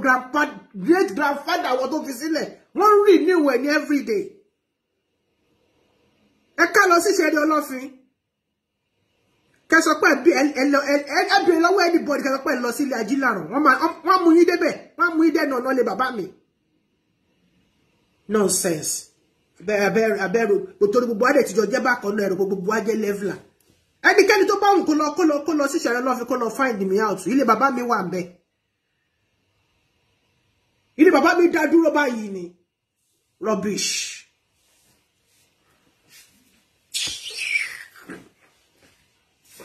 great grandfather wọn tó fi sílẹ̀ wọ́n rí níwọ̀ ní everyday ẹ ká lọ sí ìṣẹ̀lẹ̀ ọlọ́fin kẹsọ pé ẹbí lọ́wọ́ anybody kẹsọ pé lọ sílé ajílàrọ̀ wọ́n mú yín débẹ̀ wọ́n mú yín dẹ́nà ọ̀nà lè bàbá mi nonsense abẹ́rù gbogbo adẹ̀ tíjọ jẹ́ bákan náà ẹ̀rọ gbogbo ajẹ́ leveler ẹnikẹ́ni tó bá wù kó lọ kó lọ kó lọ sí ìṣẹ̀rẹ́ lọ́fin kó lọ find me out ilé bàbá mi wà ń bẹ̀ ilé bàbá mi dá dúró báyìí ni rubbish.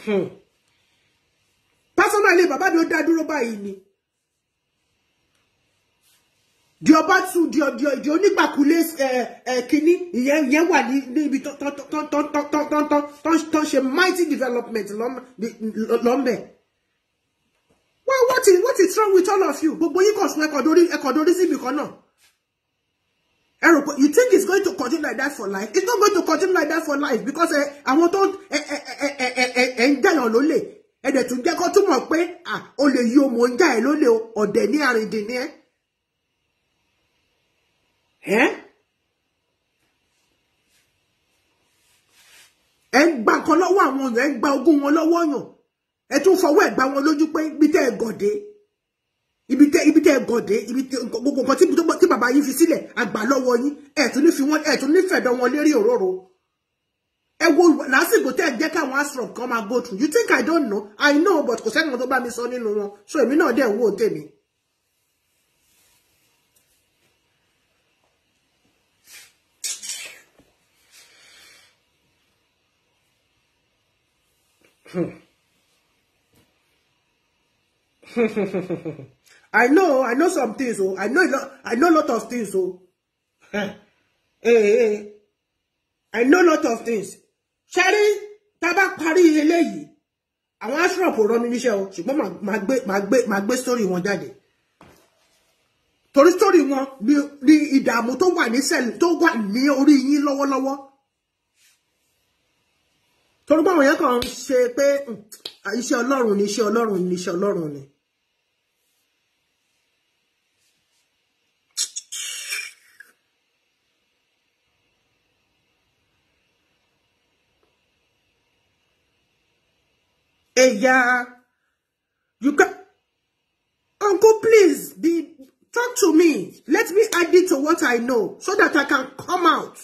Hmm. pásánà ilé bàbá mi ó dá dúró báyìí ni di ọba tu di di onígbàkulé kínní ìyẹn ìyẹn wà níbi tó ń ṣe mighty development lọ́mbẹ̀. Well, what is, what is wrong with all of you? Gbogbo yín kàn sún ẹ̀kọ́ dórí síbi kan náà. Eroko, you think it's going to continue like that for life? It's not going to continue like that for life because àwọn tó ń jẹyàn lólè ẹ̀dẹ̀ tún jẹ́ kó túmọ̀ pé olè yìí ó mọ̀ ń jà ẹ̀ lólè ọ̀dẹ̀ ní àrìndìn ni ẹ́ ẹ ń gba kan lọ́wọ́ àwọn èèyàn ẹ ń gba ogún wọn lọ́wọ́ yàn ẹ tún fọwọ́ ẹ̀ gbá wọn lójú pé ibi tẹ́ ẹ gọ̀dé ibi tẹ́ ibi tẹ́ ẹ gọ̀dé ibi tẹ́ gbogbo nǹkan tí bàbá yín fi sílẹ̀ àgbà lọ́wọ́ yín ẹ tún ní fi wọn ẹ tún ní wọn lérí òróró ẹ wo lásìkò tẹ́ ẹ jẹ́ káwọn asrọ̀ kan máa go through you think I don't know I know but kò sẹ́ni wọn tó bá mi sọ nínú wọn so èmi náà dẹ̀ ń wò tèmi. Hmm. I know, I know some things. Oh, I know, I know a lot of things. Oh, hey, eh, hey, eh, eh. I know a lot of things. Sherry, taba parí eléyìí. Àwọn ashrop ò rán mi níṣẹ́ o, ṣùgbọ́n màá gbé my gbé my gbé story wọn jáde. Torí story one, wọn ni ìdààmú tó sell ní sẹ́ẹ̀lì tó wà ní orí yín lọ́wọ́lọ́wọ́ torí báwọn yẹn kàn ń ṣe pé hmm, iṣẹ́ ọlọ́run ni iṣẹ́ ọlọ́run ni iṣẹ́ ọlọ́run ni. ẹ̀yà you uncle please be talk to me let me add it to what I know so that I can come out.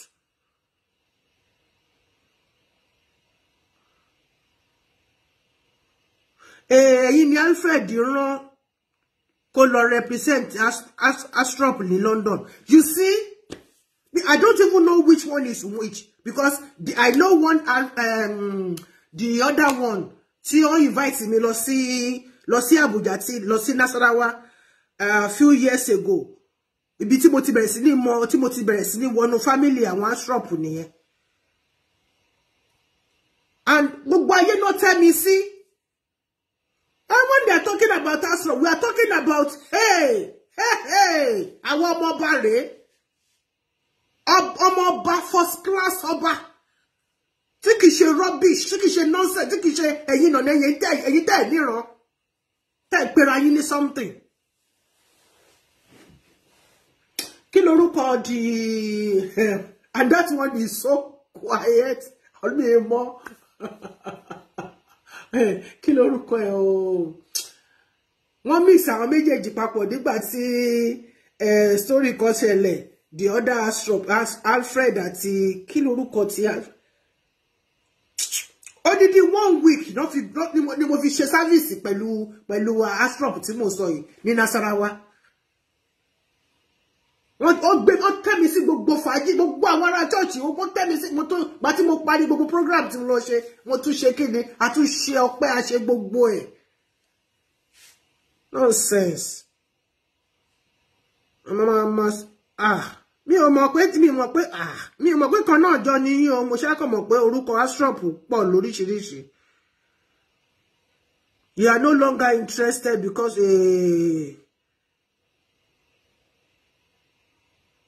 ẹ̀yin ni Alfred rán kó lọ represent astrop ní London you see I don't even know which one is which because the, I know one um, the other one tí wọ́n invite mi lọ sí lọ sí Abuja tí lọ sí Nasarawa a uh, few years ago ibi tí mo ti bẹ̀rẹ̀ sí ní mọ tí mo ti bẹ̀rẹ̀ sí ní wọnú family àwọn astrop nìyẹn and gbogbo ayé ló tẹ́ mi sí. Si, And when they are talking about Aslam, we are talking about, hey, hey, hey, àwọn ọmọ ọba rèé. Ọmọ ọba first class ọba. Think it's a rubbish, think it's a nonsense, tí kìí ṣe ẹ̀yin you lẹ́yìn tẹ́ you tẹ́ ẹ̀ you Tẹ́ ẹ̀ pera yín something. Kilo rupa di and that one is so quiet. more. kí lórúkọ ẹ o wọ́n mix àwọn méjèèjì papọ̀ nígbà tí story kan ṣẹlẹ̀ the other Alfred àti kí lórúkọ ti odidi one week ni mo fi ṣe service pẹ̀lú pẹ̀lú astrop tí mo sọ yìí ní Nasarawa wọ́n gbé wọ́n tẹ́ mi sí gbogbo fàájì gbogbo àwọn ará chọ́ọ̀chì wọ́n tẹ́ mi sí mo tún gba tí mo parí gbogbo program tí mo lọ ṣe mo tún ṣe kí ni a tún ṣe ọpẹ́ a ṣe gbogbo ẹ̀ nonsense ọmọ máa ah mi ò mọ̀ pé mi mọ̀ pé ah mi ò mọ̀ pé kan náà jọ ni yín o mo ṣàkọ̀ mọ̀ pé orúkọ astrop pọ̀ lóríṣiríṣi you are no longer interested because. Eh,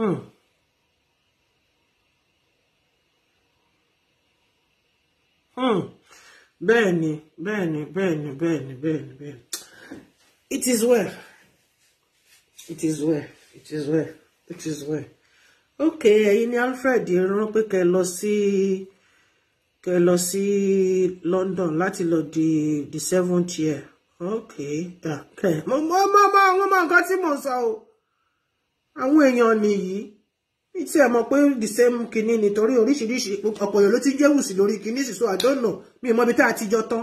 Hmm. Hmm. Bẹ́ẹ̀ni, bẹ́ẹ̀ni, bẹ́ẹ̀ni, bẹ́ẹ̀ni, bẹ́ẹ̀ni, bẹ́ẹ̀ni. It is well. It is well. It is well. It is well. Okay, ẹ̀yin ni Alfred rán pé kẹ́ lọ sí kẹ́ lọ sí London láti lọ di the seventh year. Okay. Mo mọ mọ mọ àwọn ọmọ nǹkan tí mo sọ o àwọn èèyàn nìyí mi tí ẹ mọ̀ pé the same kinní nítorí oríṣiríṣi ọ̀pọ̀ èèyàn ló ti ń jẹ́ wùsì lórí kinní sì so I don't know mi ì mọbi tá a ti jọ tán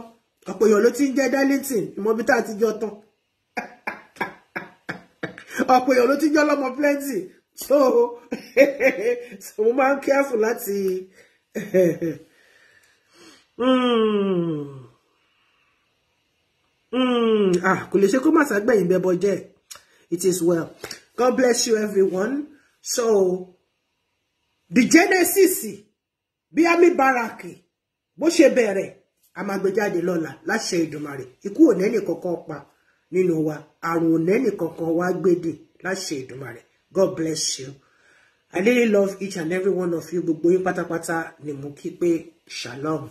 ọ̀pọ̀ èèyàn ló ti ń jẹ́ darlington ìmọbi tá a ti jọ tán ọ̀pọ̀ èèyàn ló ti ń jẹ́ ọlọ́mọ plenty so mo máa ń careful láti. Hmm. Hmm. Ah, kò lè ṣe kó má sàgbẹ̀yìn bẹ́bọ jẹ́ it is well. God bless you, everyone. So, the Genesis, be Baraki, bó ṣe bẹ̀rẹ̀, a máa gbé jáde lọ́la láṣẹ Ìdùmarè. Ikú ò nẹ́nì kankan pa nínú wa, àrùn ò nẹ́nì kankan wá gbèdè láṣẹ Ìdùmarè. God bless you. I really love each and every one of you. Gbogbo yín pátápátá ni mo kí shalom.